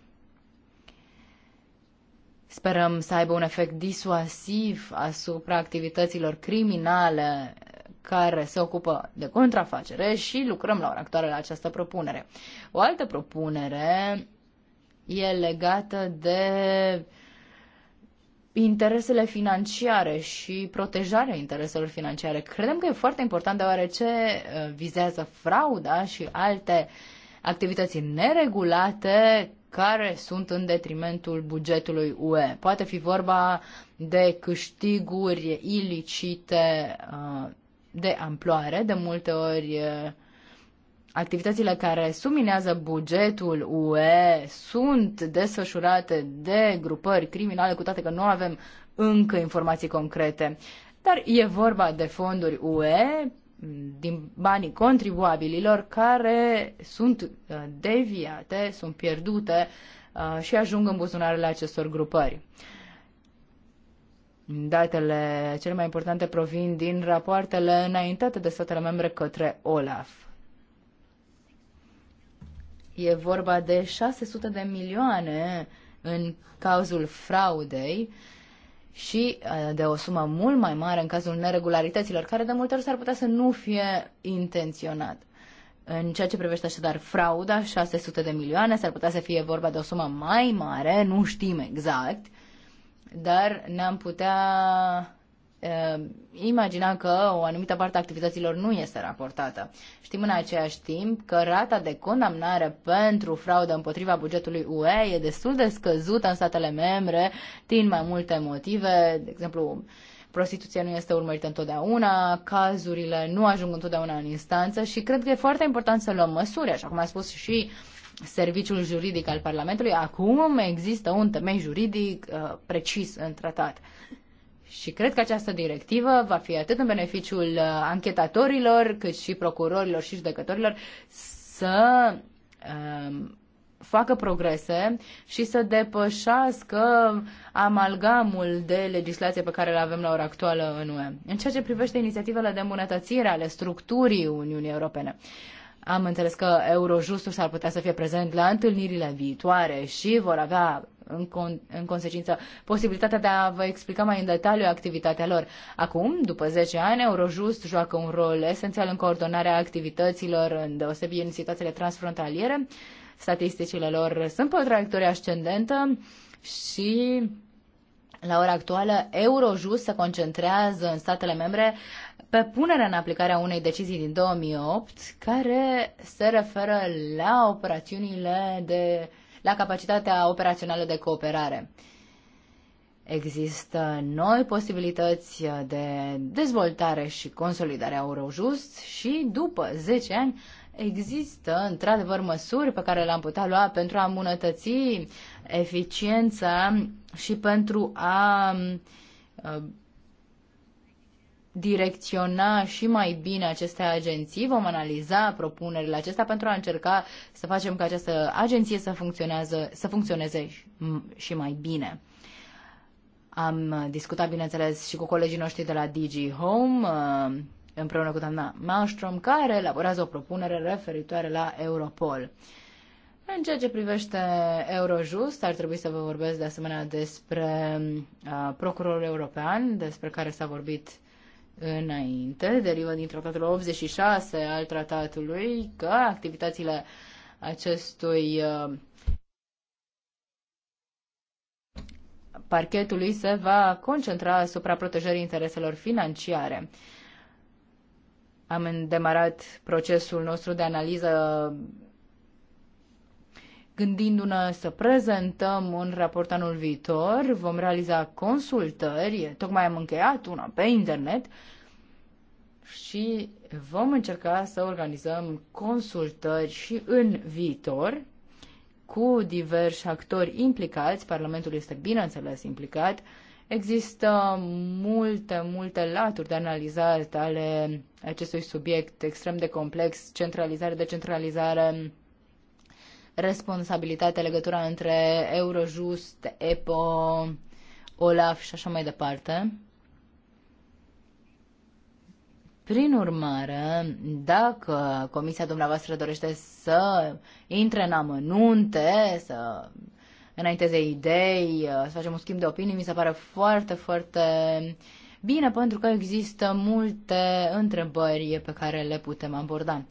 Sperăm să aibă un efect disuasiv asupra activităților criminale care se ocupă de contrafacere și lucrăm la ora actuală la această propunere. O altă propunere e legată de interesele financiare și protejarea intereselor financiare. Credem că e foarte important deoarece uh, vizează frauda și alte activități neregulate care sunt în detrimentul bugetului UE. Poate fi vorba de câștiguri ilicite uh, de amploare, de multe ori uh, activitățile care suminează bugetul UE sunt desfășurate de grupări criminale, cu toate că nu avem încă informații concrete. Dar e vorba de fonduri UE din banii contribuabililor care sunt uh, deviate, sunt pierdute uh, și ajung în buzunarele acestor grupări. Datele cele mai importante provin din rapoartele înaintate de statele membre către OLAF. E vorba de 600 de milioane în cazul fraudei și uh, de o sumă mult mai mare în cazul neregularităților, care de multe ori s-ar putea să nu fie intenționat. În ceea ce privește așadar frauda, 600 de milioane, s-ar putea să fie vorba de o sumă mai mare, nu știm exact, dar ne-am putea Ehm, imagina că o anumită parte a activităților nu este raportată. Știm în aceeași timp că rata de condamnare pentru fraudă împotriva bugetului UE e destul de scăzută în statele membre din mai multe motive, de exemplu prostituția nu este urmărită întotdeauna, cazurile nu ajung întotdeauna în instanță și cred că e foarte important să luăm măsuri, așa cum a spus și serviciul juridic al Parlamentului. Acum există un temei juridic uh, precis în tratat. Și cred că această directivă va fi atât în beneficiul uh, anchetatorilor, cât și procurorilor și judecătorilor să uh, facă progrese și să depășească amalgamul de legislație pe care le avem la ora actuală în UE. În ceea ce privește inițiativele de îmbunătățire ale structurii Uniunii Europene, am înțeles că Eurojustul s-ar putea să fie prezent la întâlnirile viitoare și vor avea în, con- în consecință posibilitatea de a vă explica mai în detaliu activitatea lor. Acum, după 10 ani, Eurojust joacă un rol esențial în coordonarea activităților, în deosebire în situațiile transfrontaliere. Statisticile lor sunt pe o traiectorie ascendentă și la ora actuală, Eurojust se concentrează în statele membre pe punerea în aplicare a unei decizii din 2008 care se referă la operațiunile de la capacitatea operațională de cooperare. Există noi posibilități de dezvoltare și consolidare a Eurojust și după 10 ani există într-adevăr măsuri pe care le-am putea lua pentru a îmbunătăți eficiența și pentru a direcționa și mai bine aceste agenții. Vom analiza propunerile acestea pentru a încerca să facem ca această agenție să, funcționează, să funcționeze și mai bine. Am discutat, bineînțeles, și cu colegii noștri de la DG Home, uh, împreună cu doamna Maustrom care elaborează o propunere referitoare la Europol. În ceea ce privește Eurojust, ar trebui să vă vorbesc de asemenea despre uh, procurorul european, despre care s-a vorbit înainte, derivă din tratatul 86 al tratatului, că activitățile acestui uh, parchetului se va concentra asupra protejării intereselor financiare. Am demarat procesul nostru de analiză gândindu-ne să prezentăm un raport anul viitor, vom realiza consultări, tocmai am încheiat una pe internet și vom încerca să organizăm consultări și în viitor cu diversi actori implicați, Parlamentul este bineînțeles implicat, Există multe, multe laturi de analizat ale acestui subiect extrem de complex, centralizare, decentralizare, responsabilitate, legătura între Eurojust, EPO, OLAF și așa mai departe. Prin urmare, dacă comisia dumneavoastră dorește să intre în amănunte, să înainteze idei, să facem un schimb de opinii, mi se pare foarte, foarte bine, pentru că există multe întrebări pe care le putem aborda.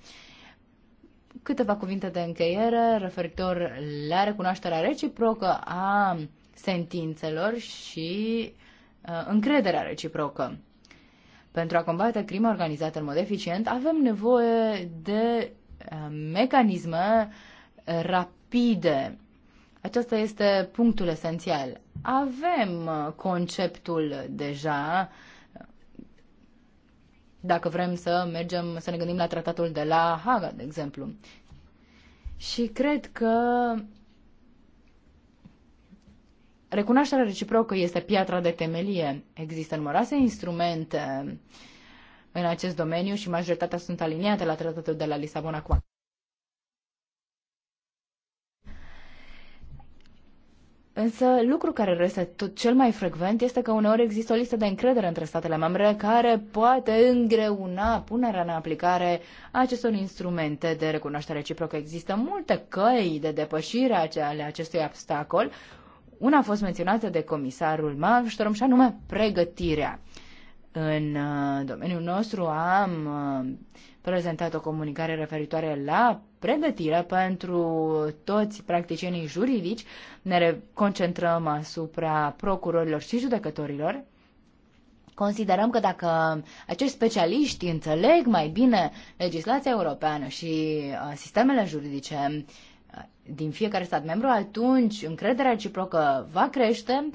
Câteva cuvinte de încheiere referitor la recunoașterea reciprocă a sentințelor și uh, încrederea reciprocă. Pentru a combate crima organizată în mod eficient, avem nevoie de uh, mecanisme rapide. Acesta este punctul esențial. Avem uh, conceptul deja uh, dacă vrem să mergem, să ne gândim la tratatul de la Haga, de exemplu. Și cred că recunoașterea reciprocă este piatra de temelie. Există numeroase instrumente în acest domeniu și majoritatea sunt aliniate la tratatul de la Lisabona acum. Însă, lucru care este tot cel mai frecvent este că uneori există o listă de încredere între statele membre care poate îngreuna punerea în aplicare a acestor instrumente de recunoaștere reciprocă. Există multe căi de depășire ale acestui obstacol. Una a fost menționată de comisarul Malmström și anume pregătirea. În uh, domeniul nostru am uh, prezentat o comunicare referitoare la pregătire pentru toți practicienii juridici. Ne concentrăm asupra procurorilor și judecătorilor. Considerăm că dacă acești specialiști înțeleg mai bine legislația europeană și uh, sistemele juridice uh, din fiecare stat membru, atunci încrederea reciprocă va crește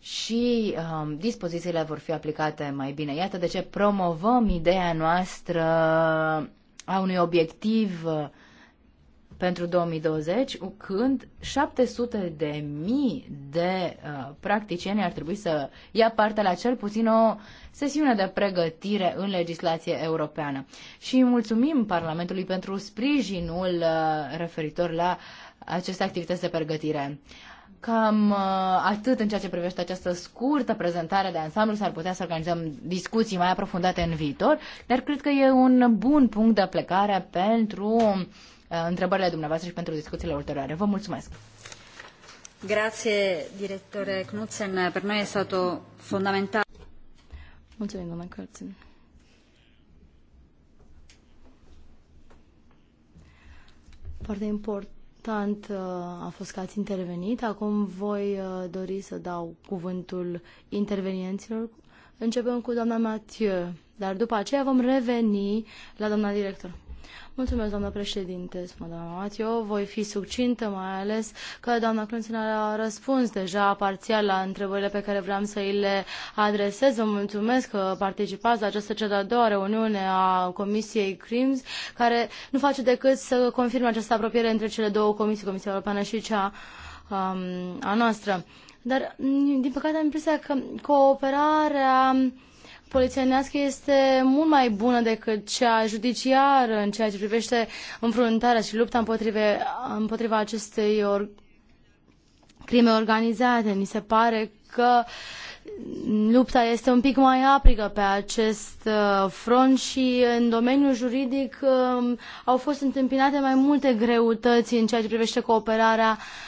și um, dispozițiile vor fi aplicate mai bine. Iată de ce promovăm ideea noastră a unui obiectiv uh, pentru 2020, când 700 de mii de uh, practicieni ar trebui să ia parte la cel puțin o sesiune de pregătire în legislație europeană. Și mulțumim Parlamentului pentru sprijinul uh, referitor la aceste activități de pregătire. Cam uh, atât în ceea ce privește această scurtă prezentare de ansamblu, s-ar putea să organizăm discuții mai aprofundate în viitor, dar cred că e un bun punct de plecare pentru uh, întrebările dumneavoastră și pentru discuțiile ulterioare. Vă mulțumesc! Grazie, direttore Knudsen. Per noi è stato fondamentale. Mulțumim, doamna Knudsen. Foarte important important uh, a fost că ați intervenit. Acum voi uh, dori să dau cuvântul intervenienților. Începem cu doamna Mathieu, dar după aceea vom reveni la doamna director. Mulțumesc, doamnă președinte, spune doamna Matio. Voi fi succintă, mai ales că doamna Clunțin a răspuns deja parțial la întrebările pe care vreau să îi le adresez. Vă mulțumesc că participați la această cea de-a doua reuniune a Comisiei CRIMS, care nu face decât să confirme această apropiere între cele două comisii, Comisia Europeană și cea um, a noastră. Dar, din păcate, am impresia că cooperarea polițienească este mult mai bună decât cea judiciară în ceea ce privește înfruntarea și lupta împotriva, împotriva acestei or- crime organizate. Mi se pare că lupta este un pic mai aprigă pe acest uh, front și în domeniul juridic um, au fost întâmpinate mai multe greutăți în ceea ce privește cooperarea uh,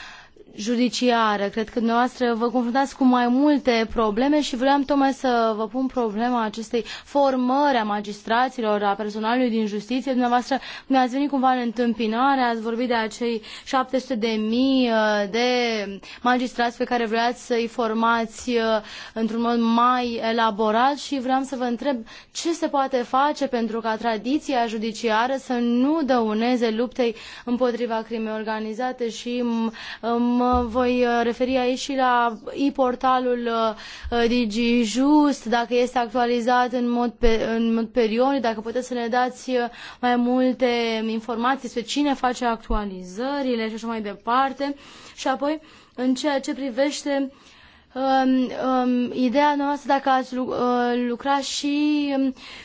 judiciară. Cred că dumneavoastră vă confruntați cu mai multe probleme și vreau tocmai să vă pun problema acestei formări a magistraților, a personalului din justiție. Dumneavoastră ne-ați venit cumva în întâmpinare, ați vorbit de acei 700 de mii uh, de magistrați pe care vreați să-i formați uh, într-un mod mai elaborat și vreau să vă întreb ce se poate face pentru ca tradiția judiciară să nu dăuneze luptei împotriva crimei organizate și Mă voi uh, referi aici și la e-portalul uh, uh, DigiJust, dacă este actualizat în mod, pe, în mod periodic, dacă puteți să ne dați mai multe informații despre cine face actualizările și așa mai departe. Și apoi, în ceea ce privește uh, um, um, ideea noastră dacă ați uh, lucra și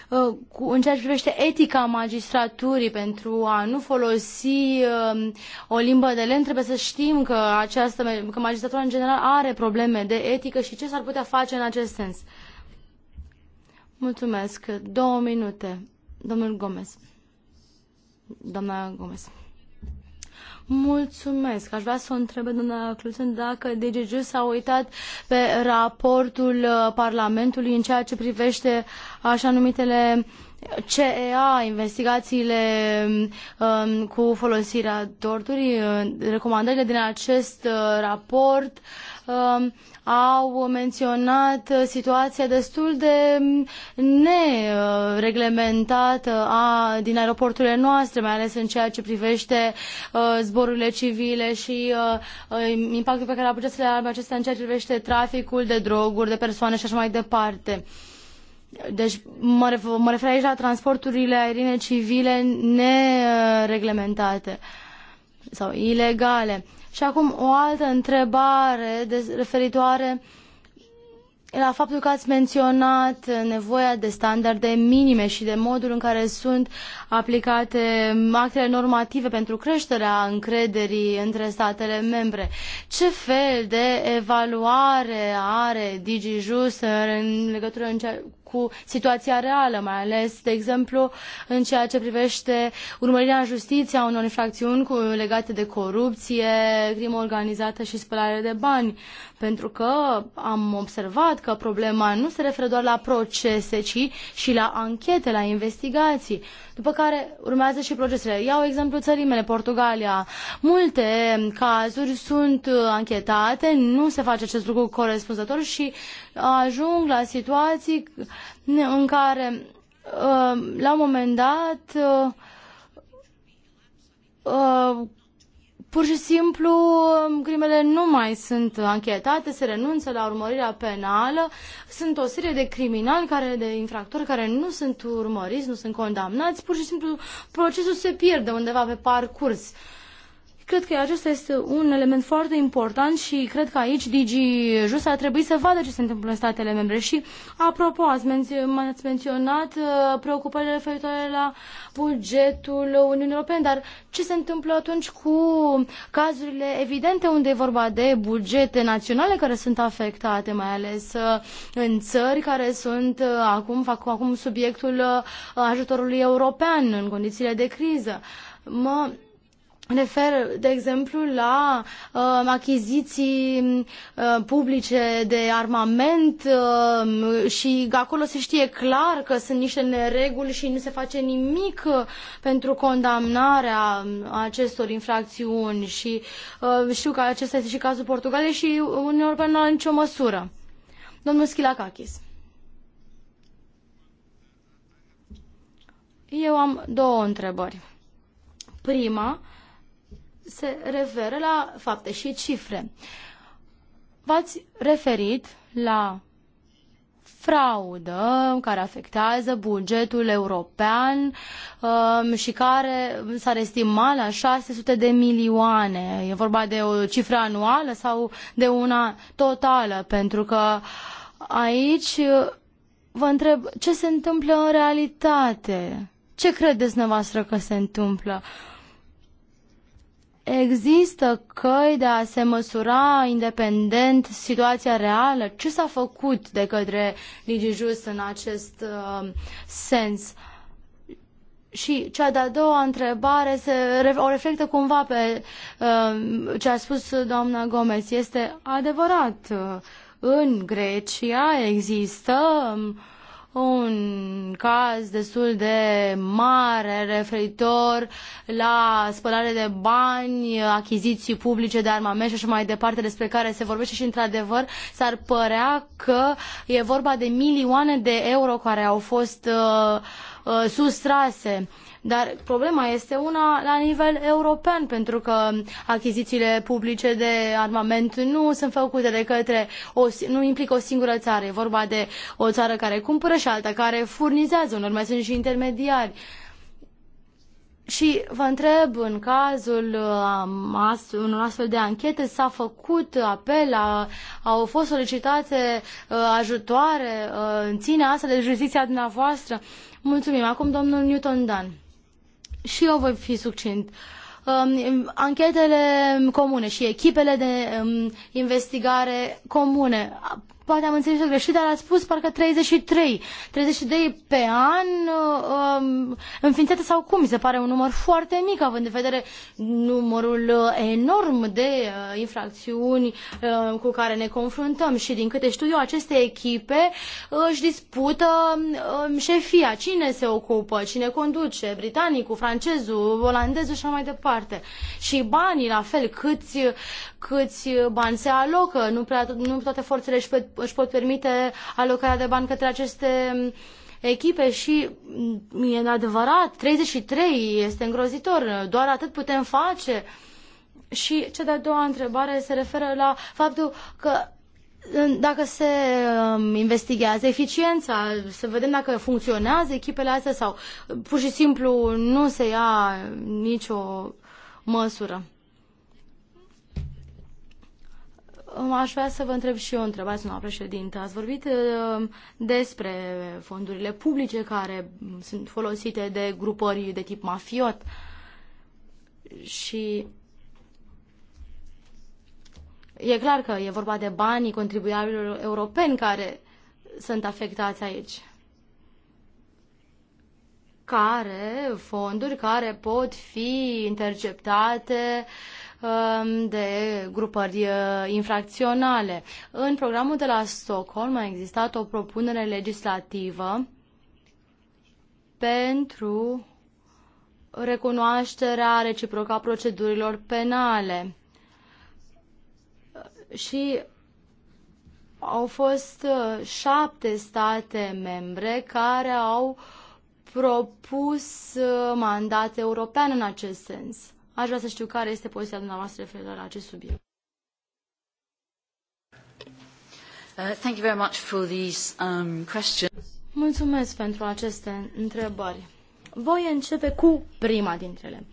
uh, cu, în ceea ce privește etica magistraturii pentru a nu folosi um, o limbă de lemn, trebuie să știm că, această, că magistratura în general are probleme de etică și ce s-ar putea face în acest sens. Mulțumesc. Două minute. Domnul Gomez. Doamna Gomez. Mulțumesc. Aș vrea să o întreb, doamna Clusen, dacă DGG s-a uitat pe raportul uh, Parlamentului în ceea ce privește așa numitele CEA, investigațiile um, cu folosirea torturii, uh, recomandările din acest uh, raport Um, au menționat situația destul de nereglementată a, din aeroporturile noastre, mai ales în ceea ce privește uh, zborurile civile și uh, uh, impactul pe care l-a putut să le aibă acestea în ceea ce privește traficul de droguri, de persoane și așa mai departe. Deci mă, ref, mă refer aici la transporturile aeriene civile nereglementate sau ilegale. Uh, și acum o altă întrebare de, referitoare la faptul că ați menționat nevoia de standarde minime și de modul în care sunt aplicate actele normative pentru creșterea încrederii între statele membre. Ce fel de evaluare are DigiJust în legătură în cea, cu situația reală, mai ales, de exemplu, în ceea ce privește urmărirea în justiție a unor infracțiuni cu, legate de corupție, crimă organizată și spălare de bani. Pentru că am observat că problema nu se referă doar la procese, ci și la anchete, la investigații. După care urmează și procesele. Iau exemplu țării mele, Portugalia. Multe cazuri sunt uh, anchetate, nu se face acest lucru corespunzător și ajung la situații în care uh, la un moment dat uh, uh, pur și simplu crimele nu mai sunt anchetate, se renunță la urmărirea penală, sunt o serie de criminali, care, de infractori care nu sunt urmăriți, nu sunt condamnați, pur și simplu procesul se pierde undeva pe parcurs. Uh, Cred că acesta este un element foarte important și cred că aici Digi Just ar trebui să vadă ce se întâmplă în statele membre. Și, apropo, ați, menț- ați menționat uh, preocupările referitoare la bugetul Uniunii Europene, dar ce se întâmplă atunci cu cazurile evidente unde e vorba de bugete naționale care sunt afectate, mai ales uh, în țări care sunt uh, acum, fac acum subiectul uh, ajutorului european în condițiile de criză? Mă refer, de exemplu, la uh, achiziții uh, publice de armament uh, și acolo se știe clar că sunt niște nereguli și nu se face nimic uh, pentru condamnarea acestor infracțiuni și uh, știu că acesta este și cazul Portugalei și Uniunea Europeană nu are nicio măsură. Domnul Schilacachis. Eu am două întrebări. Prima, uh, se referă la fapte și cifre. V-ați referit la fraudă care afectează bugetul european um, și care s ar estima la 600 de milioane. E vorba de o cifră anuală sau de una totală? Pentru că aici vă întreb ce se întâmplă în realitate. Ce credeți dumneavoastră că se întâmplă? Uh, Există căi de a se măsura independent situația reală? Ce s-a făcut de către Digijus în acest uh, sens? Și cea de-a doua întrebare se, o reflectă cumva pe uh, ce a spus doamna Gomez. Este adevărat, uh, în Grecia există uh, un caz destul de mare referitor la spălare de bani, achiziții publice de armament și așa mai departe, despre care se vorbește și într-adevăr s-ar părea că e vorba de milioane de euro care au fost uh, uh, sustrase. Dar problema este una la nivel european, pentru că achizițiile publice de armament nu sunt făcute de către, o, nu implică o singură țară. E vorba de o țară care cumpără și alta care furnizează, unor mai sunt și intermediari. Și vă întreb, în cazul uh, unor astfel de anchete, s-a făcut apel, a, au fost solicitate uh, ajutoare, uh, în ține asta de justiția dumneavoastră. Mulțumim. Acum domnul Newton Dan. Și eu voi fi succint. Um, anchetele comune și echipele de um, investigare comune poate am înțeles -o greșit, dar a spus parcă 33. 33 pe an um, înființate sau cum? Mi se pare un număr foarte mic, având în vedere numărul uh, enorm de uh, infracțiuni uh, cu care ne confruntăm și din câte știu eu, aceste echipe uh, își dispută uh, șefia, cine se ocupă, cine conduce, britanicul, francezul, olandezul și așa mai departe. Și banii, la fel, câți, câți bani se alocă, nu, prea, nu toate forțele își pot își pot permite alocarea de bani către aceste mm, echipe și mm, e adevărat, 33 este îngrozitor, doar atât putem face. Și cea de-a doua întrebare se referă la faptul că dacă se mm, investigează eficiența, să vedem dacă funcționează echipele astea sau pur și simplu nu se ia nicio măsură. Aș vrea să vă întreb și eu, întrebați doamna președinte, ați vorbit uh, despre fondurile publice care sunt folosite de grupări de tip mafiot și e clar că e vorba de banii contribuabililor europeni care sunt afectați aici. Care fonduri care pot fi interceptate uh, Um, de grupări uh, infracționale. În programul de la Stockholm a existat o propunere legislativă pentru recunoașterea reciprocă a procedurilor penale. Și au fost uh, șapte state membre care au propus uh, mandat european în acest sens. Aș vrea să știu care este poziția dumneavoastră referitor la acest subiect. Uh, thank you very much for these um, questions. Mulțumesc pentru aceste întrebări. Voi începe cu prima dintre ele.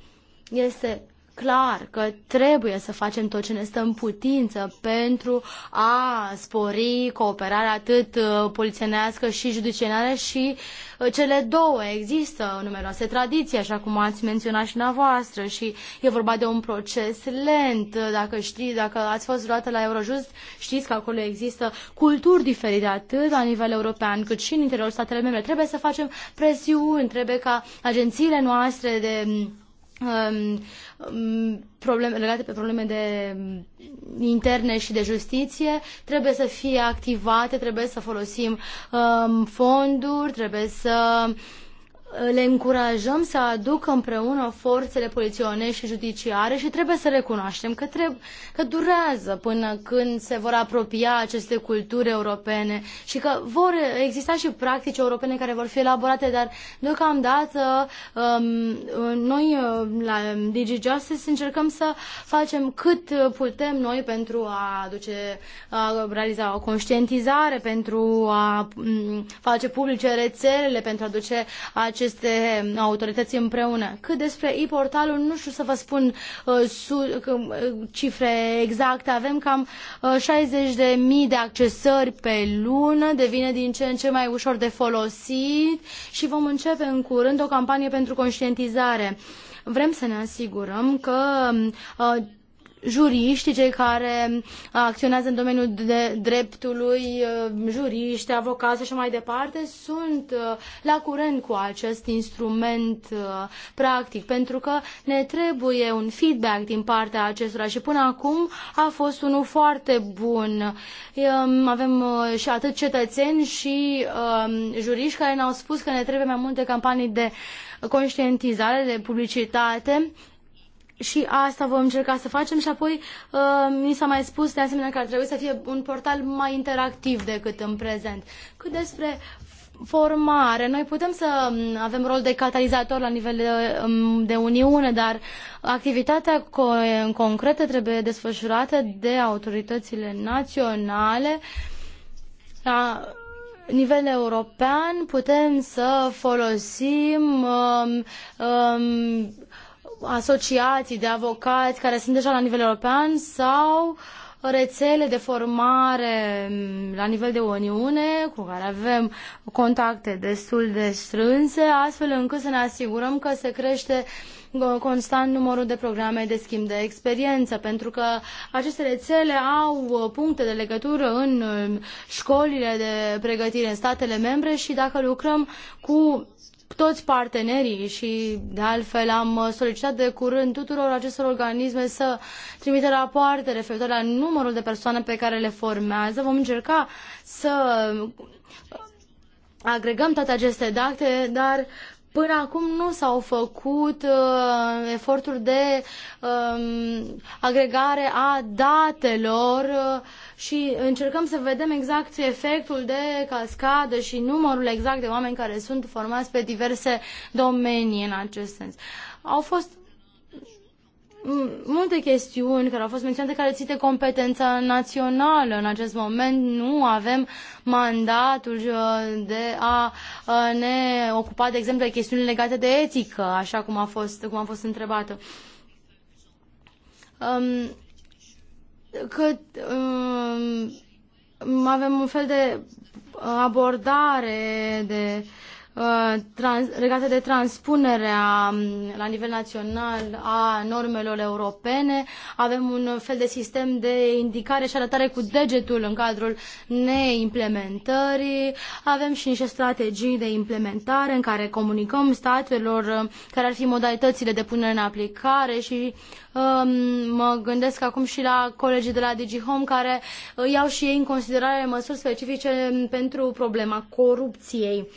Este clar că trebuie să facem tot ce ne stă în putință pentru a spori cooperarea atât uh, polițienească și judiciară și uh, cele două există numeroase tradiții, așa cum ați menționat și dumneavoastră și e vorba de un proces lent. Dacă știți, dacă ați fost luată la Eurojust, știți că acolo există culturi diferite atât la nivel european cât și în interiorul statele membre. Trebuie să facem presiuni, trebuie ca agențiile noastre de um, probleme, legate pe probleme de mm, interne și de justiție, trebuie să fie activate, trebuie să folosim um, fonduri, trebuie să uh, Ă, le încurajăm să aducă împreună forțele poliționești și judiciare și trebuie să recunoaștem că, trebuie, că durează până când se vor apropia aceste culturi europene și că vor exista și practici europene care vor fi elaborate, dar deocamdată um, noi uh, la Digi Justice încercăm să facem cât putem noi pentru a aduce, a realiza o conștientizare, pentru a mm, face publice rețelele, pentru a aduce acest aceste um, autorități împreună. Cât despre e-portalul, nu știu să vă spun uh, su, uh, cifre exacte, avem cam uh, 60.000 de accesări pe lună, devine din ce în ce mai ușor de folosit și vom începe în curând o campanie pentru conștientizare. Vrem să ne asigurăm că um, uh, juriștii, cei care uh, acționează în domeniul de dreptului, uh, juriști, avocați și așa mai departe, sunt uh, la curent cu acest instrument practic, pentru că ne trebuie un feedback din partea acestora și până acum a fost unul foarte bun. Avem și atât cetățeni și um, juriști care ne-au spus că ne trebuie mai multe campanii de conștientizare, de publicitate și asta vom încerca să facem și apoi uh, mi s-a mai spus de asemenea că ar trebui să fie un portal mai interactiv decât în prezent. Cât despre formare. Noi putem să um, avem rol de catalizator la nivel de, um, de Uniune, dar activitatea co- concretă trebuie desfășurată de autoritățile naționale. La nivel european putem să folosim um, um, asociații de avocați care sunt deja la nivel european sau rețele de formare mm, la nivel de Uniune, cu care avem contacte destul de strânse, astfel încât să ne asigurăm că se crește uh, constant numărul de programe de schimb de experiență, pentru că aceste rețele au uh, puncte de legătură în uh, școlile de pregătire în statele membre și dacă lucrăm cu toți partenerii și de altfel am solicitat de curând tuturor acestor organisme să trimite rapoarte referitoare la numărul de persoane pe care le formează. Vom încerca să agregăm toate aceste date, dar Până acum nu s-au făcut uh, eforturi de uh, agregare a datelor uh, și încercăm să vedem exact efectul de cascadă și numărul exact de oameni care sunt formați pe diverse domenii în acest sens. Au fost multe chestiuni care au fost menționate care țin de competența națională. În acest moment nu avem mandatul uh, de a uh, ne ocupa, de exemplu, de chestiuni legate de etică, așa cum a fost, cum a fost întrebată. Um, că um, avem un fel de abordare de uh, Uh, trans, legate de transpunerea um, la nivel național a normelor europene. Avem un fel de sistem de indicare și arătare cu degetul în cadrul neimplementării. Avem și niște strategii de implementare în care comunicăm statelor uh, care ar fi modalitățile de punere în aplicare și um, mă gândesc acum și la colegii de la DigiHome care uh, iau și ei în considerare măsuri specifice um, pentru problema corupției.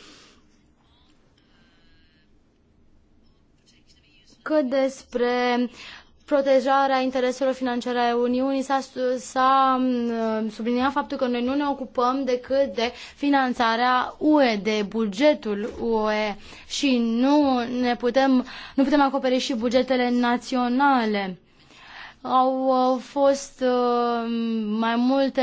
cât despre protejarea intereselor financiare ale Uniunii, s-a, mm, subliniat faptul că noi nu ne ocupăm decât de finanțarea UE, de bugetul UE și nu ne putem, nu putem acoperi și bugetele naționale. Au uh, fost uh, mai multe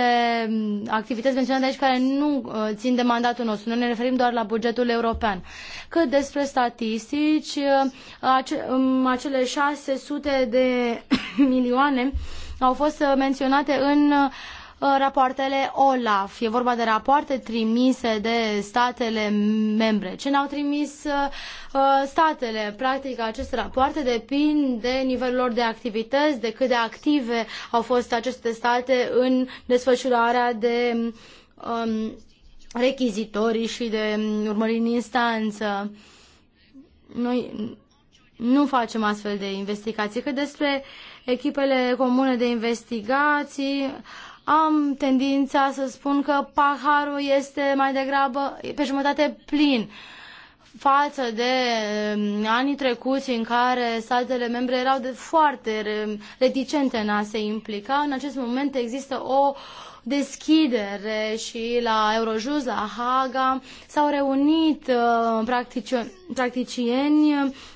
mm, activități menționate aici care nu uh, țin de mandatul nostru. Noi ne referim doar la bugetul european. Cât despre statistici, mm, acele 600 de [COUGHS] milioane au fost menționate în uh, Uh, rapoartele OLAF. E vorba de rapoarte trimise de statele membre. Ce n-au trimis uh, uh, statele? Practic, aceste rapoarte depind de nivelul lor de activități, de cât de active au fost aceste state în desfășurarea de um, rechizitorii și de um, urmări în instanță. Noi nu facem astfel de investigații. Cât despre echipele comune de investigații, am tendința să spun că paharul este mai degrabă pe jumătate plin față de um, anii trecuți în care statele membre erau de foarte reticente în a se implica. În acest moment există o deschidere și la Eurojust, la Haga, s-au reunit uh, practicieni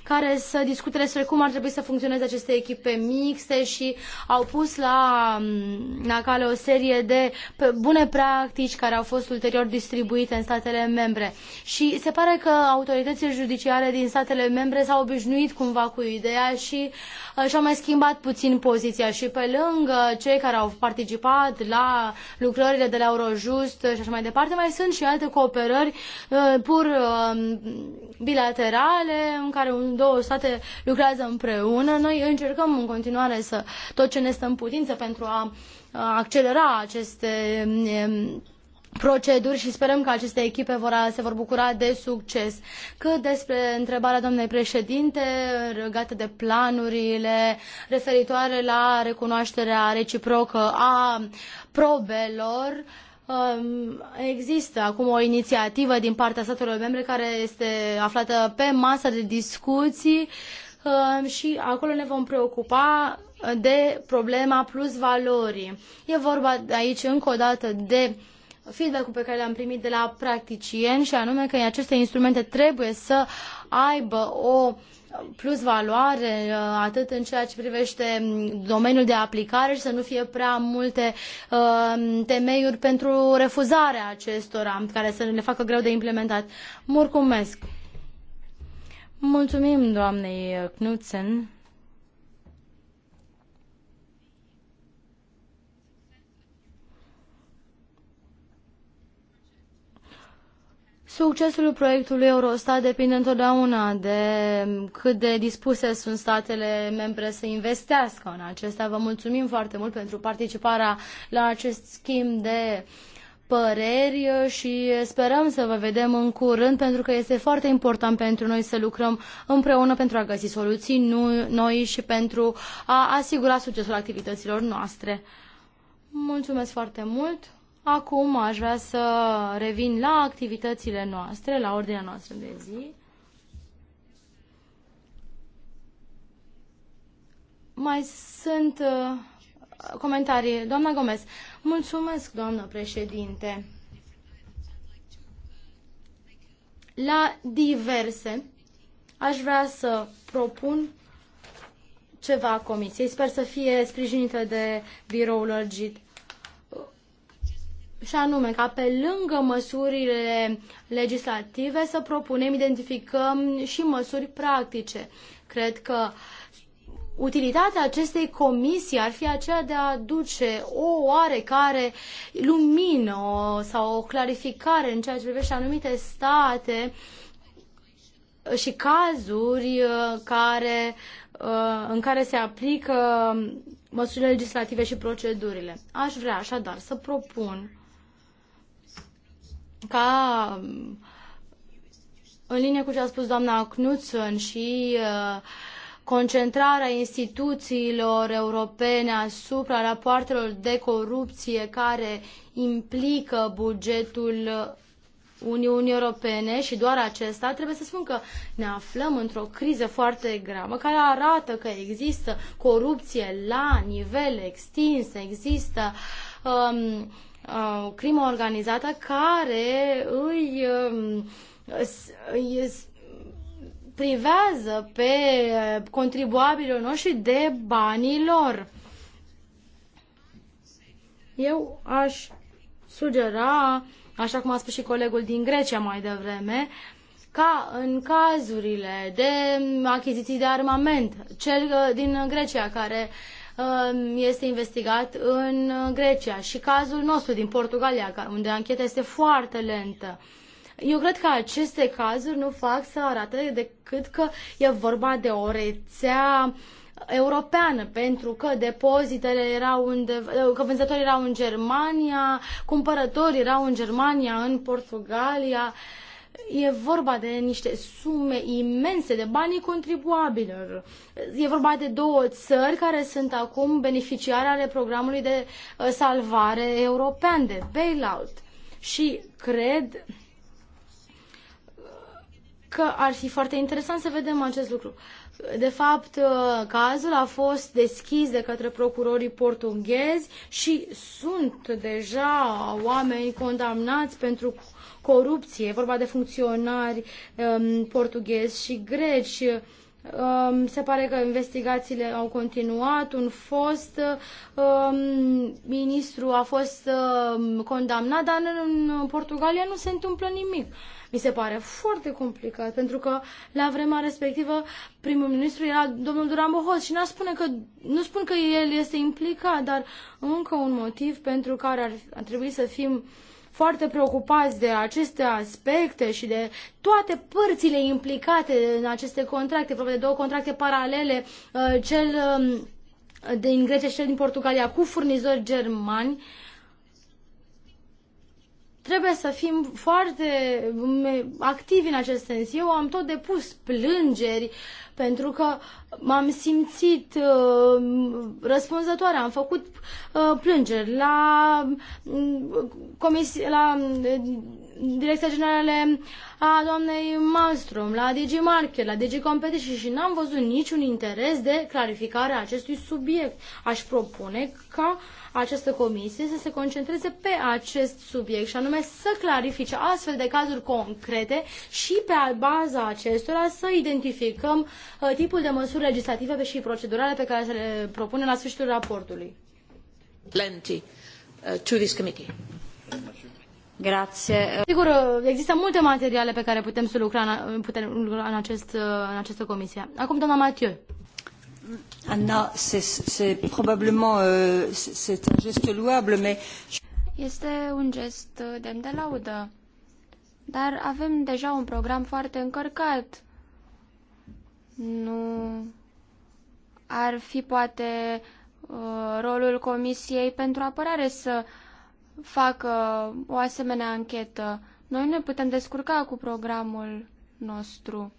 care să discute despre cum ar trebui să funcționeze aceste echipe mixte și au pus la, mm, la cale o serie de bune practici care au fost ulterior distribuite în statele membre. Și se pare că autoritățile judiciare din statele membre s-au obișnuit cumva cu ideea și uh, și-au mai schimbat puțin poziția și pe lângă cei care au participat la lucrările de la Eurojust și așa mai departe, mai sunt și alte cooperări uh, pur uh, bilaterale în care un două state lucrează împreună. Noi încercăm în continuare să tot ce ne stă în putință pentru a accelera aceste mm, proceduri și sperăm că aceste echipe vor, se vor bucura de succes. Cât despre întrebarea doamnei președinte legată de planurile referitoare la recunoașterea reciprocă a probelor, uh, Um, există acum o inițiativă din partea statelor membre care este aflată pe masă de discuții um, și acolo ne vom preocupa de problema plus valorii. E vorba aici încă o dată de feedback-ul pe care l-am primit de la practicieni și anume că aceste instrumente trebuie să aibă o plus valoare uh, atât în ceea ce privește mm, domeniul de aplicare și să nu fie prea multe uh, temeiuri pentru refuzarea acestora care să le facă greu de implementat. Mulțumesc! Mulțumim doamnei Knudsen. Succesul proiectului Eurostat depinde întotdeauna de cât de dispuse sunt statele membre să investească în acestea. Vă mulțumim foarte mult pentru participarea la acest schimb de păreri și sperăm să vă vedem în curând pentru că este foarte important pentru noi să lucrăm împreună pentru a găsi soluții noi și pentru a asigura succesul activităților noastre. Mulțumesc foarte mult! Acum aș vrea să revin la activitățile noastre, la ordinea noastră de zi. Mai sunt uh, comentarii. Doamna Gomez, mulțumesc, doamnă președinte. La diverse, aș vrea să propun ceva comisiei. Sper să fie sprijinită de biroul Orgit și anume ca pe lângă măsurile legislative să propunem, identificăm și măsuri practice. Cred că utilitatea acestei comisii ar fi aceea de a aduce o oarecare lumină sau o clarificare în ceea ce privește anumite state și cazuri uh, care, uh, în care se aplică măsurile legislative și procedurile. Aș vrea așadar să propun ca în linie cu ce a spus doamna Knudsen și uh, concentrarea instituțiilor europene asupra rapoartelor de corupție care implică bugetul Uniunii Europene și doar acesta, trebuie să spun că ne aflăm într-o criză foarte gravă care arată că există corupție la nivel extins, există um, uh, crimă organizată care îi, um, îi privează pe uh, contribuabilii noștri de banii lor. Eu aș sugera, așa cum a spus și colegul din Grecia mai devreme, ca în cazurile de achiziții de armament, cel uh, din Grecia care uh, este investigat în uh, Grecia și cazul nostru din Portugalia, unde ancheta este foarte lentă. Eu cred că aceste cazuri nu fac să arate decât că e vorba de o rețea europeană, pentru că depozitele erau unde, uh, că vânzătorii erau în Germania, cumpărătorii erau în Germania, în Portugalia. Uh, E vorba de niște sume imense de banii contribuabililor. E vorba de două țări care sunt acum beneficiare ale programului de uh, salvare european, de bailout. Și cred uh, că ar fi foarte interesant să vedem acest lucru. De fapt, uh, cazul a fost deschis de către procurorii portughezi și sunt deja oameni condamnați pentru corupție, e vorba de funcționari um, portughezi și greci. Um, se pare că investigațiile au continuat, un fost um, ministru a fost um, condamnat, dar în, în Portugalia nu se întâmplă nimic. Mi se pare foarte complicat, pentru că la vremea respectivă primul ministru era domnul Duran Bohos și spune că, nu spun că el este implicat, dar încă un motiv pentru care ar, ar trebui să fim uh, foarte preocupați de aceste aspecte și de toate părțile implicate în aceste contracte, probabil de două contracte paralele, uh, cel um, din Grecia și cel din Portugalia cu furnizori germani, trebuie să fim foarte um, activi în acest sens. Eu am tot depus plângeri uh, pentru că m-am simțit uh, răspunzătoare, am făcut uh, plângeri la, uh, mm, comisie, la uh, Direcția Generală a doamnei Malmström, la DG Market, la DG Competition și n-am văzut niciun interes de clarificare a acestui subiect. Aș propune ca uh, această comisie să se concentreze pe acest subiect și anume să clarifice astfel de cazuri concrete și pe baza acestora să identificăm uh, tipul de măsuri legislative și procedurale pe care se le propune la sfârșitul raportului. Plenty uh, to this committee. Grazie. Sigur, uh, există multe materiale pe care putem să lucrăm în, în, acest, în această comisie. Acum, doamna Mathieu este un gest uh, demn de laudă. Dar avem deja un program foarte încărcat. Nu ar fi poate uh, rolul Comisiei pentru apărare să facă o asemenea anchetă. Noi ne putem descurca cu programul nostru.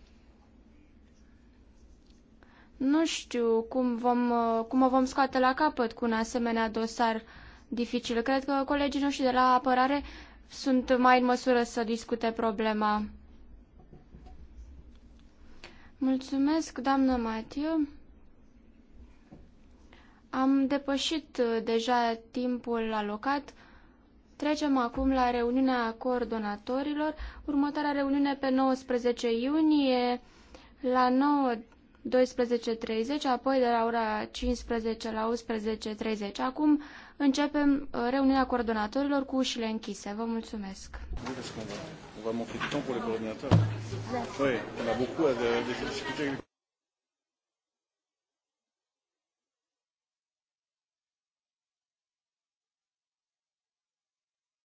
Nu știu cum, vom, uh, cum o vom scoate la capăt cu un asemenea dosar dificil. Cred că colegii noștri de la apărare sunt mai în măsură să discute problema. Mulțumesc, doamnă Matiu. Am depășit uh, deja timpul alocat. Trecem acum la reuniunea coordonatorilor. Următoarea reuniune pe 19 iunie la 9 12.30, apoi de la ora 15 la 11.30. Acum începem uh, reuniunea coordonatorilor cu ușile închise. Vă mulțumesc. Oui,